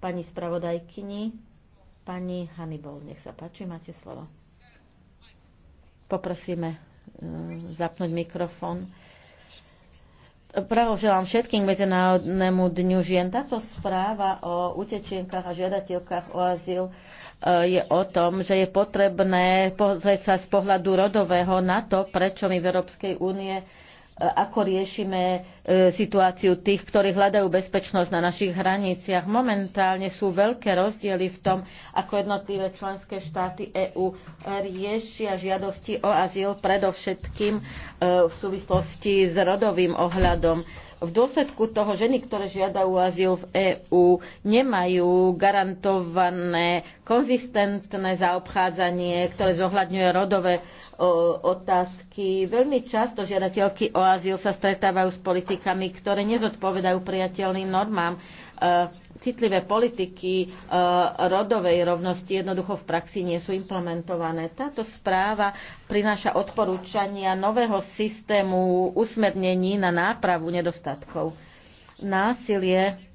pani spravodajkyni, pani Hannibal. Nech sa páči, máte slovo. Poprosíme e, zapnúť mikrofón. želám všetkým Medzinárodnému dňu žien. Táto správa o utečienkach a žiadateľkách o azyl e, je o tom, že je potrebné pozrieť sa z pohľadu rodového na to, prečo my v Európskej únie ako riešime e, situáciu tých, ktorí hľadajú bezpečnosť na našich hraniciach. Momentálne sú veľké rozdiely v tom, ako jednotlivé členské štáty EÚ riešia žiadosti o azyl, predovšetkým e, v súvislosti s rodovým ohľadom v dôsledku toho ženy, ktoré žiadajú azyl v EÚ, nemajú garantované konzistentné zaobchádzanie, ktoré zohľadňuje rodové otázky. Veľmi často žiadateľky o azyl sa stretávajú s politikami, ktoré nezodpovedajú priateľným normám e, citlivé politiky e, rodovej rovnosti jednoducho v praxi nie sú implementované. Táto správa prináša odporúčania nového systému usmernení na nápravu nedostatkov. Násilie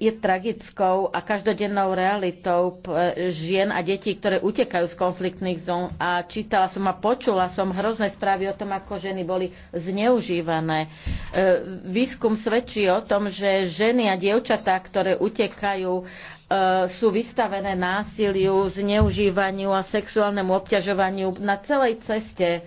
je tragickou a každodennou realitou e, žien a detí, ktoré utekajú z konfliktných zón. A čítala som a počula som hrozné správy o tom, ako ženy boli zneužívané. E, výskum svedčí o tom, že ženy a dievčatá, ktoré utekajú e, sú vystavené násiliu, zneužívaniu a sexuálnemu obťažovaniu na celej ceste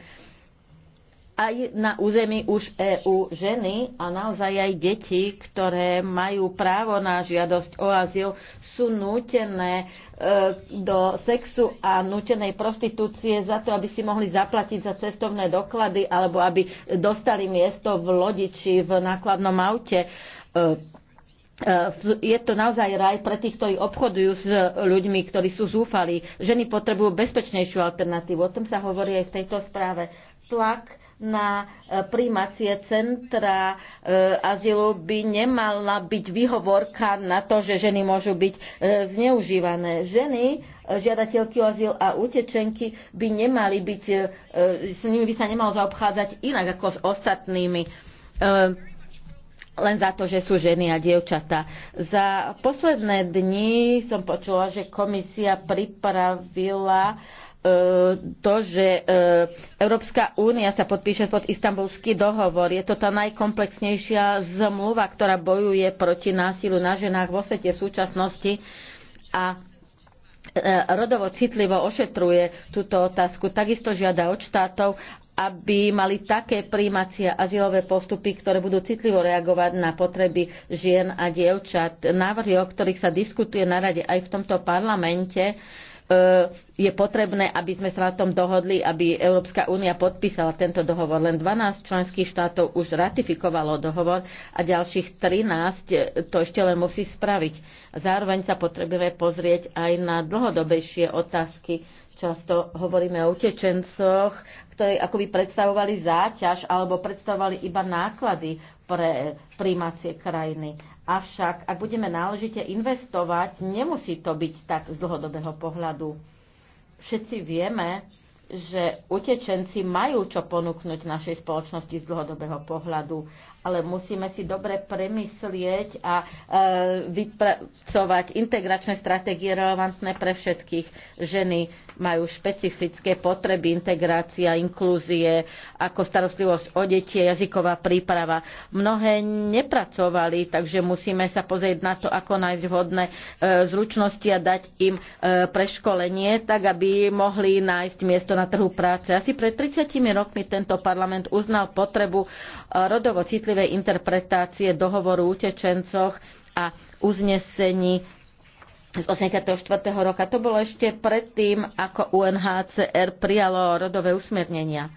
aj na území už EÚ ženy a naozaj aj deti, ktoré majú právo na žiadosť o azyl, sú nútené e, do sexu a nútenej prostitúcie za to, aby si mohli zaplatiť za cestovné doklady alebo aby dostali miesto v lodi či v nákladnom aute. E, e, je to naozaj raj pre tých, ktorí obchodujú s ľuďmi, ktorí sú zúfali. Ženy potrebujú bezpečnejšiu alternatívu. O tom sa hovorí aj v tejto správe. Tlak na e, príjmacie centra e, azylu by nemala byť výhovorka na to, že ženy môžu byť e, zneužívané. Ženy, žiadateľky o azyl a utečenky by nemali byť, s nimi by sa nemalo zaobchádzať inak ako s ostatnými len za to, že sú ženy a dievčatá. Za posledné dni som počula, že komisia pripravila uh, E, to, že e, Európska únia sa podpíše pod istambulský dohovor. Je to tá najkomplexnejšia zmluva, ktorá bojuje proti násilu na ženách vo svete v súčasnosti a e, rodovo citlivo ošetruje túto otázku. Takisto žiada od štátov, aby mali také príjmacie azylové postupy, ktoré budú citlivo reagovať na potreby žien a dievčat. Návrhy, o ktorých sa diskutuje na rade aj v tomto parlamente, E, je potrebné, aby sme sa na tom dohodli, aby Európska únia podpísala tento dohovor. Len 12 členských štátov už ratifikovalo dohovor a ďalších 13 e, to ešte len musí spraviť. Zároveň sa potrebujeme pozrieť aj na dlhodobejšie otázky často hovoríme o utečencoch, ktorí akoby predstavovali záťaž alebo predstavovali iba náklady pre príjmacie krajiny. Avšak, ak budeme náležite investovať, nemusí to byť tak z dlhodobého pohľadu. Všetci vieme, že utečenci majú čo ponúknuť našej spoločnosti z dlhodobého pohľadu ale musíme si dobre premyslieť a e, vypracovať integračné stratégie relevantné pre všetkých. Ženy majú špecifické potreby integrácia, inklúzie, ako starostlivosť o deti, jazyková príprava. Mnohé nepracovali, takže musíme sa pozrieť na to, ako nájsť vhodné e, zručnosti a dať im e, preškolenie, tak aby mohli nájsť miesto na trhu práce. Asi pred 30 rokmi tento parlament uznal potrebu rodovo citlivých jednotlivé interpretácie dohovoru utečencoch a uznesení z 84. roka. To bolo ešte predtým, ako UNHCR prijalo rodové usmernenia.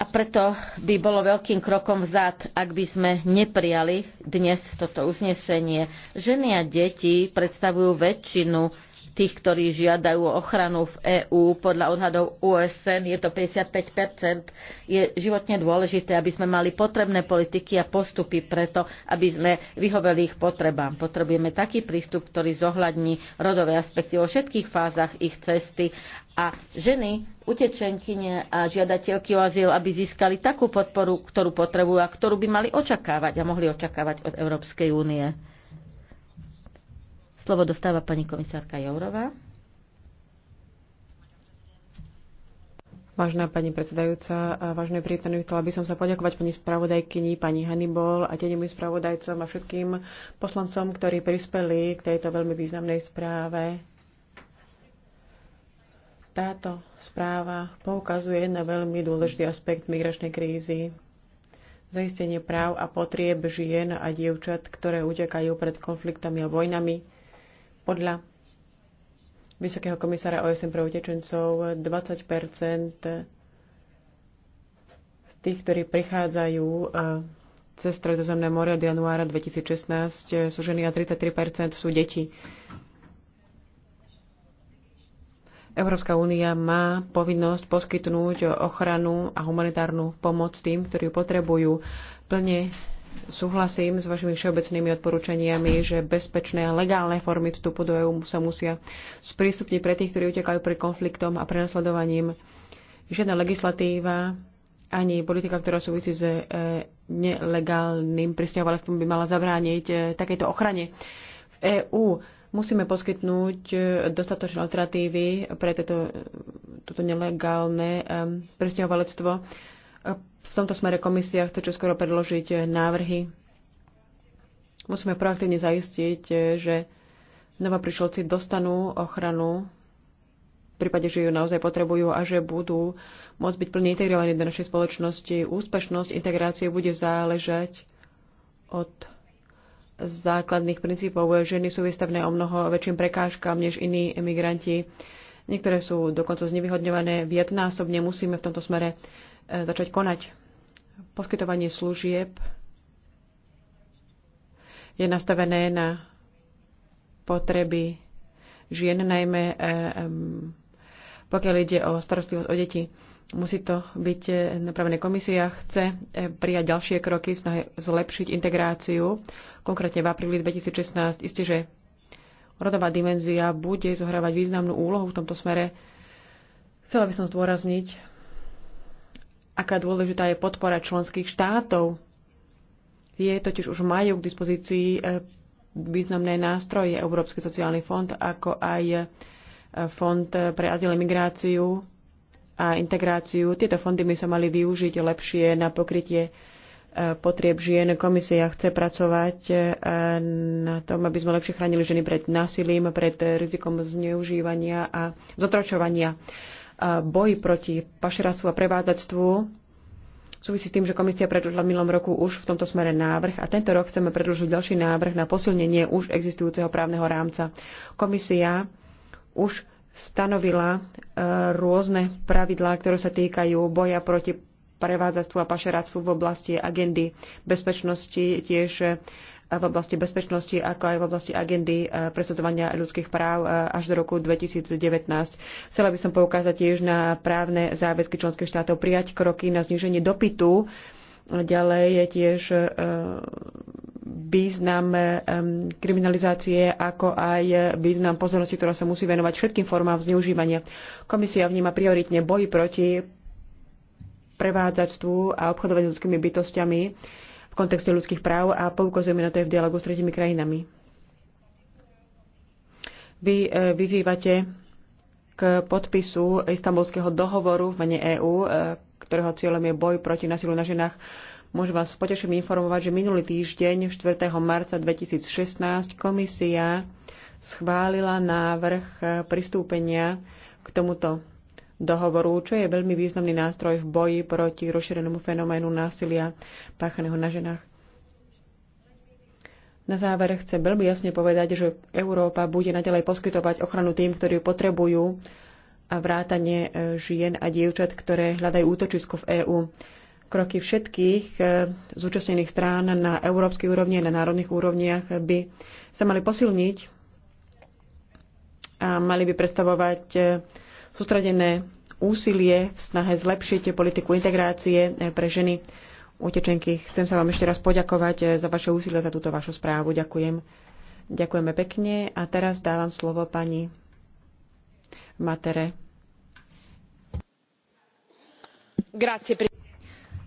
A preto by bolo veľkým krokom vzad, ak by sme neprijali dnes toto uznesenie. Ženy a deti predstavujú väčšinu tých, ktorí žiadajú ochranu v EÚ. Podľa odhadov USN je to 55 Je životne dôležité, aby sme mali potrebné politiky a postupy preto, aby sme vyhoveli ich potrebám. Potrebujeme taký prístup, ktorý zohľadní rodové aspekty vo všetkých fázach ich cesty a ženy, utečenkyne a žiadateľky o azyl, aby získali takú podporu, ktorú potrebujú a ktorú by mali očakávať a mohli očakávať od Európskej únie. Slovo dostáva pani komisárka Jourová. Vážená pani predsedajúca, vážne prítomní, chcela by som sa poďakovať pani spravodajkyni, pani Hannibal a teným spravodajcom a všetkým poslancom, ktorí prispeli k tejto veľmi významnej správe. Táto správa poukazuje na veľmi dôležitý aspekt migračnej krízy. Zaistenie práv a potrieb žien a dievčat, ktoré utekajú pred konfliktami a vojnami, podľa Vysokého komisára OSN pre utečencov 20 z tých, ktorí prichádzajú cez Stredozemné more od januára 2016 sú ženy a 33 sú deti. Európska únia má povinnosť poskytnúť ochranu a humanitárnu pomoc tým, ktorí ju potrebujú. Plne súhlasím s vašimi všeobecnými odporúčaniami, že bezpečné a legálne formy vstupu do EÚ sa musia sprístupniť pre tých, ktorí utekajú pred konfliktom a prenasledovaním. Žiadna legislatíva ani politika, ktorá súvisí s e, nelegálnym pristahovalstvom, by mala zabrániť e, takejto ochrane. V EÚ musíme poskytnúť e, dostatočné alternatívy pre toto, toto nelegálne pristahovalectvo v tomto smere komisia chce čoskoro predložiť návrhy. Musíme proaktívne zaistiť, že novoprišlci dostanú ochranu v prípade, že ju naozaj potrebujú a že budú môcť byť plne integrovaní do našej spoločnosti. Úspešnosť integrácie bude záležať od základných princípov. Ženy sú vystavné o mnoho väčším prekážkam než iní emigranti. Niektoré sú dokonca znevýhodňované viacnásobne. Musíme v tomto smere e, začať konať poskytovanie služieb je nastavené na potreby žien, najmä eh, pokiaľ ide o starostlivosť o deti. Musí to byť eh, napravené komisia. Chce eh, prijať ďalšie kroky v snahe zlepšiť integráciu. Konkrétne v apríli 2016 isté, že rodová dimenzia bude zohrávať významnú úlohu v tomto smere. Chcela by som zdôrazniť, aká dôležitá je podpora členských štátov. Je totiž už majú k dispozícii e, významné nástroje Európsky sociálny fond, ako aj e, Fond pre azyl migráciu a integráciu. Tieto fondy by sa mali využiť lepšie na pokrytie e, potrieb žien. Komisia chce pracovať na tom, aby sme lepšie chránili ženy pred násilím, pred rizikom zneužívania a zotročovania boji proti pašeráctvu a prevádzactvu súvisí s tým, že komisia predložila v minulom roku už v tomto smere návrh a tento rok chceme predložiť ďalší návrh na posilnenie už existujúceho právneho rámca. Komisia už stanovila e, rôzne pravidlá, ktoré sa týkajú boja proti prevádzactvu a pašeráctvu v oblasti agendy bezpečnosti, tiež v oblasti bezpečnosti, ako aj v oblasti agendy eh, presadzovania ľudských práv eh, až do roku 2019. Chcela by som poukázať tiež na právne záväzky členských štátov prijať kroky na zniženie dopytu. Ďalej je tiež eh, význam kriminalizácie, ako aj význam pozornosti, ktorá sa musí venovať všetkým formám zneužívania. Komisia vníma prioritne boj proti prevádzačstvu a obchodovaniu s ľudskými bytostiami v kontexte ľudských práv a poukazujeme na to aj v dialogu s tretimi krajinami. Vy e, vyzývate k podpisu istambulského dohovoru v mene EÚ, e, ktorého cieľom je boj proti nasilu na ženách. Môžem vás s potešením informovať, že minulý týždeň, 4. marca 2016, komisia schválila návrh e, pristúpenia k tomuto dohovoru, čo je veľmi významný nástroj v boji proti rozšírenému fenoménu násilia páchaného na ženách. Na záver chcem veľmi jasne povedať, že Európa bude naďalej poskytovať ochranu tým, ktorí ju potrebujú a vrátanie e, žien a dievčat, ktoré hľadajú útočisko v EÚ. Kroky všetkých e, zúčastnených strán na európskej úrovni a na národných úrovniach by sa mali posilniť a mali by predstavovať e, sústredené úsilie v snahe zlepšiť politiku integrácie eh, pre ženy utečenky. Chcem sa vám ešte raz poďakovať eh, za vaše úsilie, za túto vašu správu. Ďakujem. Ďakujeme pekne a teraz dávam slovo pani Matere. Grazie.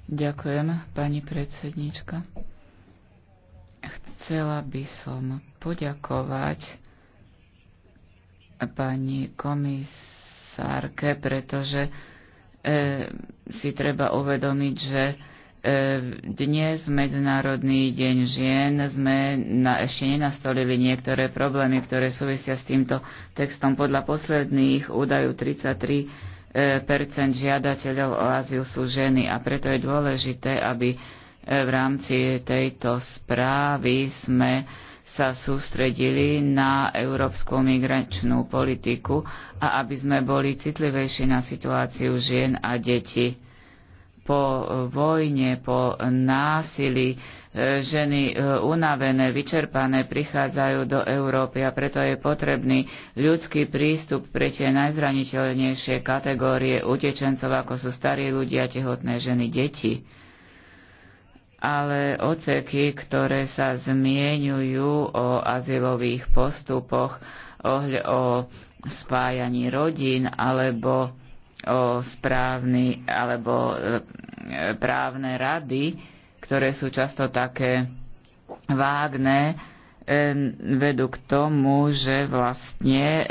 Ďakujem, pani predsednička. Chcela by som poďakovať pani komis sárke, pretože e, si treba uvedomiť, že e, dnes v Medzinárodný deň žien sme na, ešte nenastolili niektoré problémy, ktoré súvisia s týmto textom. Podľa posledných údajov 33 e, percent žiadateľov o azyl sú ženy a preto je dôležité, aby e, v rámci tejto správy sme sa sústredili na európsku migračnú politiku a aby sme boli citlivejší na situáciu žien a detí. Po vojne, po násilí e, ženy e, unavené, vyčerpané prichádzajú do Európy a preto je potrebný ľudský prístup pre tie najzraniteľnejšie kategórie utečencov, ako sú starí ľudia, tehotné ženy, deti ale oceky, ktoré sa zmieňujú o azylových postupoch, o, o spájaní rodín alebo o správny alebo e, e, právne rady, ktoré sú často také vágne, vedú k tomu, že vlastne e,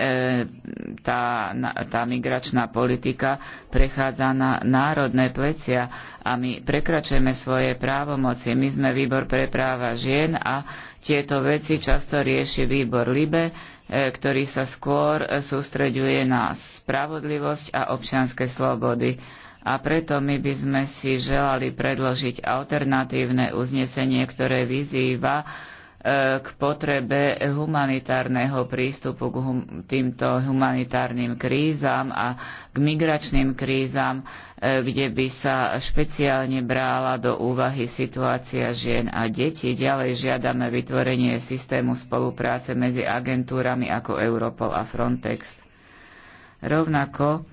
tá, tá migračná politika prechádza na národné plecia a my prekračujeme svoje právomoci. My sme výbor pre práva žien a tieto veci často rieši výbor LIBE, e, ktorý sa skôr sústreďuje na spravodlivosť a občianske slobody a preto my by sme si želali predložiť alternatívne uznesenie, ktoré vyzýva k potrebe humanitárneho prístupu k hum, týmto humanitárnym krízam a k migračným krízam, e, kde by sa špeciálne brála do úvahy situácia žien a detí. Ďalej žiadame vytvorenie systému spolupráce medzi agentúrami ako Europol a Frontex. Rovnako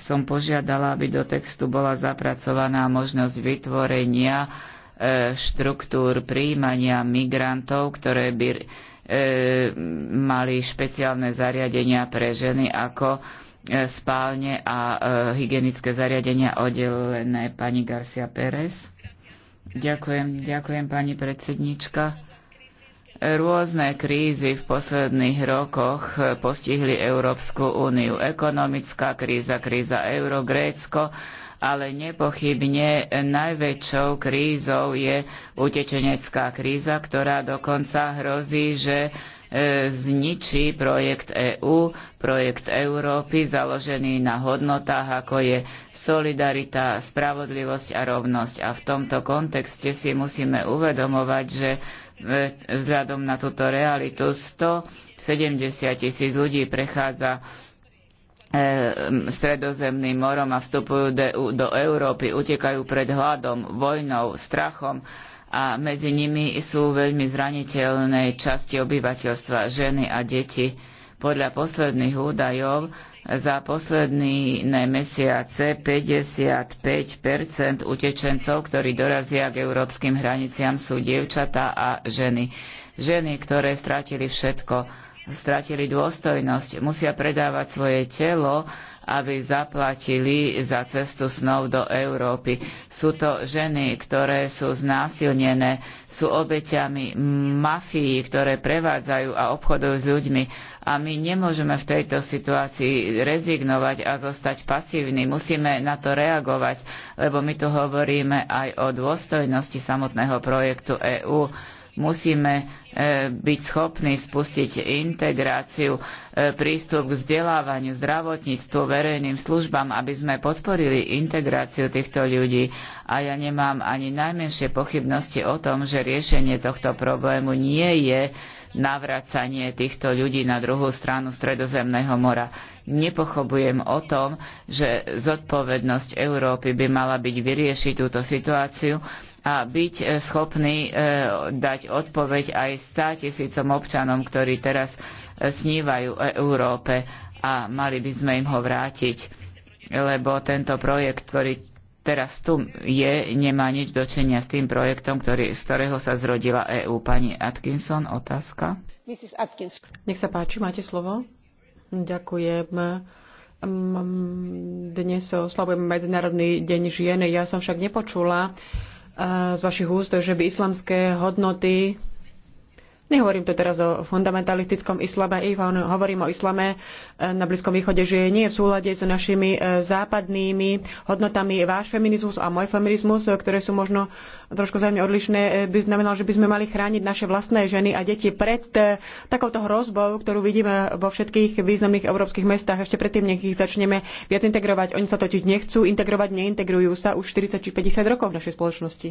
som požiadala, aby do textu bola zapracovaná možnosť vytvorenia E, štruktúr príjmania migrantov, ktoré by e, mali špeciálne zariadenia pre ženy ako e, spálne a hygienické zariadenia oddelené pani Garcia Pérez. Ďakujem, ďakujem pani predsednička. Rôzne krízy v posledných rokoch postihli Európsku úniu. Ekonomická kríza, kríza euro, Grécko, ale nepochybne najväčšou krízou je utečenecká kríza, ktorá dokonca hrozí, že e, zničí projekt EÚ, projekt Európy založený na hodnotách, ako je solidarita, spravodlivosť a rovnosť. A v tomto kontexte si musíme uvedomovať, že e, vzhľadom na túto realitu 170 tisíc ľudí prechádza Ehm, stredozemným morom a vstupujú do Európy, utekajú pred hladom, vojnou, strachom a medzi nimi sú veľmi zraniteľné časti obyvateľstva, ženy a deti. Podľa posledných údajov za posledné mesiace 55 utečencov, ktorí dorazia k európskym hraniciam, sú dievčatá a ženy. Ženy, ktoré stratili všetko stratili dôstojnosť, musia predávať svoje telo, aby zaplatili za cestu snov do Európy. Sú to ženy, ktoré sú znásilnené, sú obeťami mafií, ktoré prevádzajú a obchodujú s ľuďmi. A my nemôžeme v tejto situácii rezignovať a zostať pasívni. Musíme na to reagovať, lebo my tu hovoríme aj o dôstojnosti samotného projektu EÚ Musíme e, byť schopní spustiť integráciu, e, prístup k vzdelávaniu, zdravotníctvu, verejným službám, aby sme podporili integráciu týchto ľudí. A ja nemám ani najmenšie pochybnosti o tom, že riešenie tohto problému nie je navracanie týchto ľudí na druhú stranu Stredozemného mora. Nepochobujem o tom, že zodpovednosť Európy by mala byť vyriešiť túto situáciu, a byť e, schopný e, dať odpoveď aj 100 tisícom občanom, ktorí teraz e, snívajú o Európe a mali by sme im ho vrátiť, lebo tento projekt, ktorý teraz tu je, nemá nič dočenia s tým projektom, ktorý, z ktorého sa zrodila EÚ. Pani Atkinson, otázka? Atkinson. Nech sa páči, máte slovo. Ďakujem. Mm, dnes oslavujeme Medzinárodný deň žien. Ja som však nepočula z vašich úst, že by islamské hodnoty Nehovorím to teraz o fundamentalistickom islame, hovorím o islame e, na Blízkom východe, že nie je v súlade s našimi e, západnými hodnotami. Váš feminizmus a môj feminizmus, e, ktoré sú možno trošku zájemne odlišné, by znamenal, že by sme mali chrániť naše vlastné ženy a deti pred takouto hrozbou, ktorú vidíme vo všetkých významných európskych mestách. Ešte predtým nech ich začneme viac integrovať. Oni sa totiž nechcú integrovať, neintegrujú sa už 40 či 50 rokov v našej spoločnosti.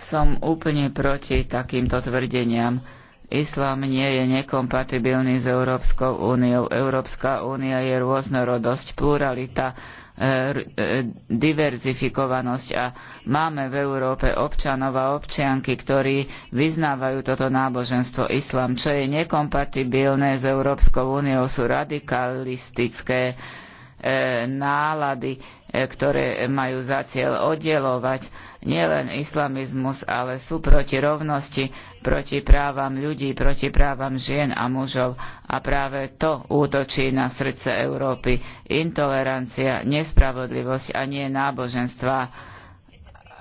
Som úplne proti takýmto tvrdeniam. Islám nie je nekompatibilný s Európskou úniou. Európska únia je rôznorodosť, pluralita, e, e, diverzifikovanosť a máme v Európe občanov a občianky, ktorí vyznávajú toto náboženstvo islám. Čo je nekompatibilné s Európskou úniou sú radikalistické nálady, e, ktoré majú za cieľ oddelovať nielen islamizmus, ale sú proti rovnosti, proti právam ľudí, proti právam žien a mužov. A práve to útočí na srdce Európy. Intolerancia, nespravodlivosť a nie náboženstva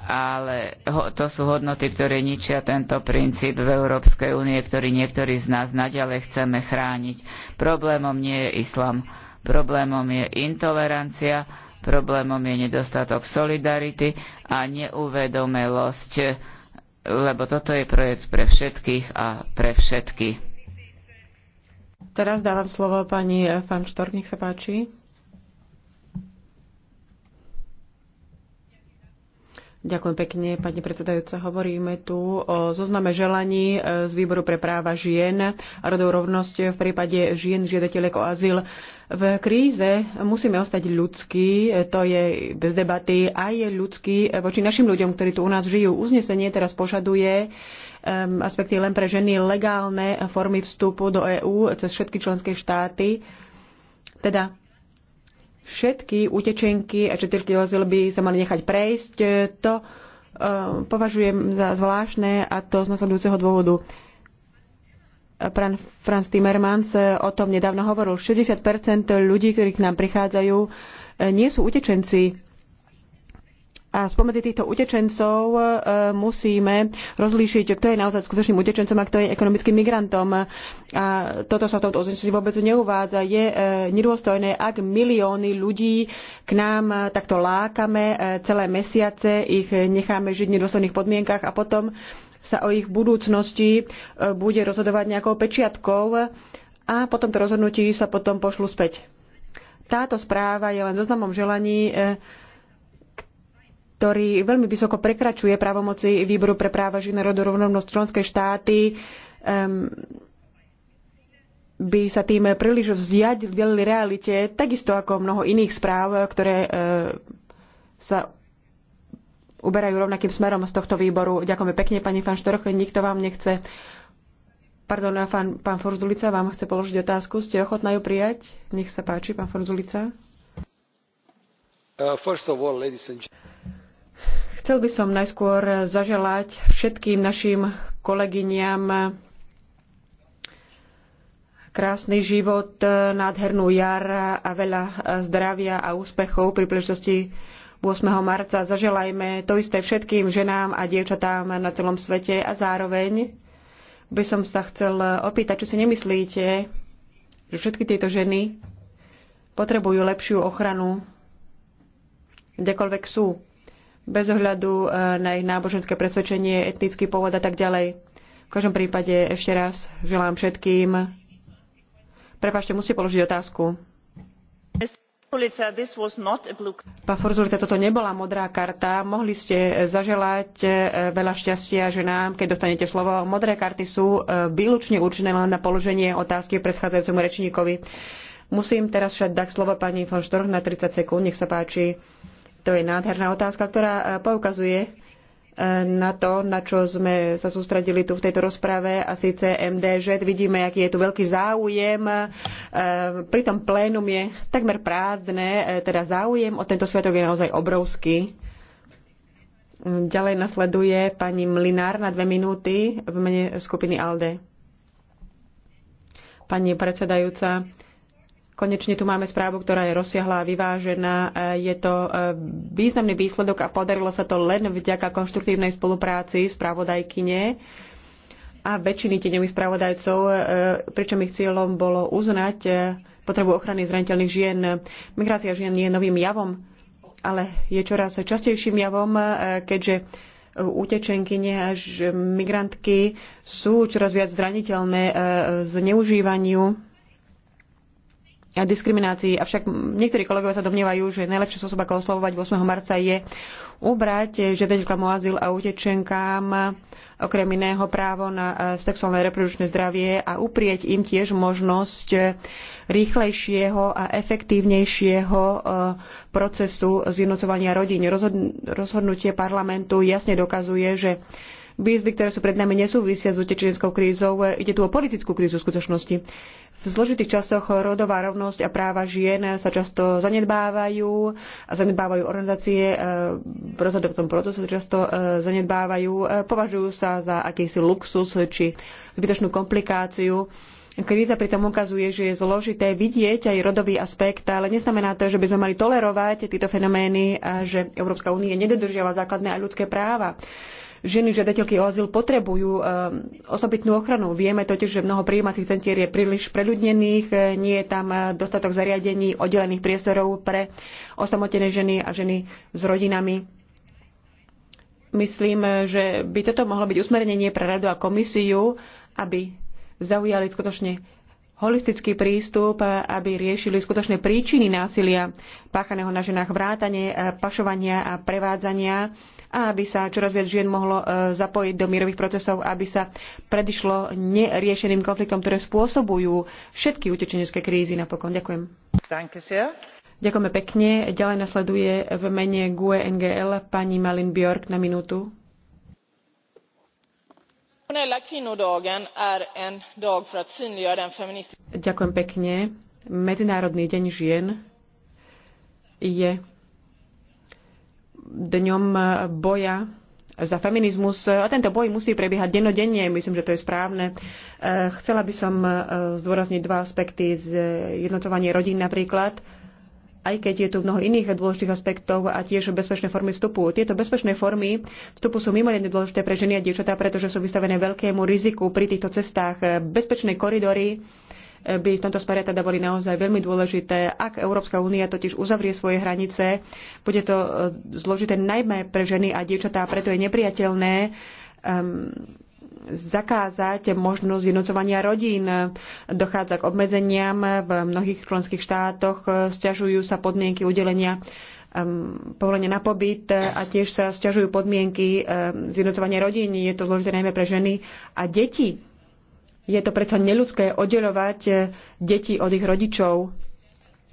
ale to sú hodnoty, ktoré ničia tento princíp v Európskej únie, ktorý niektorí z nás naďalej chceme chrániť. Problémom nie je islam. Problémom je intolerancia, problémom je nedostatok solidarity a neuvedomelosť, lebo toto je projekt pre všetkých a pre všetky. Teraz dávam slovo pani Fan eh, Štork, nech sa páči. Ďakujem pekne, pani predsedajúca. Hovoríme tu o zozname želaní eh, z Výboru pre práva žien a rodovú rovnosť v prípade žien žiadateľek o azyl. V kríze musíme ostať ľudskí, to je bez debaty, aj je ľudský voči našim ľuďom, ktorí tu u nás žijú. Uznesenie teraz požaduje um, aspekty len pre ženy legálne formy vstupu do EÚ cez všetky členské štáty. Teda všetky utečenky a četirky azyl by sa mali nechať prejsť. To um, považujem za zvláštne a to z nasledujúceho dôvodu Franz Timmermans e, o tom nedávno hovoril. 60 ľudí, ktorí k nám prichádzajú, e, nie sú utečenci. A spomedzi týchto utečencov e, musíme rozlíšiť, kto je naozaj skutočným utečencom a kto je ekonomickým migrantom. A toto sa v tomto uznesení vôbec neuvádza. Je nedôstojné, ak milióny ľudí k nám takto lákame celé mesiace, ich necháme žiť v nedôstojných podmienkach a potom sa o ich budúcnosti e, bude rozhodovať nejakou pečiatkou a po tomto rozhodnutí sa potom pošlu späť. Táto správa je len zoznamom želaní, e, ktorý veľmi vysoko prekračuje právomoci Výboru pre práva žien rodu rovnovnosť členské štáty ehm, by sa tým príliš vzdialili realite, takisto ako mnoho iných správ, ktoré e, sa uberajú rovnakým smerom z tohto výboru. Ďakujeme pekne, pani Fan Štorch. Nikto vám nechce. Pardon, pán, pán Forzulica vám chce položiť otázku. Ste ochotná ju prijať? Nech sa páči, pán Forzulica. Uh, first of all, ladies and Chcel by som najskôr zaželať všetkým našim kolegyniam krásny život, nádhernú jar a veľa zdravia a úspechov pri príležitosti 8. marca. Zaželajme to isté všetkým ženám a dievčatám na celom svete a zároveň by som sa chcel opýtať, či si nemyslíte, že všetky tieto ženy potrebujú lepšiu ochranu, kdekoľvek sú, bez ohľadu eh, na ich náboženské presvedčenie, etnický pôvod a tak ďalej. V každom prípade ešte raz želám všetkým. Prepašte, musím položiť otázku. Pán Forzulita, toto nebola modrá karta. Mohli ste eh, zaželať eh, veľa šťastia ženám, keď dostanete slovo. Modré karty sú eh, výlučne určené len na položenie otázky predchádzajúcemu rečníkovi. Musím teraz však dať slovo pani von Štorch na 30 sekúnd. Nech sa páči. To je nádherná otázka, ktorá poukazuje na to, na čo sme sa sústredili tu v tejto rozprave a síce MDŽ. Vidíme, aký je tu veľký záujem. E, pri tom plénum je takmer prázdne, e, teda záujem o tento sviatok je naozaj obrovský. Ďalej nasleduje pani Mlinár na dve minúty v mene skupiny ALDE. Pani predsedajúca, Konečne tu máme správu, ktorá je rozsiahla a vyvážená. E, je to e, významný výsledok a podarilo sa to len vďaka konštruktívnej spolupráci spravodajkyne a väčšiny tieňových spravodajcov, e, pričom ich cieľom bolo uznať potrebu ochrany zraniteľných žien. Migrácia žien nie je novým javom, ale je čoraz častejším javom, keďže utečenky, až migrantky sú čoraz viac zraniteľné zneužívaniu a diskriminácii. Avšak niektorí kolegovia sa domnievajú, že najlepšia spôsob, ako oslovovať 8. marca, je ubrať eh, žiadateľkom o azyl a utečenkám eh, okrem iného právo na eh, sexuálne reprodukčné zdravie a uprieť im tiež možnosť rýchlejšieho a efektívnejšieho procesu zjednocovania rodín. Rozhodnutie parlamentu jasne dokazuje, že Výzvy, ktoré sú pred nami, nesúvisia s utečeneckou krízou. Ide tu o politickú krízu v skutočnosti. V zložitých časoch rodová rovnosť a práva žien sa často zanedbávajú a zanedbávajú organizácie e, v rozhodovacom procese často e, zanedbávajú. E, považujú sa za akýsi luxus či zbytočnú komplikáciu. Kríza pritom ukazuje, že je zložité vidieť aj rodový aspekt, ale neznamená to, že by sme mali tolerovať tieto fenomény a že Európska únia nedodržiava základné aj ľudské práva ženy žiadateľky o azyl potrebujú eh, osobitnú ochranu. Vieme totiž, že mnoho prijímacích centier je príliš preľudnených, eh, nie je tam eh, dostatok zariadení, oddelených priestorov pre osamotené ženy a ženy s rodinami. Myslím, že by toto mohlo byť usmernenie pre radu a komisiu, aby zaujali skutočne holistický prístup, aby riešili skutočné príčiny násilia páchaného na ženách vrátane, pašovania a prevádzania a aby sa čoraz viac žien mohlo e, zapojiť do mierových procesov, aby sa predišlo neriešeným konfliktom, ktoré spôsobujú všetky utečenecké krízy napokon. Ďakujem. Ďakujeme pekne. Ďalej nasleduje v mene GUE NGL pani Malin Björk na minútu. Ďakujem pekne. Medzinárodný deň žien je dňom boja za feminizmus a tento boj musí prebiehať denodenne, myslím, že to je správne. E, chcela by som e, zdôrazniť dva aspekty, zjednocovanie rodín napríklad, aj keď je tu mnoho iných dôležitých aspektov a tiež bezpečné formy vstupu. Tieto bezpečné formy vstupu sú mimoriadne dôležité pre ženy a dievčatá, pretože sú vystavené veľkému riziku pri týchto cestách. Bezpečné koridory by v tomto smere teda boli naozaj veľmi dôležité. Ak Európska únia totiž uzavrie svoje hranice, bude to e, zložité najmä pre ženy a dievčatá, preto je nepriateľné um, zakázať možnosť vynocovania rodín. Dochádza k obmedzeniam v mnohých členských štátoch, e, sťažujú sa podmienky udelenia um, povolenia na pobyt e, a tiež sa sťažujú podmienky um, ehm, zjednocovania rodín. Je to zložité najmä pre ženy a deti je to predsa neľudské oddelovať eh, deti od ich rodičov.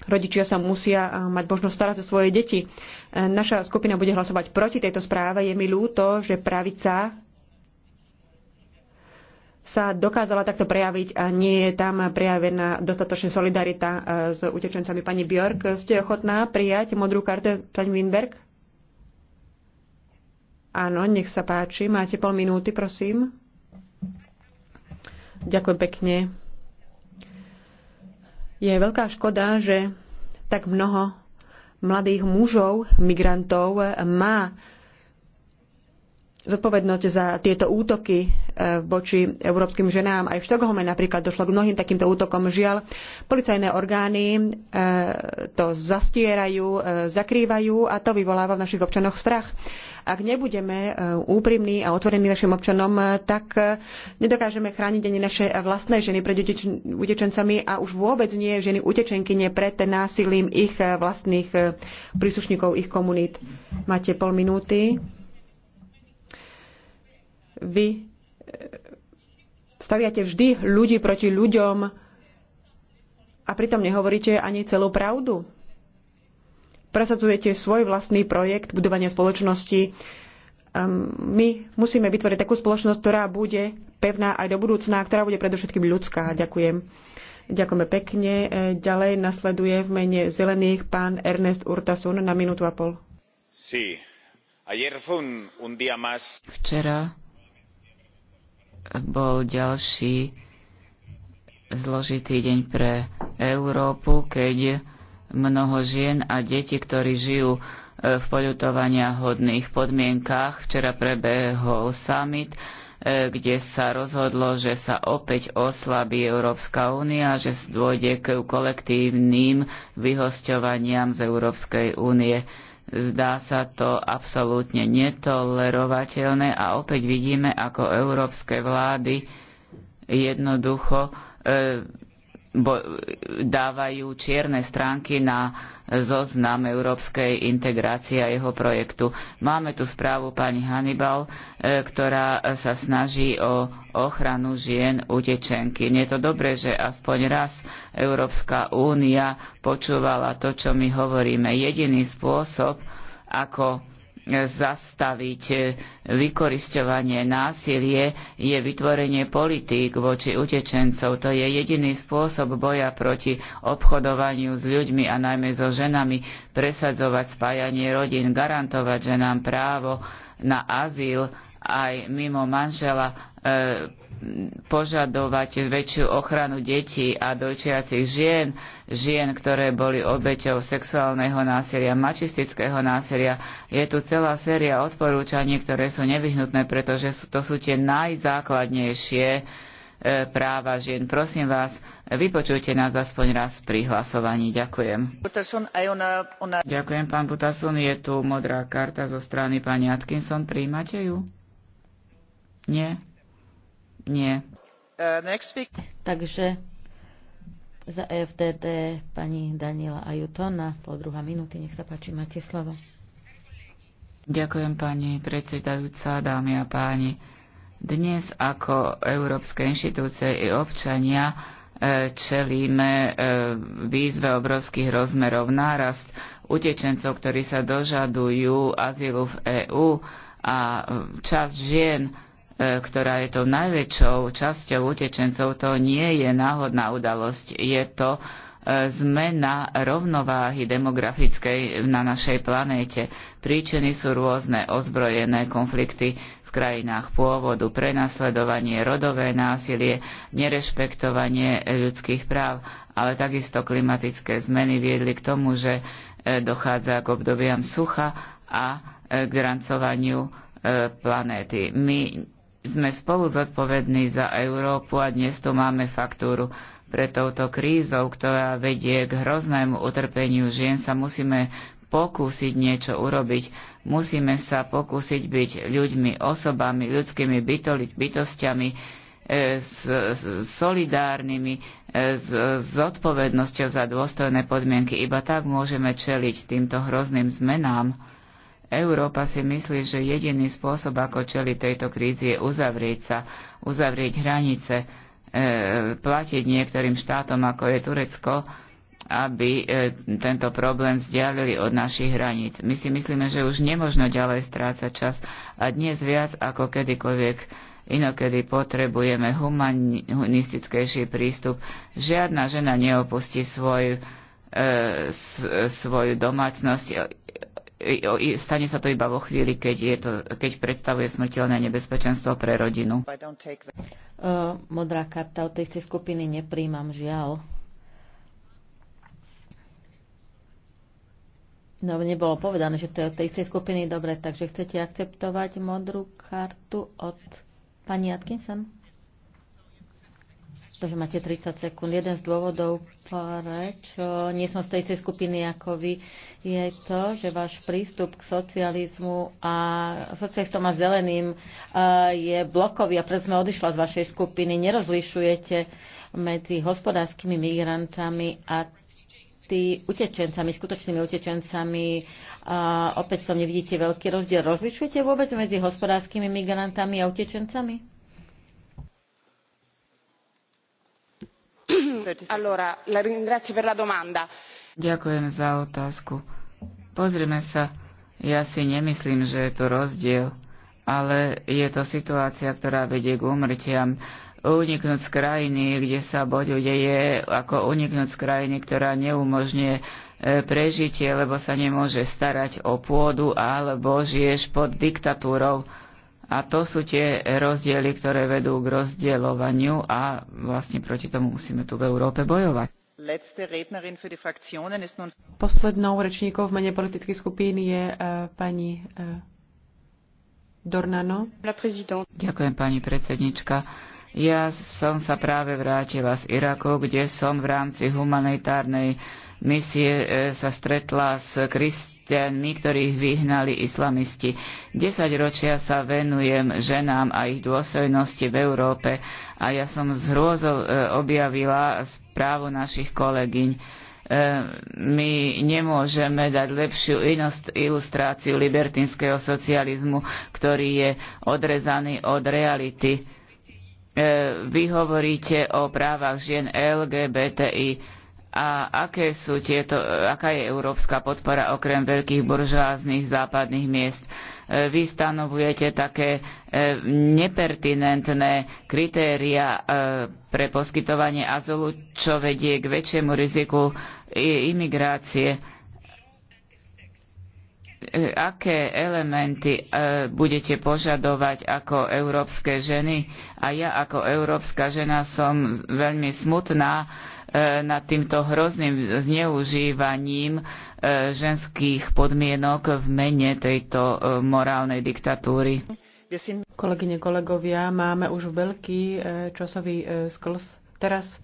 Rodičia sa musia eh, mať možnosť starať o svoje deti. Eh, naša skupina bude hlasovať proti tejto správe. Je mi ľúto, že pravica sa dokázala takto prejaviť a nie je tam prejavená dostatočne solidarita s utečencami. Pani Björk, ste ochotná prijať modrú kartu, pani Winberg? Áno, nech sa páči. Máte pol minúty, prosím. Ďakujem pekne. Je veľká škoda, že tak mnoho mladých mužov, migrantov má zodpovednosť za tieto útoky eh, voči európskym ženám. Aj v Štokholme napríklad došlo k mnohým takýmto útokom. Žiaľ, policajné orgány eh, to zastierajú, eh, zakrývajú a to vyvoláva v našich občanoch strach. Ak nebudeme e, úprimní a otvorení našim občanom, e, tak e, nedokážeme chrániť ani naše vlastné ženy pred utečencami a už vôbec nie ženy utečenky nie pred násilím ich vlastných príslušníkov, ich komunít. Máte pol minúty. Vy staviate vždy ľudí proti ľuďom a pritom nehovoríte ani celú pravdu presadzujete svoj vlastný projekt budovania spoločnosti. Ehm, my musíme vytvoriť takú spoločnosť, ktorá bude pevná aj do budúcna, ktorá bude predovšetkým ľudská. Ďakujem. Ďakujeme pekne. E, ďalej nasleduje v mene zelených pán Ernest Urtasun na minútu a pol. Včera bol ďalší zložitý deň pre Európu, keď mnoho žien a detí, ktorí žijú e, v poľutovania hodných podmienkách. Včera prebehol summit, e, kde sa rozhodlo, že sa opäť oslabí Európska únia, že dôjde k kolektívnym vyhosťovaniam z Európskej únie. Zdá sa to absolútne netolerovateľné a opäť vidíme, ako európske vlády jednoducho e, dávajú čierne stránky na zoznam európskej integrácie a jeho projektu. Máme tu správu pani Hannibal, e, ktorá sa snaží o ochranu žien utečenky. Nie je to dobré, že aspoň raz Európska únia počúvala to, čo my hovoríme. Jediný spôsob, ako zastaviť e, vykorisťovanie násilie je vytvorenie politík voči utečencov. To je jediný spôsob boja proti obchodovaniu s ľuďmi a najmä so ženami, presadzovať spájanie rodín, garantovať ženám právo na azyl aj mimo manžela E, požadovať väčšiu ochranu detí a dojčiacich žien, žien, ktoré boli obeťou sexuálneho násilia, mačistického násilia. Je tu celá séria odporúčaní, ktoré sú nevyhnutné, pretože to sú tie najzákladnejšie e, práva žien. Prosím vás, vypočujte nás aspoň raz pri hlasovaní. Ďakujem. Ďakujem, pán Butasun. Je tu modrá karta zo strany pani Atkinson. Príjmate ju? Nie. Nie. Uh, Takže za EFDD pani Daniela Ajutona, po druhá minúty, nech sa páči, máte slovo. Ďakujem pani predsedajúca, dámy a páni. Dnes ako európske inštitúcie i občania e, čelíme e, výzve obrovských rozmerov nárast utečencov, ktorí sa dožadujú azylu v EÚ a e, čas žien E, ktorá je tou najväčšou časťou utečencov, to nie je náhodná udalosť. Je to e, zmena rovnováhy demografickej na našej planéte. Príčiny sú rôzne ozbrojené konflikty v krajinách pôvodu, prenasledovanie, rodové násilie, nerešpektovanie ľudských práv, ale takisto klimatické zmeny viedli k tomu, že e, dochádza k obdobiam sucha a k drancovaniu planéty. My sme spolu zodpovední za Európu a dnes tu máme faktúru. Pre touto krízou, ktorá vedie k hroznému utrpeniu žien, sa musíme pokúsiť niečo urobiť. Musíme sa pokúsiť byť ľuďmi, osobami, ľudskými bytoli, bytostiami, e, s, s, solidárnymi, e, s, s odpovednosťou za dôstojné podmienky. Iba tak môžeme čeliť týmto hrozným zmenám. Európa si myslí, že jediný spôsob, ako čeli tejto krízi, je uzavrieť sa, uzavrieť hranice, e, platiť niektorým štátom, ako je Turecko, aby e, tento problém vzdialili od našich hraníc. My si myslíme, že už nemožno ďalej strácať čas a dnes viac ako kedykoľvek inokedy potrebujeme humanistickejší prístup. Žiadna žena neopustí svoj, e, s, svoju domácnosť stane sa to iba vo chvíli, keď, je to, keď predstavuje smrteľné nebezpečenstvo pre rodinu. Uh, modrá karta od tej skupiny nepríjmam, žiaľ. No, nebolo povedané, že to je od tej istej skupiny. Dobre, takže chcete akceptovať modrú kartu od pani Atkinson? Takže máte 30 sekúnd. Jeden z dôvodov, prečo nie som z tej istej skupiny ako vy, je to, že váš prístup k socializmu a socialistom a zeleným e, je blokový a preto sme odišla z vašej skupiny. Nerozlišujete medzi hospodárskymi migrantami a tí utečencami, skutočnými utečencami, a e, opäť som nevidíte veľký rozdiel. Rozlišujete vôbec medzi hospodárskymi migrantami a utečencami? Ďakujem za otázku. Pozrime sa. Ja si nemyslím, že je to rozdiel, ale je to situácia, ktorá vedie k úmrtiam. Uniknúť z krajiny, kde sa boď je ako uniknúť z krajiny, ktorá neumožňuje e, prežitie, lebo sa nemôže starať o pôdu, alebo žiješ pod diktatúrou. A to sú tie rozdiely, ktoré vedú k rozdielovaniu a vlastne proti tomu musíme tu v Európe bojovať. Poslednou rečníkou v mene politické skupiny je uh, pani uh, Dornano. Ďakujem pani predsednička. Ja som sa práve vrátila z Iraku, kde som v rámci humanitárnej misie e, sa stretla s Krist kresťanmi, ktorých vyhnali islamisti. Desaťročia sa venujem ženám a ich dôsojnosti v Európe a ja som z hrôzov e, objavila správu našich kolegyň e, my nemôžeme dať lepšiu ilustráciu libertinského socializmu, ktorý je odrezaný od reality. E, vy hovoríte o právach žien LGBTI a aké sú tieto, aká je európska podpora okrem veľkých buržoáznych západných miest? E, vy stanovujete také e, nepertinentné kritéria e, pre poskytovanie azylu, čo vedie k väčšiemu riziku imigrácie. Aké elementy budete požadovať ako európske ženy? A ja ako európska žena som veľmi smutná, E, nad týmto hrozným zneužívaním e, ženských podmienok v mene tejto e, morálnej diktatúry. Kolegyne, kolegovia, máme už veľký časový sklz. Teraz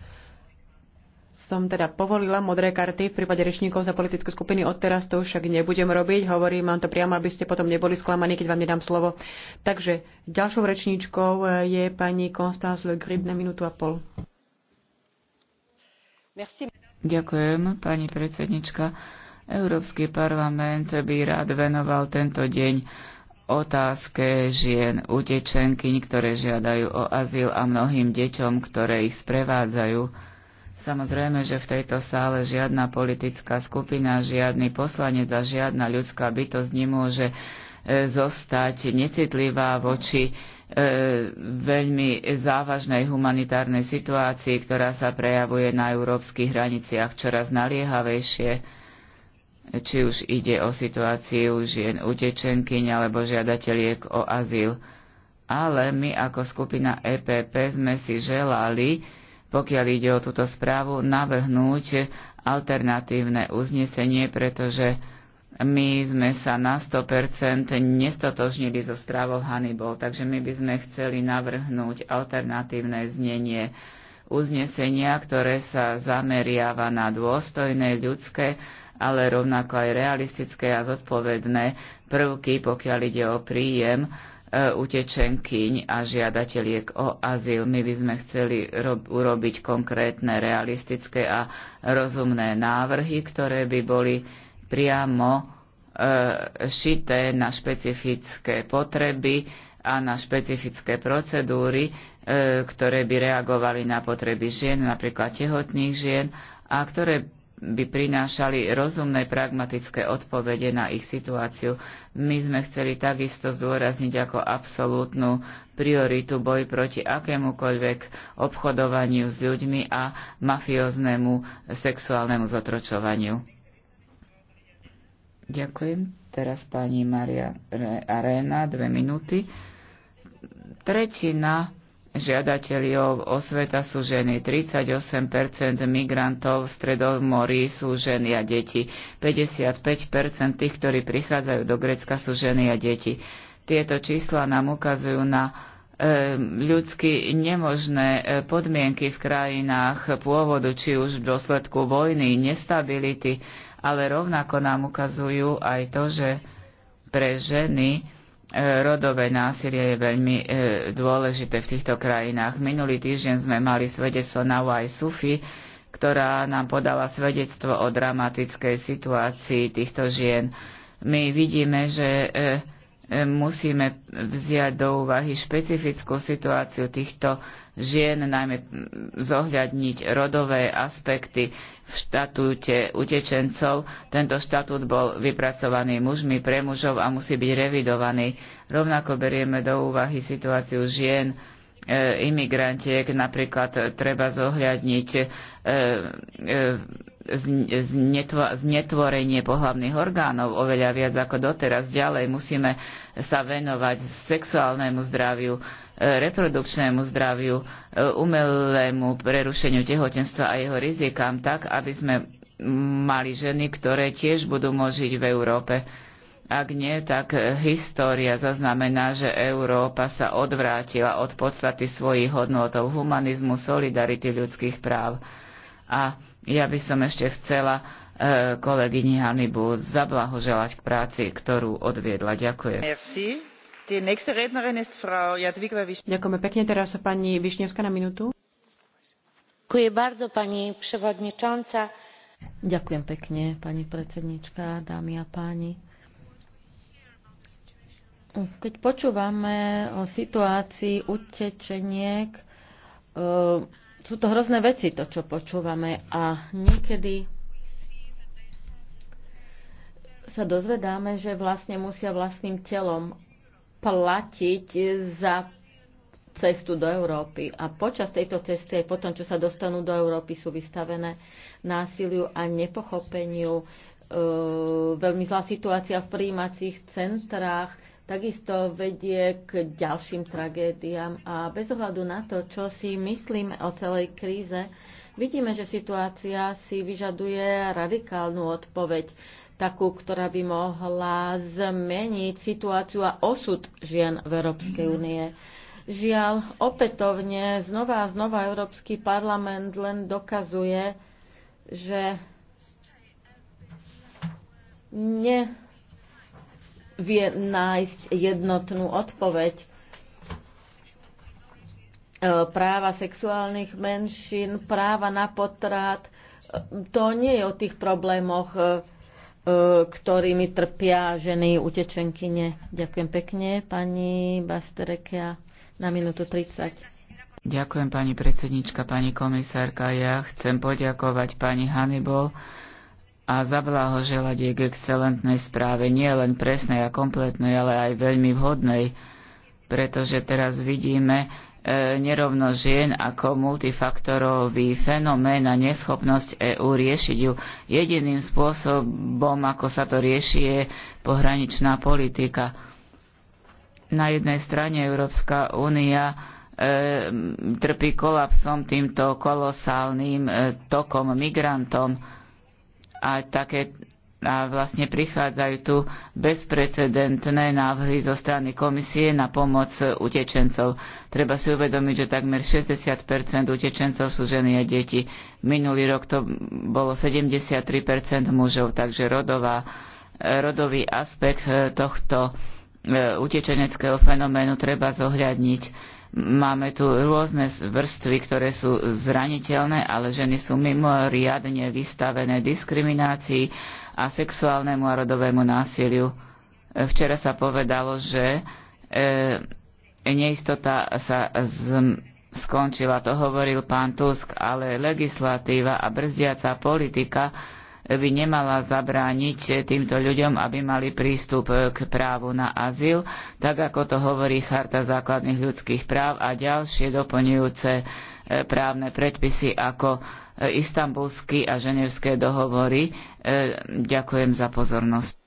som teda povolila modré karty v prípade rečníkov za politické skupiny. Odteraz to však nebudem robiť. Hovorím vám to priamo, aby ste potom neboli sklamaní, keď vám nedám slovo. Takže ďalšou rečníčkou je pani Constance Le Grib na minútu a pol. Ďakujem, pani predsednička. Európsky parlament by rád venoval tento deň otázke žien, utečenky, ktoré žiadajú o azyl a mnohým deťom, ktoré ich sprevádzajú. Samozrejme, že v tejto sále žiadna politická skupina, žiadny poslanec a žiadna ľudská bytosť nemôže e, zostať necitlivá voči E, veľmi závažnej humanitárnej situácii, ktorá sa prejavuje na európskych hraniciach čoraz naliehavejšie, či už ide o situáciu žien utečenkyň alebo žiadateľiek o azyl. Ale my ako skupina EPP sme si želali, pokiaľ ide o túto správu, navrhnúť alternatívne uznesenie, pretože my sme sa na 100% nestotožnili so správou Hannibal, takže my by sme chceli navrhnúť alternatívne znenie uznesenia, ktoré sa zameriava na dôstojné ľudské, ale rovnako aj realistické a zodpovedné prvky, pokiaľ ide o príjem e, utečenkyň a žiadateľiek o azyl. My by sme chceli urobiť konkrétne, realistické a rozumné návrhy, ktoré by boli priamo e, šité na špecifické potreby a na špecifické procedúry, e, ktoré by reagovali na potreby žien, napríklad tehotných žien, a ktoré by prinášali rozumné, pragmatické odpovede na ich situáciu. My sme chceli takisto zdôrazniť ako absolútnu prioritu boj proti akémukoľvek obchodovaniu s ľuďmi a mafióznemu sexuálnemu zotročovaniu. Ďakujem. Teraz pani Maria Arena, dve minúty. Tretina žiadateľov o sveta sú ženy, 38% migrantov v Stredomorí sú ženy a deti, 55% tých, ktorí prichádzajú do Grecka sú ženy a deti. Tieto čísla nám ukazujú na e, ľudsky nemožné e, podmienky v krajinách pôvodu, či už v dôsledku vojny, nestability ale rovnako nám ukazujú aj to, že pre ženy e, rodové násilie je veľmi e, dôležité v týchto krajinách. Minulý týždeň sme mali svedectvo Nawaj Sufi, ktorá nám podala svedectvo o dramatickej situácii týchto žien. My vidíme, že e, musíme vziať do úvahy špecifickú situáciu týchto žien, najmä zohľadniť rodové aspekty v štatúte utečencov. Tento štatút bol vypracovaný mužmi pre mužov a musí byť revidovaný. Rovnako berieme do úvahy situáciu žien, e, imigrantiek, napríklad treba zohľadniť e, e, znetvorenie pohlavných orgánov oveľa viac ako doteraz. Ďalej musíme sa venovať sexuálnemu zdraviu, reprodukčnému zdraviu, e, umelému prerušeniu tehotenstva a jeho rizikám, tak aby sme mali ženy, ktoré tiež budú môcť žiť v Európe. Ak nie, tak história zaznamená, že Európa sa odvrátila od podstaty svojich hodnotov humanizmu, solidarity ľudských práv. A ja by som ešte chcela e, kolegyni Hanibu zablahoželať k práci, ktorú odviedla. Ďakujem. Merci. Ďakujeme pekne. Teraz pani Višňovská na minútu. Ďakujem pekne, pani predsednička, dámy a páni. Keď počúvame o situácii utečeniek, e, sú to hrozné veci, to, čo počúvame. A niekedy sa dozvedáme, že vlastne musia vlastným telom platiť za cestu do Európy. A počas tejto cesty, aj potom, čo sa dostanú do Európy, sú vystavené násiliu a nepochopeniu. E, veľmi zlá situácia v príjímacích centrách takisto vedie k ďalším tragédiám. A bez ohľadu na to, čo si myslíme o celej kríze, vidíme, že situácia si vyžaduje radikálnu odpoveď takú, ktorá by mohla zmeniť situáciu a osud žien v Európskej únie. Žiaľ, opätovne znova a znova Európsky parlament len dokazuje, že nevie nájsť jednotnú odpoveď. E, práva sexuálnych menšín, práva na potrat, e, to nie je o tých problémoch e, E, ktorými trpia ženy utečenkyne. Ďakujem pekne, pani Basterekia, na minútu 30. Ďakujem, pani predsednička, pani komisárka. Ja chcem poďakovať pani Hannibal a zablahoželať jej k excelentnej správe, nie len presnej a kompletnej, ale aj veľmi vhodnej, pretože teraz vidíme, nerovnosť žien ako multifaktorový fenomén a neschopnosť EÚ riešiť ju. Jediným spôsobom, ako sa to rieši, je pohraničná politika. Na jednej strane Európska únia e, trpí kolapsom týmto kolosálnym e, tokom migrantom a také a vlastne prichádzajú tu bezprecedentné návrhy zo strany komisie na pomoc utečencov. Treba si uvedomiť, že takmer 60 utečencov sú ženy a deti. Minulý rok to bolo 73 mužov, takže rodová, rodový aspekt tohto e, utečeneckého fenoménu treba zohľadniť Máme tu rôzne vrstvy, ktoré sú zraniteľné, ale ženy sú mimoriadne vystavené diskriminácii a sexuálnemu a rodovému násiliu. E, včera sa povedalo, že e, neistota sa z, skončila, to hovoril pán Tusk, ale legislatíva a brzdiaca politika by nemala zabrániť týmto ľuďom, aby mali prístup k právu na azyl, tak ako to hovorí Charta základných ľudských práv a ďalšie doplňujúce e, právne predpisy ako e, istambulský a ženevské dohovory. E, ďakujem za pozornosť.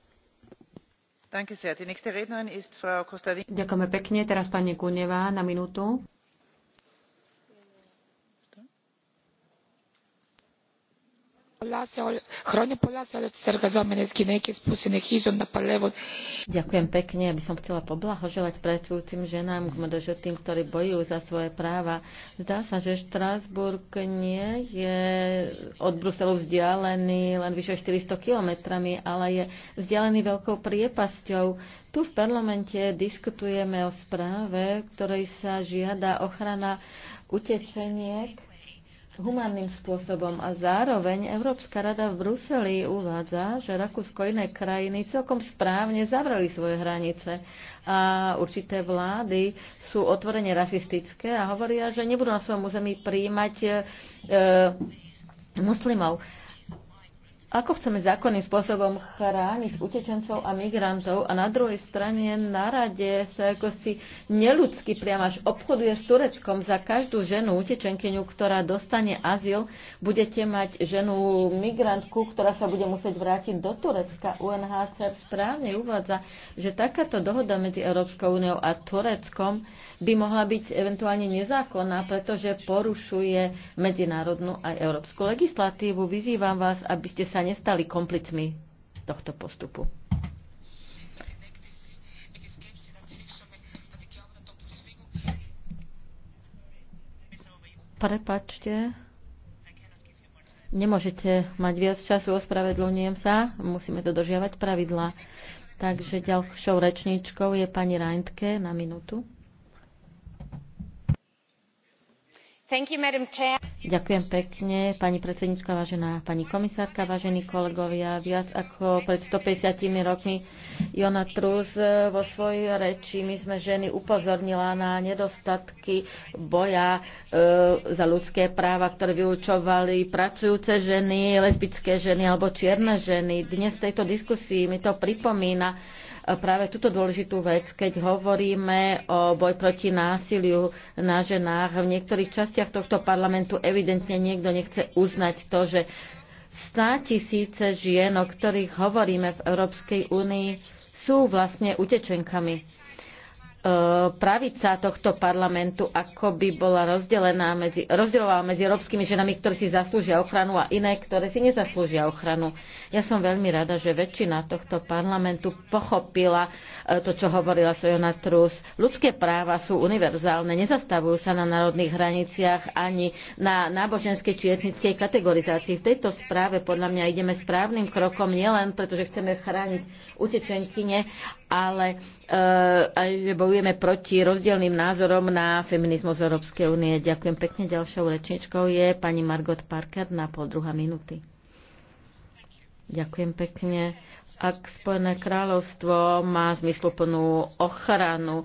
Ďakujeme pekne. Teraz pani Kuneva na minútu. Ďakujem pekne. aby som chcela poblahoželať pracujúcim ženám, tým, ktorí bojujú za svoje práva. Zdá sa, že Štrásburg nie je od Bruselu vzdialený len vyše 400 kilometrami, ale je vzdialený veľkou priepasťou. Tu v parlamente diskutujeme o správe, ktorej sa žiada ochrana utečeniek humánnym spôsobom a zároveň Európska rada v Bruseli uvádza, že Rakúsko iné krajiny celkom správne zavrali svoje hranice a určité vlády sú otvorene rasistické a hovoria, že nebudú na svojom území príjmať e, muslimov. Ako chceme zákonným spôsobom chrániť utečencov a migrantov a na druhej strane na rade sa ako si neludsky priam až obchoduje s Tureckom za každú ženu utečenkyňu, ktorá dostane azyl, budete mať ženu migrantku, ktorá sa bude musieť vrátiť do Turecka. UNHCR správne uvádza, že takáto dohoda medzi Európskou úniou a Tureckom by mohla byť eventuálne nezákonná, pretože porušuje medzinárodnú aj európsku legislatívu. Vyzývam vás, aby ste sa sa nestali komplicmi tohto postupu. Prepačte. Nemôžete mať viac času, ospravedlňujem sa. Musíme dodržiavať pravidlá. Takže ďalšou rečníčkou je pani Reintke na minútu. Ďakujem pekne, pani predsednička, vážená pani komisárka, vážení kolegovia. Viac ako pred 150 rokmi Jona Trus eh, vo svojej reči my sme ženy upozornila na nedostatky boja e, za ľudské práva, ktoré vyučovali pracujúce ženy, lesbické ženy alebo čierne ženy. Dnes v tejto diskusii mi to pripomína práve túto dôležitú vec, keď hovoríme o boj proti násiliu na ženách. V niektorých častiach tohto parlamentu evidentne niekto nechce uznať to, že 100 tisíce žien, o ktorých hovoríme v Európskej únii, sú vlastne utečenkami pravica tohto parlamentu ako by bola rozdelená medzi, rozdelovala medzi európskymi ženami, ktoré si zaslúžia ochranu a iné, ktoré si nezaslúžia ochranu. Ja som veľmi rada, že väčšina tohto parlamentu pochopila e, to, čo hovorila Sojona Trus. Ľudské práva sú univerzálne, nezastavujú sa na národných hraniciach ani na náboženskej či etnickej kategorizácii. V tejto správe podľa mňa ideme správnym krokom nielen pretože chceme chrániť utečenkyne, ale e, aj že bojujeme bojujeme proti rozdielným názorom na feminizmus Európskej únie. Ďakujem pekne. Ďalšou rečničkou je pani Margot Parker na pol druhá minúty. Ďakujem pekne. Ak Spojené kráľovstvo má zmysluplnú ochranu, e,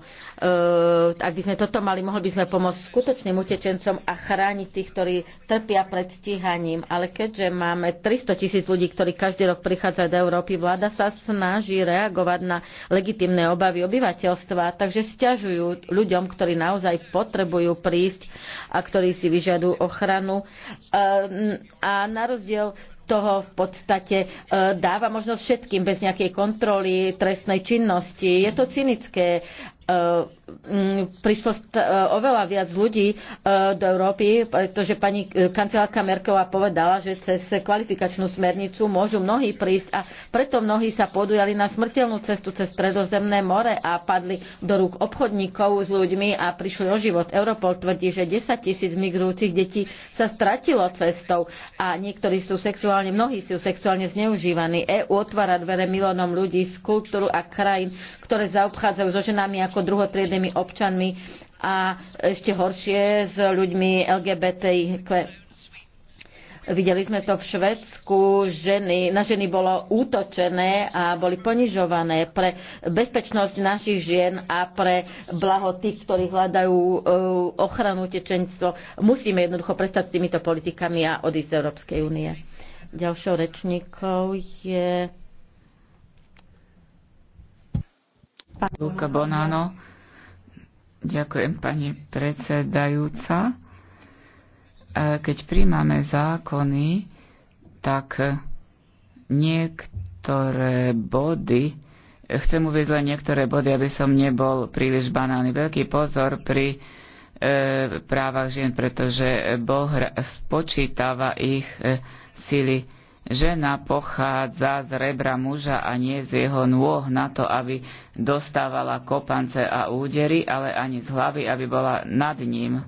ak by sme toto mali, mohli by sme pomôcť skutočným utečencom a chrániť tých, ktorí trpia pred stíhaním. Ale keďže máme 300 tisíc ľudí, ktorí každý rok prichádzajú do Európy, vláda sa snaží reagovať na legitimné obavy obyvateľstva, takže stiažujú ľuďom, ktorí naozaj potrebujú prísť a ktorí si vyžadujú ochranu. E, a na rozdiel toho v podstate e, dáva možnosť všetkým bez nejakej kontroly trestnej činnosti. Je to cynické E, prišlo e, oveľa viac ľudí e, do Európy, pretože pani kancelárka Merkelová povedala, že cez kvalifikačnú smernicu môžu mnohí prísť a preto mnohí sa podujali na smrteľnú cestu cez Stredozemné more a padli do rúk obchodníkov s ľuďmi a prišli o život. Europol tvrdí, že 10 tisíc migrujúcich detí sa stratilo cestou a niektorí sú sexuálne, mnohí sú sexuálne zneužívaní. EU otvára dvere milónom ľudí z kultúru a krajín, ktoré zaobchádzajú so ženami a ako druhotriednými občanmi a ešte horšie s ľuďmi LGBTI. Videli sme to v Švedsku, ženy, na ženy bolo útočené a boli ponižované pre bezpečnosť našich žien a pre blaho tých, ktorí hľadajú e, ochranu tečenstvo. Musíme jednoducho prestať s týmito politikami a odísť z Európskej únie. Ďalšou rečníkou je Luka Bonano. Ďakujem, pani predsedajúca. E, keď príjmame zákony, tak niektoré body, chcem uvieť len niektoré body, aby som nebol príliš banálny. Veľký pozor pri e, právach žien, pretože Boh spočítava ich e, sily žena pochádza z rebra muža a nie z jeho nôh na to, aby dostávala kopance a údery, ale ani z hlavy, aby bola nad ním.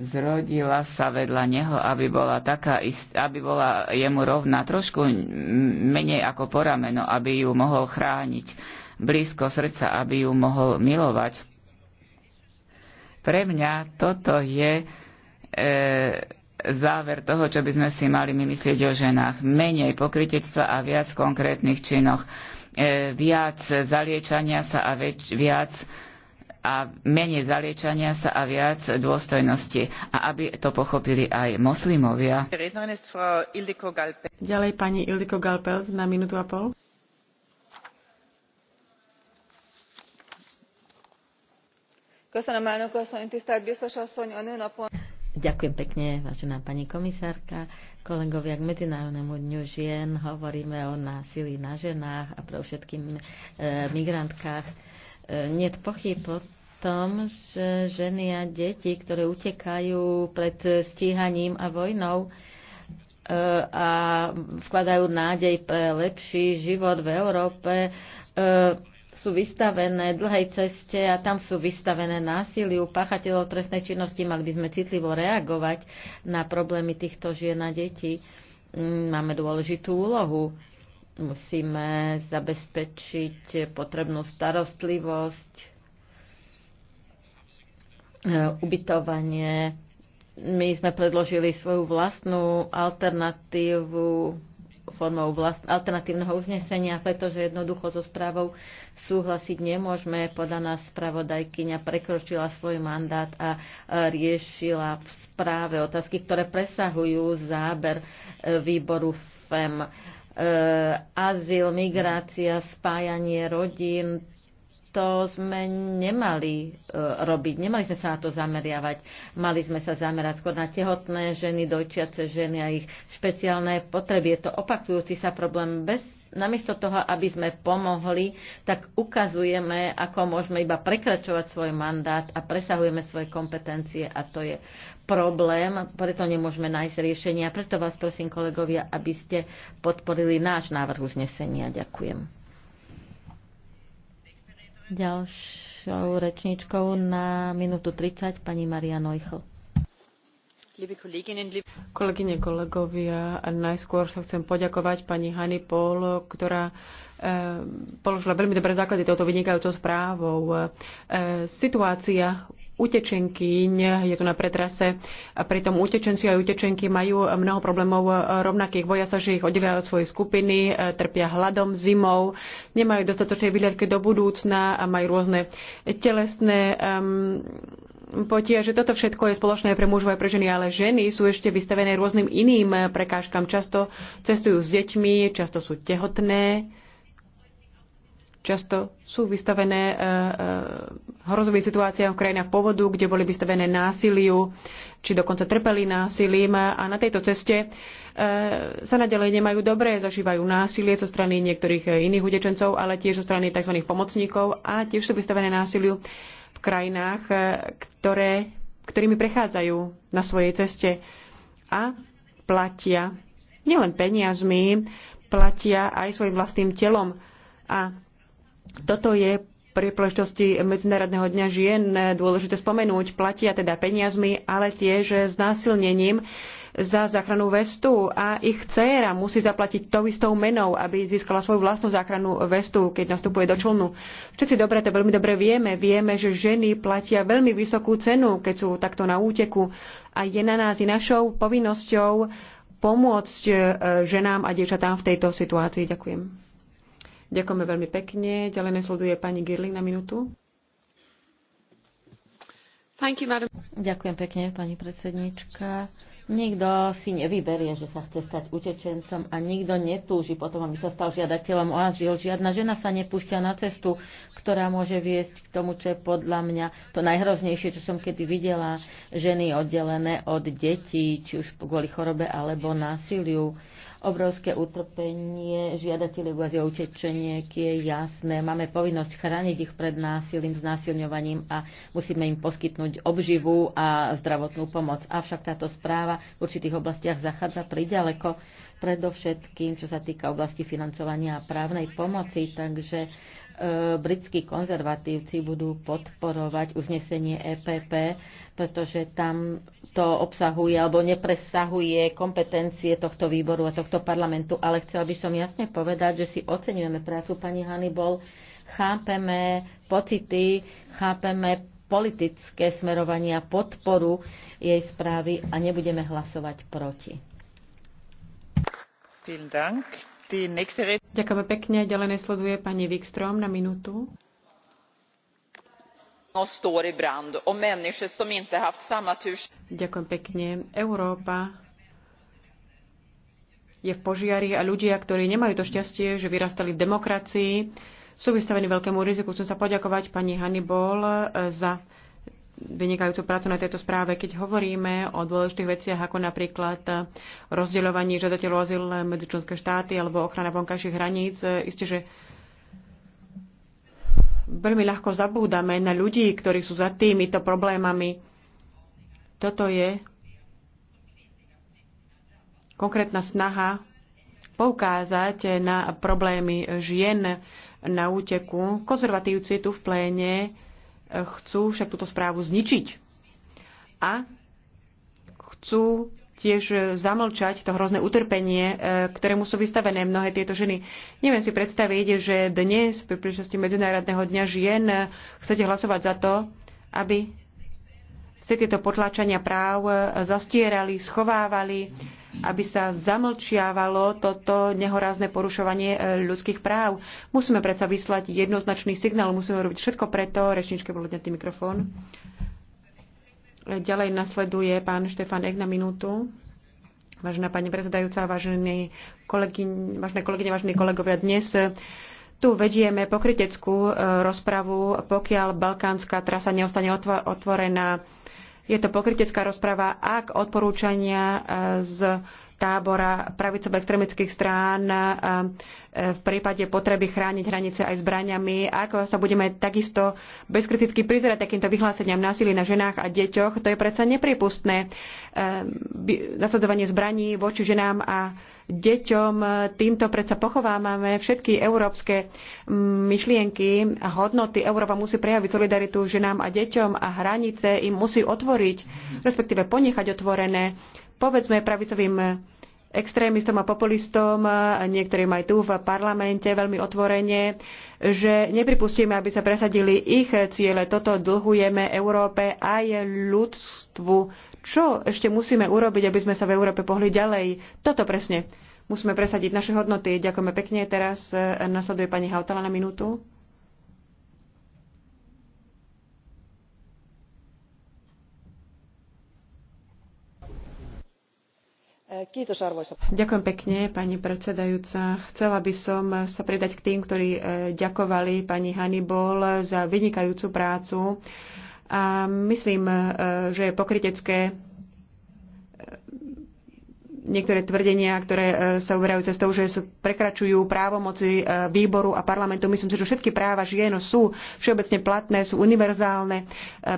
Zrodila sa vedľa neho, aby bola, taká ist, aby bola jemu rovná, trošku menej ako porameno, aby ju mohol chrániť, blízko srdca, aby ju mohol milovať. Pre mňa toto je e, záver toho, čo by sme si mali my myslieť o ženách. Menej pokritectva a viac konkrétnych činoch. E, viac zaliečania sa a väč, viac a menej zaliečania sa a viac dôstojnosti. A aby to pochopili aj moslimovia. Ďalej pani Ildiko Galpelc na minútu a pol. Köszönöm, elnök asszony, tisztelt biztos asszony, a nőnapon... Ďakujem pekne, vážená pani komisárka. Kolegovia, k Medzinárodnému dňu žien hovoríme o násilí na ženách a pre všetkým e, migrantkách. E, Niet pochyb o tom, že ženy a deti, ktoré utekajú pred stíhaním a vojnou e, a vkladajú nádej pre lepší život v Európe, e, sú vystavené dlhej ceste a tam sú vystavené násiliu páchateľov trestnej činnosti. Mali by sme citlivo reagovať na problémy týchto žien a detí. Mm, máme dôležitú úlohu. Musíme zabezpečiť potrebnú starostlivosť, e, ubytovanie. My sme predložili svoju vlastnú alternatívu formou vlast- alternatívneho uznesenia, pretože jednoducho so správou súhlasiť nemôžeme. Podľa nás spravodajkyňa prekročila svoj mandát a riešila v správe otázky, ktoré presahujú záber e, výboru FEM. E, azyl, migrácia, spájanie rodín, to sme nemali e, robiť, nemali sme sa na to zameriavať. Mali sme sa zamerať skôr na tehotné ženy, dojčiace ženy a ich špeciálne potreby. Je to opakujúci sa problém bez namiesto toho, aby sme pomohli, tak ukazujeme, ako môžeme iba prekračovať svoj mandát a presahujeme svoje kompetencie a to je problém, preto nemôžeme nájsť riešenie. A Preto vás prosím, kolegovia, aby ste podporili náš návrh uznesenia. Ďakujem. Ďalšou rečničkou na minútu 30 pani Maria Neuchl. Kolegyne, kolegovia, najskôr sa chcem poďakovať pani Hany Pol, ktorá e, položila veľmi dobré základy touto vynikajúcou správou. E, Situácia utečenkyň, je tu na pretrase. A pritom utečenci a utečenky majú mnoho problémov rovnakých. Boja sa, že ich oddelia od svojej skupiny, trpia hladom, zimou, nemajú dostatočné výhľadky do budúcna a majú rôzne telesné um, potia, že toto všetko je spoločné pre mužov aj pre ženy, ale ženy sú ešte vystavené rôznym iným prekážkam. Často cestujú s deťmi, často sú tehotné často sú vystavené e, e, hrozovým situáciám v krajinách povodu, kde boli vystavené násiliu, či dokonca trpeli násilím a na tejto ceste e, sa nadalej nemajú dobre, zažívajú násilie zo strany niektorých iných utečencov, ale tiež zo strany tzv. pomocníkov a tiež sú vystavené násiliu v krajinách, ktoré, ktorými prechádzajú na svojej ceste a platia nielen peniazmi, platia aj svojim vlastným telom a toto je pri príležitosti Medzinárodného dňa žien dôležité spomenúť. Platia teda peniazmi, ale tiež znásilnením za záchranu vestu a ich dcéra musí zaplatiť tou istou menou, aby získala svoju vlastnú záchranu vestu, keď nastupuje do člnu. Všetci dobre to veľmi dobre vieme. Vieme, že ženy platia veľmi vysokú cenu, keď sú takto na úteku a je na nás i našou povinnosťou pomôcť eh, ženám a dievčatám v tejto situácii. Ďakujem. Ďakujeme veľmi pekne. Ďalej nesleduje pani Girling na minútu. You, Ďakujem pekne, pani predsednička. Nikto si nevyberie, že sa chce stať utečencom a nikto netúži potom, aby sa stal žiadateľom o azyl. Žiadna žena sa nepúšťa na cestu, ktorá môže viesť k tomu, čo je podľa mňa to najhroznejšie, čo som kedy videla. Ženy oddelené od detí, či už kvôli chorobe alebo násiliu obrovské utrpenie žiadateľov o utečeniek je jasné. Máme povinnosť chrániť ich pred násilím, znásilňovaním a musíme im poskytnúť obživu a zdravotnú pomoc. Avšak táto správa v určitých oblastiach zachádza priďaleko, predovšetkým čo sa týka oblasti financovania a právnej pomoci, takže britskí konzervatívci budú podporovať uznesenie EPP, pretože tam to obsahuje alebo nepresahuje kompetencie tohto výboru a tohto parlamentu. Ale chcela by som jasne povedať, že si oceňujeme prácu pani Hannibal, chápeme pocity, chápeme politické smerovania, podporu jej správy a nebudeme hlasovať proti. Vielen Dank. Ďakujeme pekne. Ďalej nesleduje pani Wikström na minútu. Ďakujem pekne. Európa je v požiari a ľudia, ktorí nemajú to šťastie, že vyrastali v demokracii, sú vystavení veľkému riziku. Chcem sa poďakovať pani Hannibal eh, za vynikajúcu prácu na tejto správe, keď hovoríme o dôležitých veciach ako napríklad rozdeľovanie žiadateľov azyl medzi členské štáty alebo ochrana vonkajších hraníc. Isté, že veľmi ľahko zabúdame na ľudí, ktorí sú za týmito problémami. Toto je konkrétna snaha poukázať na problémy žien na úteku. Konzervatívci tu v pléne chcú však túto správu zničiť. A chcú tiež zamlčať to hrozné utrpenie, e, ktorému sú vystavené mnohé tieto ženy. Neviem si predstaviť, že dnes, pri príležitosti Medzinárodného dňa žien, chcete hlasovať za to, aby si tieto potláčania práv e, zastierali, schovávali, aby sa zamlčiavalo toto nehorázne porušovanie e, ľudských práv. Musíme predsa vyslať jednoznačný signál, musíme robiť všetko preto. Rečničke, bol ten mikrofón. E, ďalej nasleduje pán Štefan Ek na minútu. Vážená pani prezidajúca, vážené kolegyne, vážené kolegyne, vážení kolegovia, dnes tu vedieme pokryteckú rozpravu, pokiaľ balkánska trasa neostane otvorená je to pokrytecká rozprava, ak odporúčania eh, z tábora pravicov extremických strán e, e, v prípade potreby chrániť hranice aj zbraniami. Ako sa budeme takisto bezkriticky prizerať takýmto vyhláseniam násilí na ženách a deťoch, to je predsa nepripustné. E, nasadzovanie zbraní voči ženám a deťom, týmto predsa pochovávame všetky európske myšlienky a hodnoty. Európa musí prejaviť solidaritu ženám a deťom a hranice im musí otvoriť, respektíve ponechať otvorené povedzme pravicovým extrémistom a populistom, niektorým aj tu v parlamente veľmi otvorene, že nepripustíme, aby sa presadili ich ciele. Toto dlhujeme Európe aj ľudstvu. Čo ešte musíme urobiť, aby sme sa v Európe pohli ďalej? Toto presne. Musíme presadiť naše hodnoty. Ďakujeme pekne. Teraz e, nasleduje pani Hautala na minútu. Ďakujem pekne, pani predsedajúca. Chcela by som sa pridať k tým, ktorí e, ďakovali pani Hannibal za vynikajúcu prácu. A myslím, e, že je pokritecké niektoré tvrdenia, ktoré e, sa uberajú cestou, že sú, prekračujú právomoci e, výboru a parlamentu. Myslím si, že všetky práva žien sú všeobecne platné, sú univerzálne. E,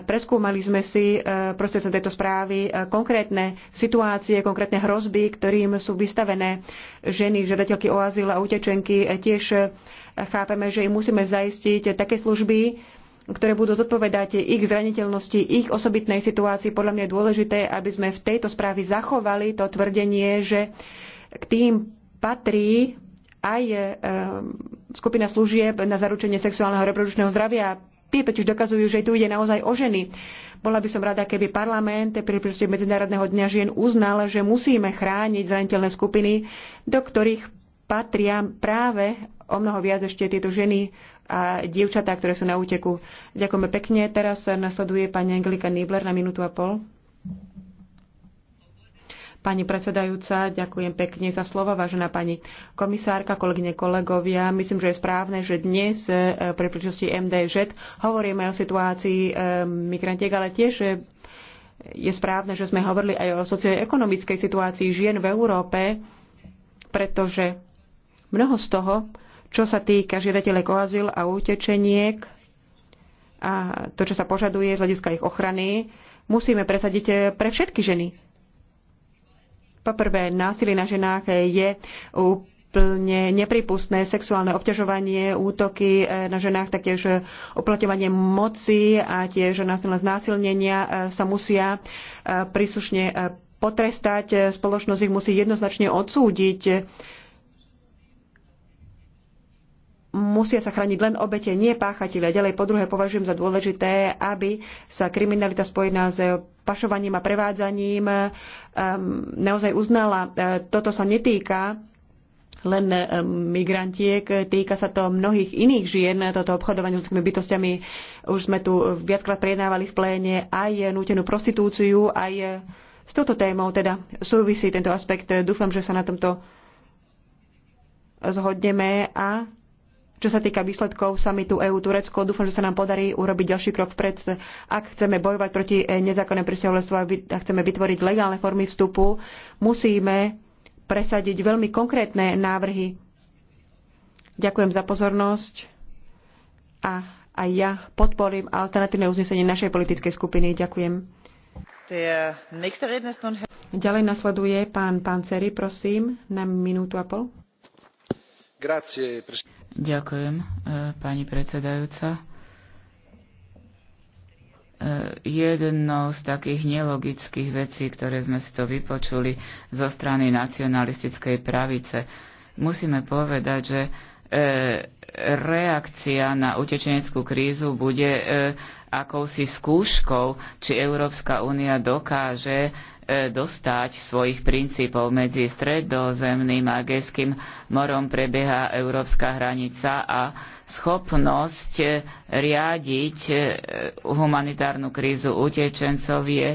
preskúmali sme si prostredstvom tejto správy konkrétne situácie, konkrétne hrozby, ktorým sú vystavené ženy, žiadateľky o azyl a utečenky. Tiež chápeme, že im musíme zaistiť také služby, ktoré budú zodpovedať ich zraniteľnosti, ich osobitnej situácii. Podľa mňa je dôležité, aby sme v tejto správe zachovali to tvrdenie, že k tým patrí aj e, skupina služieb na zaručenie sexuálneho reprodukčného zdravia. Tie totiž dokazujú, že tu ide naozaj o ženy. Bola by som rada, keby parlament pri príležitosti Medzinárodného dňa žien uznal, že musíme chrániť zraniteľné skupiny, do ktorých patria práve o mnoho viac ešte tieto ženy a dievčatá, ktoré sú na úteku. Ďakujeme pekne. Teraz nasleduje pani Angelika Nibler na minútu a pol. Pani predsedajúca, ďakujem pekne za slova, vážená pani komisárka, kolegyne, kolegovia. Myslím, že je správne, že dnes e, pri príležitosti MDŽ hovoríme o situácii e, migrantiek, ale tiež e, je správne, že sme hovorili aj o socioekonomickej situácii žien v Európe, pretože mnoho z toho, čo sa týka žiadateľek o azyl a utečeniek a to, čo sa požaduje z hľadiska ich ochrany, musíme presadiť eh, pre všetky ženy. Poprvé, násilie na ženách je úplne nepripustné sexuálne obťažovanie, útoky eh, na ženách, taktiež oplatovanie eh, moci a tiež násilné znásilnenia sa musia príslušne potrestať. Spoločnosť ich musí jednoznačne odsúdiť musia sa chrániť len obete, nie páchatelia. Ďalej po druhé považujem za dôležité, aby sa kriminalita spojená s eh, pašovaním a prevádzaním um, naozaj uznala. Eh, toto sa netýka len eh, migrantiek, týka sa to mnohých iných žien, toto obchodovanie ľudskými bytostiami. Už sme tu viackrát prejednávali v pléne aj nútenú prostitúciu, aj s touto témou teda súvisí tento aspekt. Dúfam, že sa na tomto zhodneme a čo sa týka výsledkov samitu EU-Turecko, dúfam, že sa nám podarí urobiť ďalší krok vpred. Ak chceme bojovať proti eh, nezákonnému pristahovalectvu a chceme vytvoriť legálne formy vstupu, musíme presadiť veľmi konkrétne návrhy. Ďakujem za pozornosť a aj ja podporím alternatívne uznesenie našej politickej skupiny. Ďakujem. Ďalej nasleduje pán Panceri, prosím, na minútu a pol. Grazie, Ďakujem, e, pani predsedajúca. E, Jednou z takých nelogických vecí, ktoré sme si to vypočuli zo strany nacionalistickej pravice, musíme povedať, že e, reakcia na utečeneckú krízu bude akousi skúškou, či Európska únia dokáže E, dostať svojich princípov. Medzi stredozemným a Geským morom prebieha európska hranica a schopnosť e, riadiť e, humanitárnu krízu utečencov je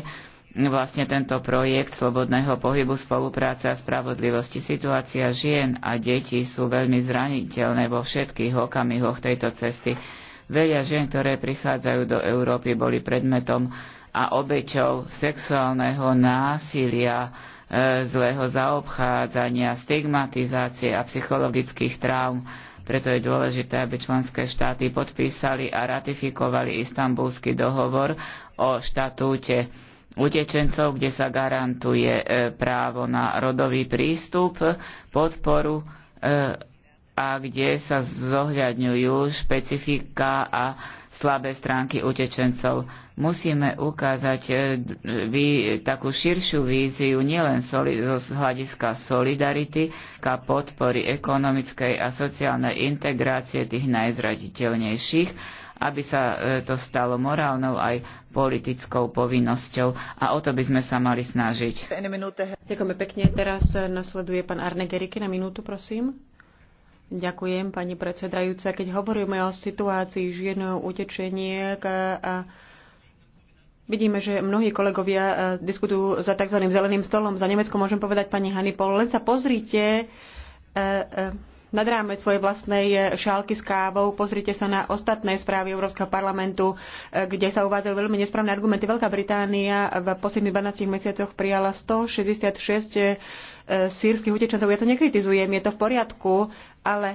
vlastne tento projekt slobodného pohybu, spolupráce a spravodlivosti. Situácia žien a detí sú veľmi zraniteľné vo všetkých okamihoch tejto cesty. Veľa žien, ktoré prichádzajú do Európy, boli predmetom a obeťou sexuálneho násilia, e, zlého zaobchádzania, stigmatizácie a psychologických traum. Preto je dôležité, aby členské štáty podpísali a ratifikovali istambulský dohovor o štatúte utečencov, kde sa garantuje e, právo na rodový prístup, podporu e, a kde sa zohľadňujú špecifika a slabé stránky utečencov. Musíme ukázať e, vy, takú širšiu víziu nielen soli, z hľadiska solidarity, ka podpory ekonomickej a sociálnej integrácie tých najzraditeľnejších, aby sa e, to stalo morálnou aj politickou povinnosťou a o to by sme sa mali snažiť. Ďakujeme pekne. Teraz e, nasleduje pán Arne Geriky na minútu, prosím. Ďakujem, pani predsedajúca. Keď hovoríme o situácii žien utečeniek a Vidíme, že mnohí kolegovia e, diskutujú za tzv. zeleným stolom. Za Nemecko môžem povedať pani Hanipol, len sa pozrite e, e, nad rámec svojej vlastnej šálky s kávou, pozrite sa na ostatné správy Európskeho parlamentu, kde sa uvádzajú veľmi nesprávne argumenty. Veľká Británia v posledných 12 mesiacoch prijala 166 sírskych utečencov. Ja to nekritizujem, je to v poriadku, ale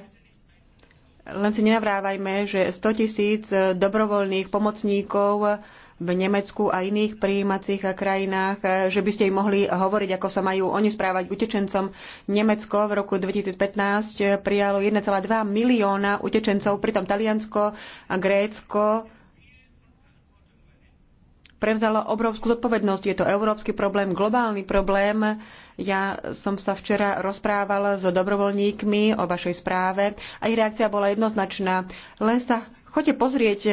len si nenavrávajme, že 100 tisíc dobrovoľných pomocníkov v Nemecku a iných prijímacích krajinách, že by ste im mohli hovoriť, ako sa majú oni správať utečencom. Nemecko v roku 2015 prijalo 1,2 milióna utečencov, pritom Taliansko a Grécko prevzalo obrovskú zodpovednosť. Je to európsky problém, globálny problém ja som sa včera rozprávala s dobrovoľníkmi o vašej správe a ich reakcia bola jednoznačná. Len sa Chodte pozrieť e,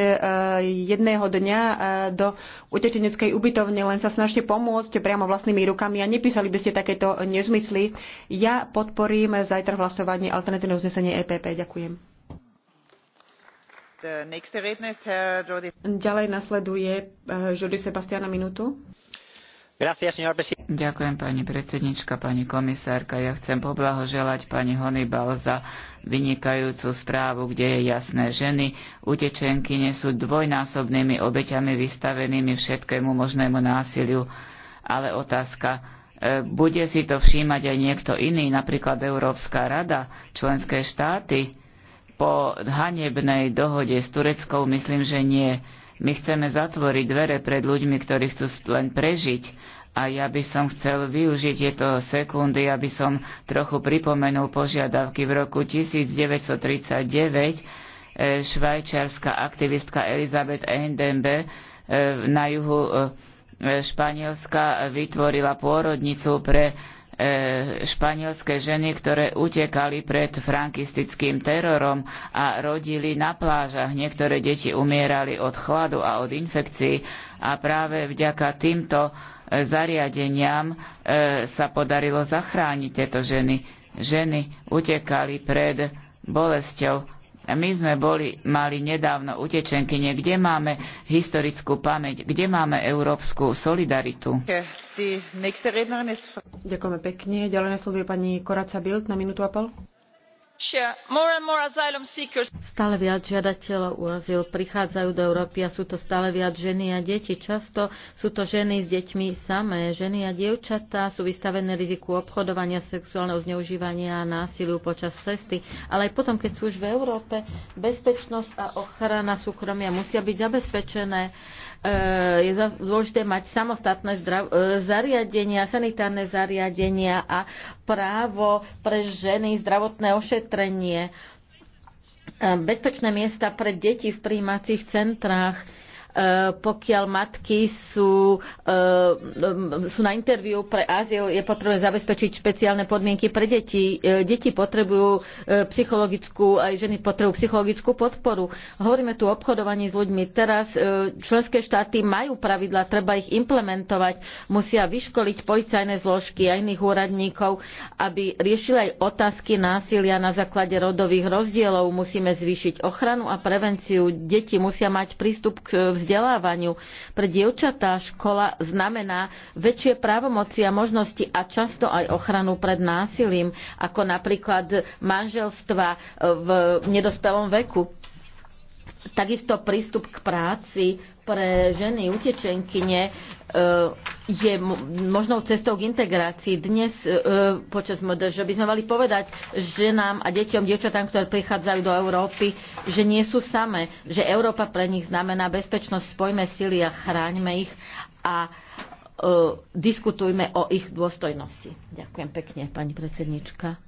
jedného dňa e, do utečeneckej ubytovne, len sa snažte pomôcť priamo vlastnými rukami a nepísali by ste takéto nezmysly. Ja podporím zajtra hlasovanie alternatívne uznesenie EPP. Ďakujem. Uh, Ďalej nasleduje Žody e, Sebastiana minútu. Ďakujem pani predsednička, pani komisárka. Ja chcem poblahoželať pani Honibal za vynikajúcu správu, kde je jasné, ženy utečenky nie sú dvojnásobnými obeťami vystavenými všetkému možnému násiliu. Ale otázka, e, bude si to všímať aj niekto iný, napríklad Európska rada, členské štáty? Po hanebnej dohode s Tureckou myslím, že nie. My chceme zatvoriť dvere pred ľuďmi, ktorí chcú len prežiť. A ja by som chcel využiť tieto sekundy, aby som trochu pripomenul požiadavky. V roku 1939 e, švajčiarska aktivistka Elizabeth Endembe e, na juhu e, Španielska vytvorila pôrodnicu pre E, španielské ženy, ktoré utekali pred frankistickým terorom a rodili na plážach. Niektoré deti umierali od chladu a od infekcií a práve vďaka týmto e, zariadeniam e, sa podarilo zachrániť tieto ženy. Ženy utekali pred bolesťou my sme boli, mali nedávno utečenky, kde máme historickú pamäť, kde máme európsku solidaritu. Ďakujeme pekne. Ďalej nasleduje pani Koraca Bild na minútu a pol. Stále viac žiadateľov o azyl prichádzajú do Európy a sú to stále viac ženy a deti. Často sú to ženy s deťmi samé. Ženy a dievčatá sú vystavené riziku obchodovania, sexuálneho zneužívania a násiliu počas cesty. Ale aj potom, keď sú už v Európe, bezpečnosť a ochrana súkromia musia byť zabezpečené E, je dôležité mať samostatné e, zariadenia, sanitárne zariadenia a právo pre ženy zdravotné ošetrenie, e, bezpečné miesta pre deti v príjímacích centrách Eh, pokiaľ matky sú, eh, sú na interviu pre azyl, je potrebné zabezpečiť špeciálne podmienky pre deti. Eh, deti potrebujú psychologickú, aj ženy potrebujú psychologickú podporu. Hovoríme tu o obchodovaní s ľuďmi. Teraz členské štáty majú pravidla, treba ich implementovať. Musia vyškoliť policajné zložky a iných úradníkov, aby riešili aj otázky násilia na základe rodových rozdielov. Musíme zvýšiť ochranu a prevenciu. Deti musia mať prístup k vzdelávaniu. Pre dievčatá škola znamená väčšie právomoci a možnosti a často aj ochranu pred násilím, ako napríklad manželstva v nedospelom veku. Takisto prístup k práci, pre ženy utečenkyne e, je možnou cestou k integrácii. Dnes e, počas MDŽ by sme mali povedať ženám a deťom, dievčatám, ktoré prichádzajú do Európy, že nie sú samé, že Európa pre nich znamená bezpečnosť, spojme sily a chráňme ich a e, diskutujme o ich dôstojnosti. Ďakujem pekne, pani predsednička.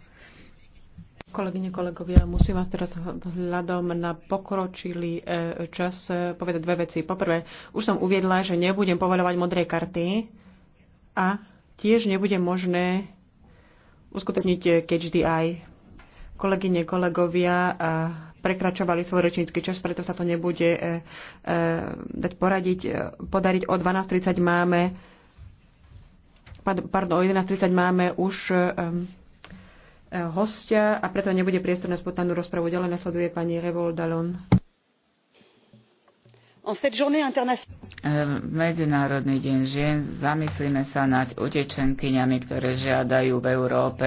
Kolegyne, kolegovia, musím vás teraz hľadom na pokročilý e, čas e, povedať dve veci. Poprvé, už som uviedla, že nebudem povedovať modré karty a tiež nebude možné uskutočniť e, catch the eye. Kolegyne, kolegovia prekračovali svoj rečnícky čas, preto sa to nebude dať poradiť. Podariť o 12.30 máme pardon, o 11.30 máme už hostia a preto nebude priestor na spontánnu rozpravu. Ďalej nasleduje pani Revol Dalon. Medzinárodný deň žien zamyslíme sa nad utečenkyňami, ktoré žiadajú v Európe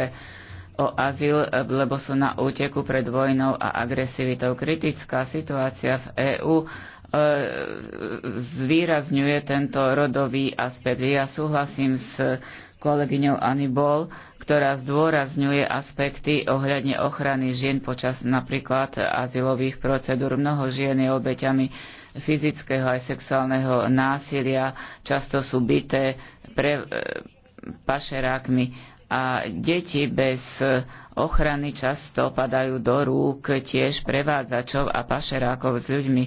o azyl, e, lebo sú na úteku pred vojnou a agresivitou. Kritická situácia v EÚ e, zvýrazňuje tento rodový aspekt. Ja súhlasím s kolegyňou Anibol, ktorá zdôrazňuje aspekty ohľadne ochrany žien počas napríklad azylových procedúr. Mnoho žien je obeťami fyzického aj sexuálneho násilia, často sú bité pre, e, pašerákmi a deti bez ochrany často padajú do rúk tiež prevádzačov a pašerákov s ľuďmi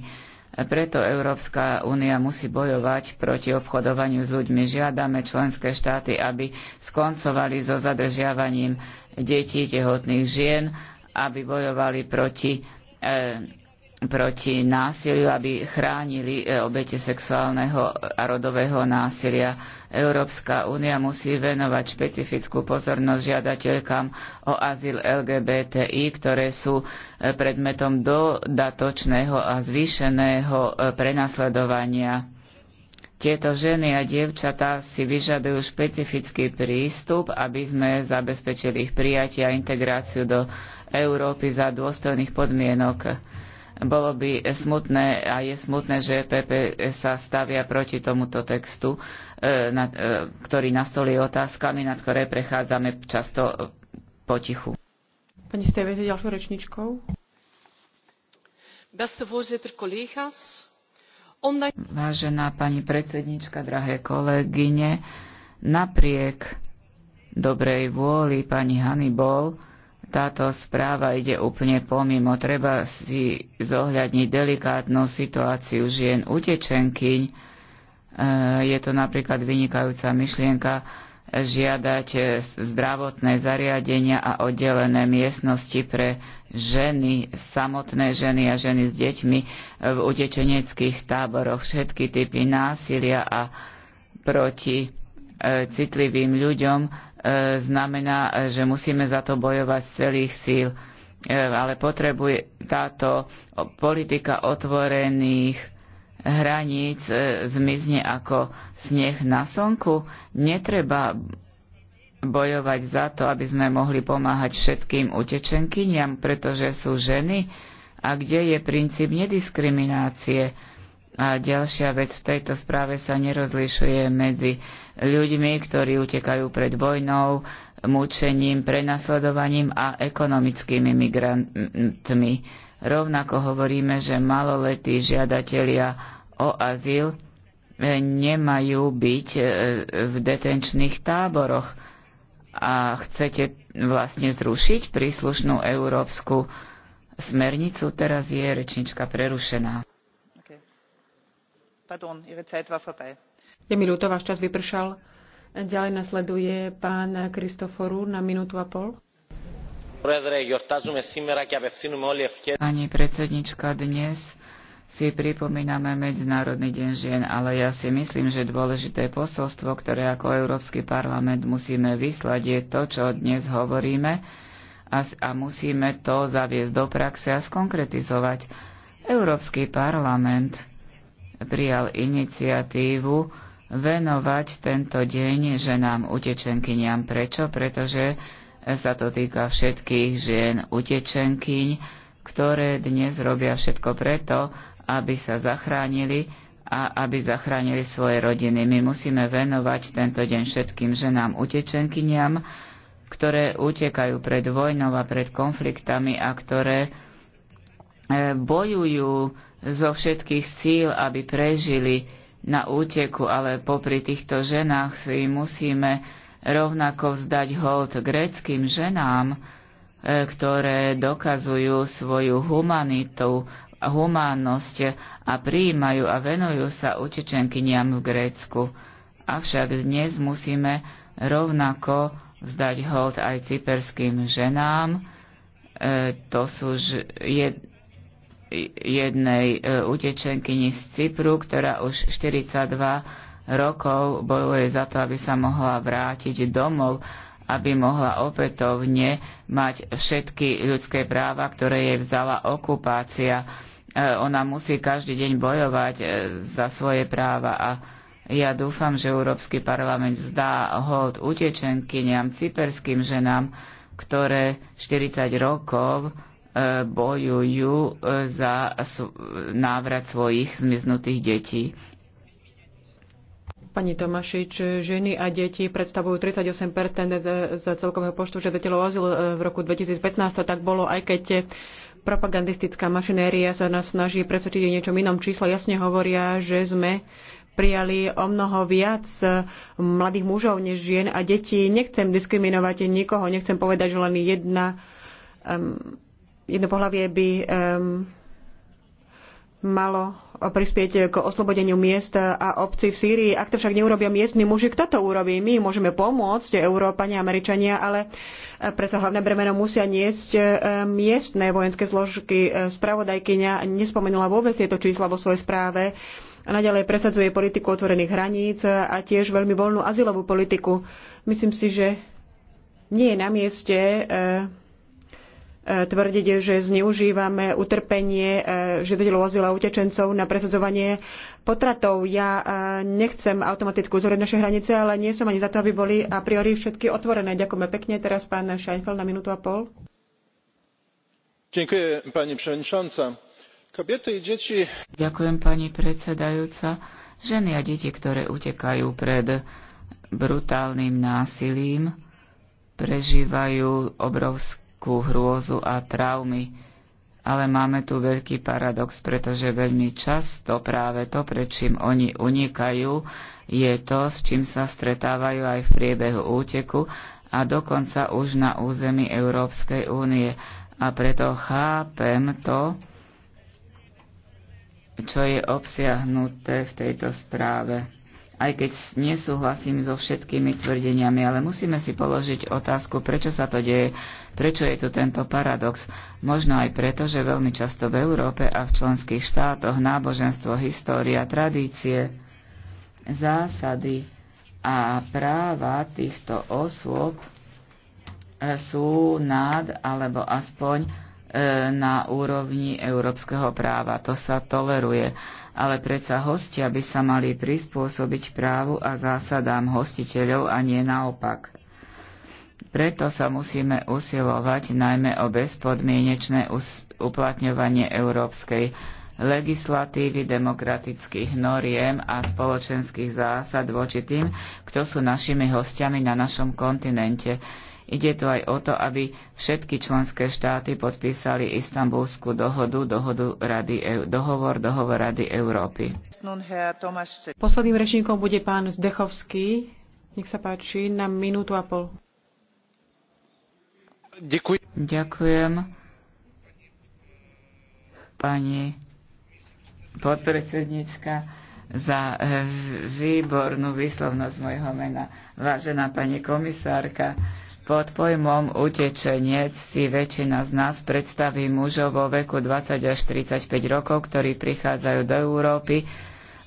preto Európska únia musí bojovať proti obchodovaniu s ľuďmi. Žiadame členské štáty, aby skoncovali so zadržiavaním detí, tehotných žien, aby bojovali proti eh, proti násiliu, aby chránili e, obete sexuálneho a rodového násilia. Európska únia musí venovať špecifickú pozornosť žiadateľkám o azyl LGBTI, ktoré sú e, predmetom dodatočného a zvýšeného e, prenasledovania. Tieto ženy a dievčatá si vyžadujú špecifický prístup, aby sme zabezpečili ich prijatie a integráciu do Európy za dôstojných podmienok bolo by smutné a je smutné, že PP sa stavia proti tomuto textu, e, e, ktorý nastolí otázkami, nad ktoré prechádzame často potichu. Pani Stevens ďalšou rečničkou. Beste voorzitter, collega's. Vážená pani predsednička, drahé kolegyne, napriek dobrej vôli pani Hannibal, táto správa ide úplne pomimo. Treba si zohľadniť delikátnu situáciu žien utečenkyň. E, je to napríklad vynikajúca myšlienka žiadať zdravotné zariadenia a oddelené miestnosti pre ženy, samotné ženy a ženy s deťmi v utečeneckých táboroch. Všetky typy násilia a proti e, citlivým ľuďom E, znamená, že musíme za to bojovať z celých síl. E, ale potrebuje táto politika otvorených hraníc e, zmizne ako sneh na slnku. Netreba bojovať za to, aby sme mohli pomáhať všetkým utečenkyniam, pretože sú ženy a kde je princíp nediskriminácie. A ďalšia vec, v tejto správe sa nerozlišuje medzi ľuďmi, ktorí utekajú pred vojnou, mučením, prenasledovaním a ekonomickými migrantmi. Rovnako hovoríme, že maloletí žiadatelia o azyl eh, nemajú byť eh, v detenčných táboroch. A chcete vlastne zrušiť príslušnú európsku smernicu? Teraz je rečnička prerušená. Pardon, Ihre Zeit war vorbei. Je mi ľúto, váš čas vypršal. Ďalej nasleduje pán Kristoforu na minútu a pol. Pani predsednička, dnes si pripomíname Medzinárodný deň žien, ale ja si myslím, že dôležité posolstvo, ktoré ako Európsky parlament musíme vyslať, je to, čo dnes hovoríme a, a musíme to zaviesť do praxe a skonkretizovať. Európsky parlament prijal iniciatívu venovať tento deň ženám utečenkyniam. Prečo? Pretože sa to týka všetkých žien utečenkyň, ktoré dnes robia všetko preto, aby sa zachránili a aby zachránili svoje rodiny. My musíme venovať tento deň všetkým ženám utečenkyniam, ktoré utekajú pred vojnou a pred konfliktami a ktoré eh, bojujú zo všetkých síl, aby prežili na úteku, ale popri týchto ženách si musíme rovnako vzdať hold gréckým ženám, e, ktoré dokazujú svoju humanitu, humánnosť a prijímajú a venujú sa utečenkyniam v Grécku. Avšak dnes musíme rovnako vzdať hold aj cyperským ženám. E, to sú, je, jednej e, utečenkyni z Cypru, ktorá už 42 rokov bojuje za to, aby sa mohla vrátiť domov, aby mohla opätovne mať všetky ľudské práva, ktoré jej vzala okupácia. E, ona musí každý deň bojovať e, za svoje práva a ja dúfam, že Európsky parlament zdá hod utečenkyniam, cyperským ženám, ktoré 40 rokov bojujú e, za návrat svojich zmiznutých detí. Pani Tomašič, ženy a deti predstavujú 38 e, z celkového počtu žiadateľov azyl e, v roku 2015. Tak bolo, aj keď propagandistická mašinéria sa nás snaží presvedčiť o niečom inom. čísle. jasne hovoria, že sme prijali o mnoho viac mladých mužov než žien a detí. Nechcem diskriminovať nikoho, nechcem povedať, že len jedna um, jedno pohľavie by malo prispieť k oslobodeniu miest a obcí v Sýrii. Ak to však neurobia miestni muži, kto to urobí? My môžeme pomôcť, Európania, Američania, ale eh, predsa hlavné bremeno musia niesť eh, miestne vojenské zložky. Eh, spravodajkyňa nespomenula vôbec tieto čísla vo svojej správe. A naďalej presadzuje politiku otvorených hraníc a tiež veľmi voľnú azylovú politiku. Myslím si, že nie je na mieste tvrdiť, že zneužívame utrpenie e, žiadateľov azyl a utečencov na presadzovanie potratov. Ja e, nechcem automaticky uzavrieť naše hranice, ale nie som ani za to, aby boli a priori všetky otvorené. Ďakujeme pekne. Teraz pán Scheinfeld na minútu a pol. Ďakujem, pani Kobiety i Ďakujem, pani predsedajúca. Ženy a deti, ktoré utekajú pred brutálnym násilím, prežívajú obrovské ku hrôzu a traumy. Ale máme tu veľký paradox, pretože veľmi často práve to, pred čím oni unikajú, je to, s čím sa stretávajú aj v priebehu úteku a dokonca už na území Európskej únie. A preto chápem to, čo je obsiahnuté v tejto správe aj keď nesúhlasím so všetkými tvrdeniami, ale musíme si položiť otázku, prečo sa to deje, prečo je tu tento paradox. Možno aj preto, že veľmi často v Európe a v členských štátoch náboženstvo, história, tradície, zásady a práva týchto osôb e, sú nad alebo aspoň E, na úrovni európskeho práva. To sa toleruje, ale predsa hostia by sa mali prispôsobiť právu a zásadám hostiteľov a nie naopak. Preto sa musíme usilovať najmä o bezpodmienečné uplatňovanie európskej legislatívy, demokratických noriem a spoločenských zásad voči tým, kto sú našimi hostiami na našom kontinente. Ide tu aj o to, aby všetky členské štáty podpísali istambulskú dohodu, dohodu Rady, dohovor, dohovor Rady Európy. Posledným rečníkom bude pán Zdechovský. Nech sa páči, na minútu a pol. Ďakujem. Ďakujem. Pani podpredsednička za eh, výbornú výslovnosť mojho mena. Vážená pani komisárka, pod pojmom utečenec si väčšina z nás predstaví mužov vo veku 20 až 35 rokov, ktorí prichádzajú do Európy